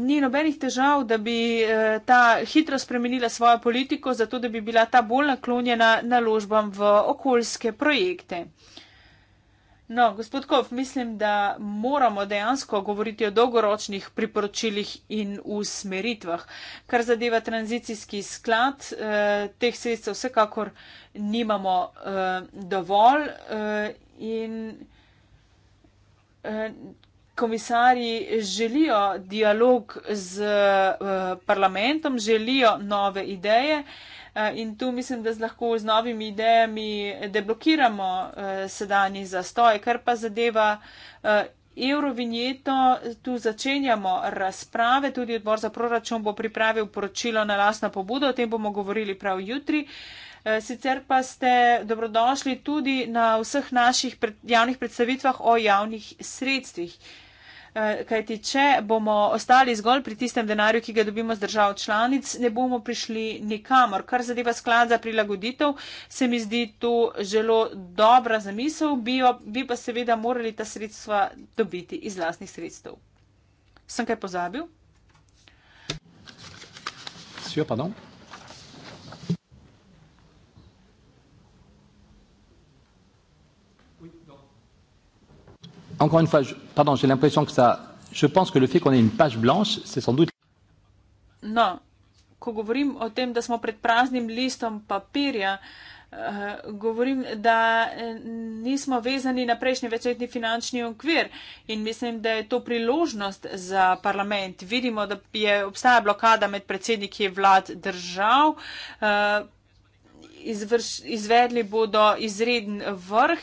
ni nobenih težav, da bi eh, ta hitro spremenila svojo politiko, zato da bi bila ta bolj naklonjena naložbam v okoljske projekte. No, gospod Kov, mislim, da moramo dejansko govoriti o dolgoročnih priporočilih in usmeritvah. Kar zadeva tranzicijski sklad, eh, teh sredstev vsekakor nimamo eh, dovolj eh, in eh, komisarji želijo dialog z eh, parlamentom, želijo nove ideje. Eh, Eh, in tu mislim, da lahko z novimi idejami deblokiramo eh, sedanji zastoj, kar pa zadeva. Eh, Eurovinjeto, tu začenjamo razprave, tudi odbor za proračun bo pripravil poročilo na lasno pobudo, o tem bomo govorili prav jutri. Sicer pa ste dobrodošli tudi na vseh naših javnih predstavitvah o javnih sredstvih. Eh, kajti če bomo ostali zgolj pri tistem denarju, ki ga dobimo z držav članic, ne bomo prišli nikamor. Kar zadeva sklad za prilagoditev, se mi zdi tu zelo dobra zamisel, bi, jo, bi pa seveda morali ta sredstva dobiti iz vlastnih sredstev. Sem kaj pozabil? Sijo, pardon. encore une fois, je, pardon, j'ai l'impression que ça. Je pense que le fait qu'on ait une page blanche, c'est sans doute. Non. Ko govorim o tem, da smo pred praznim listom papirja, eh, govorim, da eh, nismo vezani na prejšnji večletni finančni okvir in mislim, da je to priložnost za parlament. Vidimo, da je, obstaja blokada med predsedniki vlad držav. Eh, izvrš, izvedli bodo izreden vrh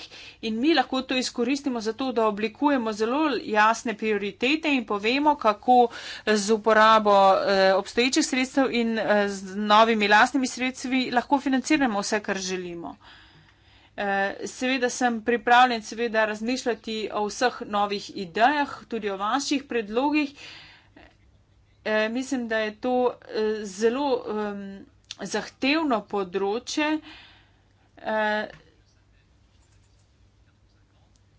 in mi lahko to izkoristimo za to, da oblikujemo zelo jasne prioritete in povemo, kako z uporabo eh, obstoječih sredstev in eh, z novimi lastnimi sredstvi lahko financiramo vse, kar želimo. Eh, seveda sem pripravljen seveda razmišljati o vseh novih idejah, tudi o vaših predlogih. E, mislim, da je to eh, zelo um, zahtevno področje, eh,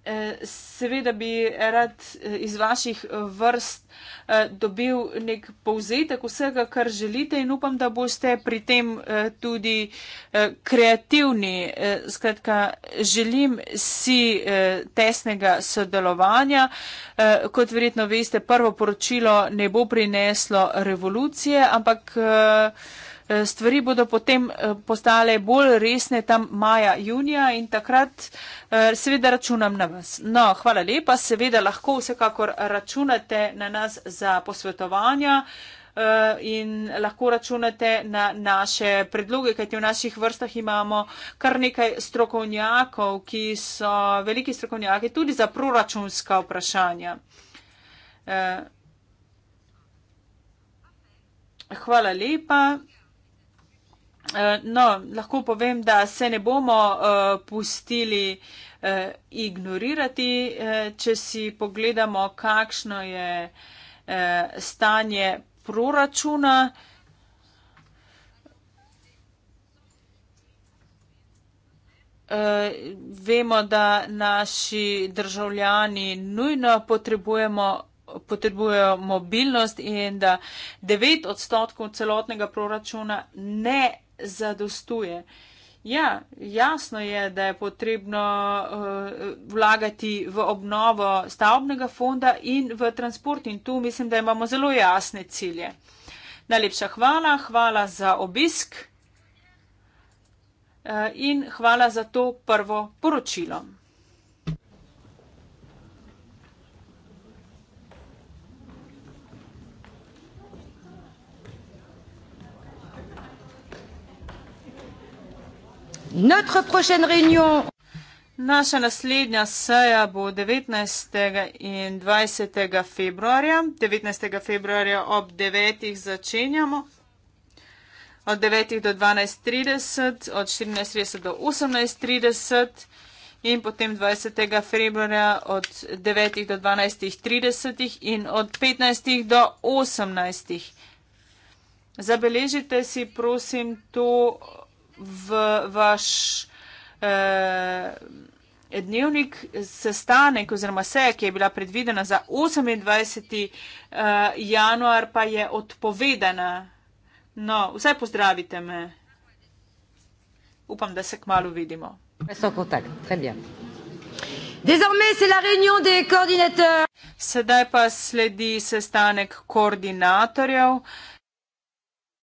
eh, seveda bi rad iz vaših vrst eh, dobil nek povzetek vsega, kar želite in upam, da boste pri tem tudi kreativni. Skratka, želim si tesnega sodelovanja. Kot verjetno veste, prvo poročilo ne bo prineslo revolucije, ampak. Eh, stvari bodo potem eh, postale bolj resne tam maja, junija in takrat eh, seveda računam na vas. No, hvala lepa, seveda lahko vsekakor računate na nas za posvetovanja in lahko računate na naše predloge, kajti v naših vrstah imamo kar nekaj strokovnjakov, ki so veliki strokovnjaki tudi za proračunska vprašanja. Hvala lepa. Eh, no, lahko povem, da se ne bomo uh, pustili uh, ignorirati, uh, če si pogledamo, kakšno je uh, stanje proračuna. Vemo, da naši državljani nujno potrebujemo, potrebujejo mobilnost in da 9 odstotkov celotnega proračuna ne zadostuje. Ja, jasno je, da je potrebno uh, vlagati v obnovo stavbnega fonda in v transport in tu mislim, da imamo zelo jasne cilje. Najlepša hvala, hvala za obisk uh, in hvala za to prvo poročilo. Naša naslednja seja bo 19. in 20. februarja. 19. februarja ob 9. začenjamo. Od 9. do 12.30, od 14.30 do 18.30 in potem 20. februarja od 9. do 12.30 in od 15. do 18. Zabeležite si prosim to v vaš e, dnevnik sestanek oziroma seja, ki je bila predvidena za 28. E, eh, januar, pa je odpovedana. No, vsaj pozdravite me. Upam, da se kmalo vidimo. Sedaj pa sledi sestanek koordinatorjev.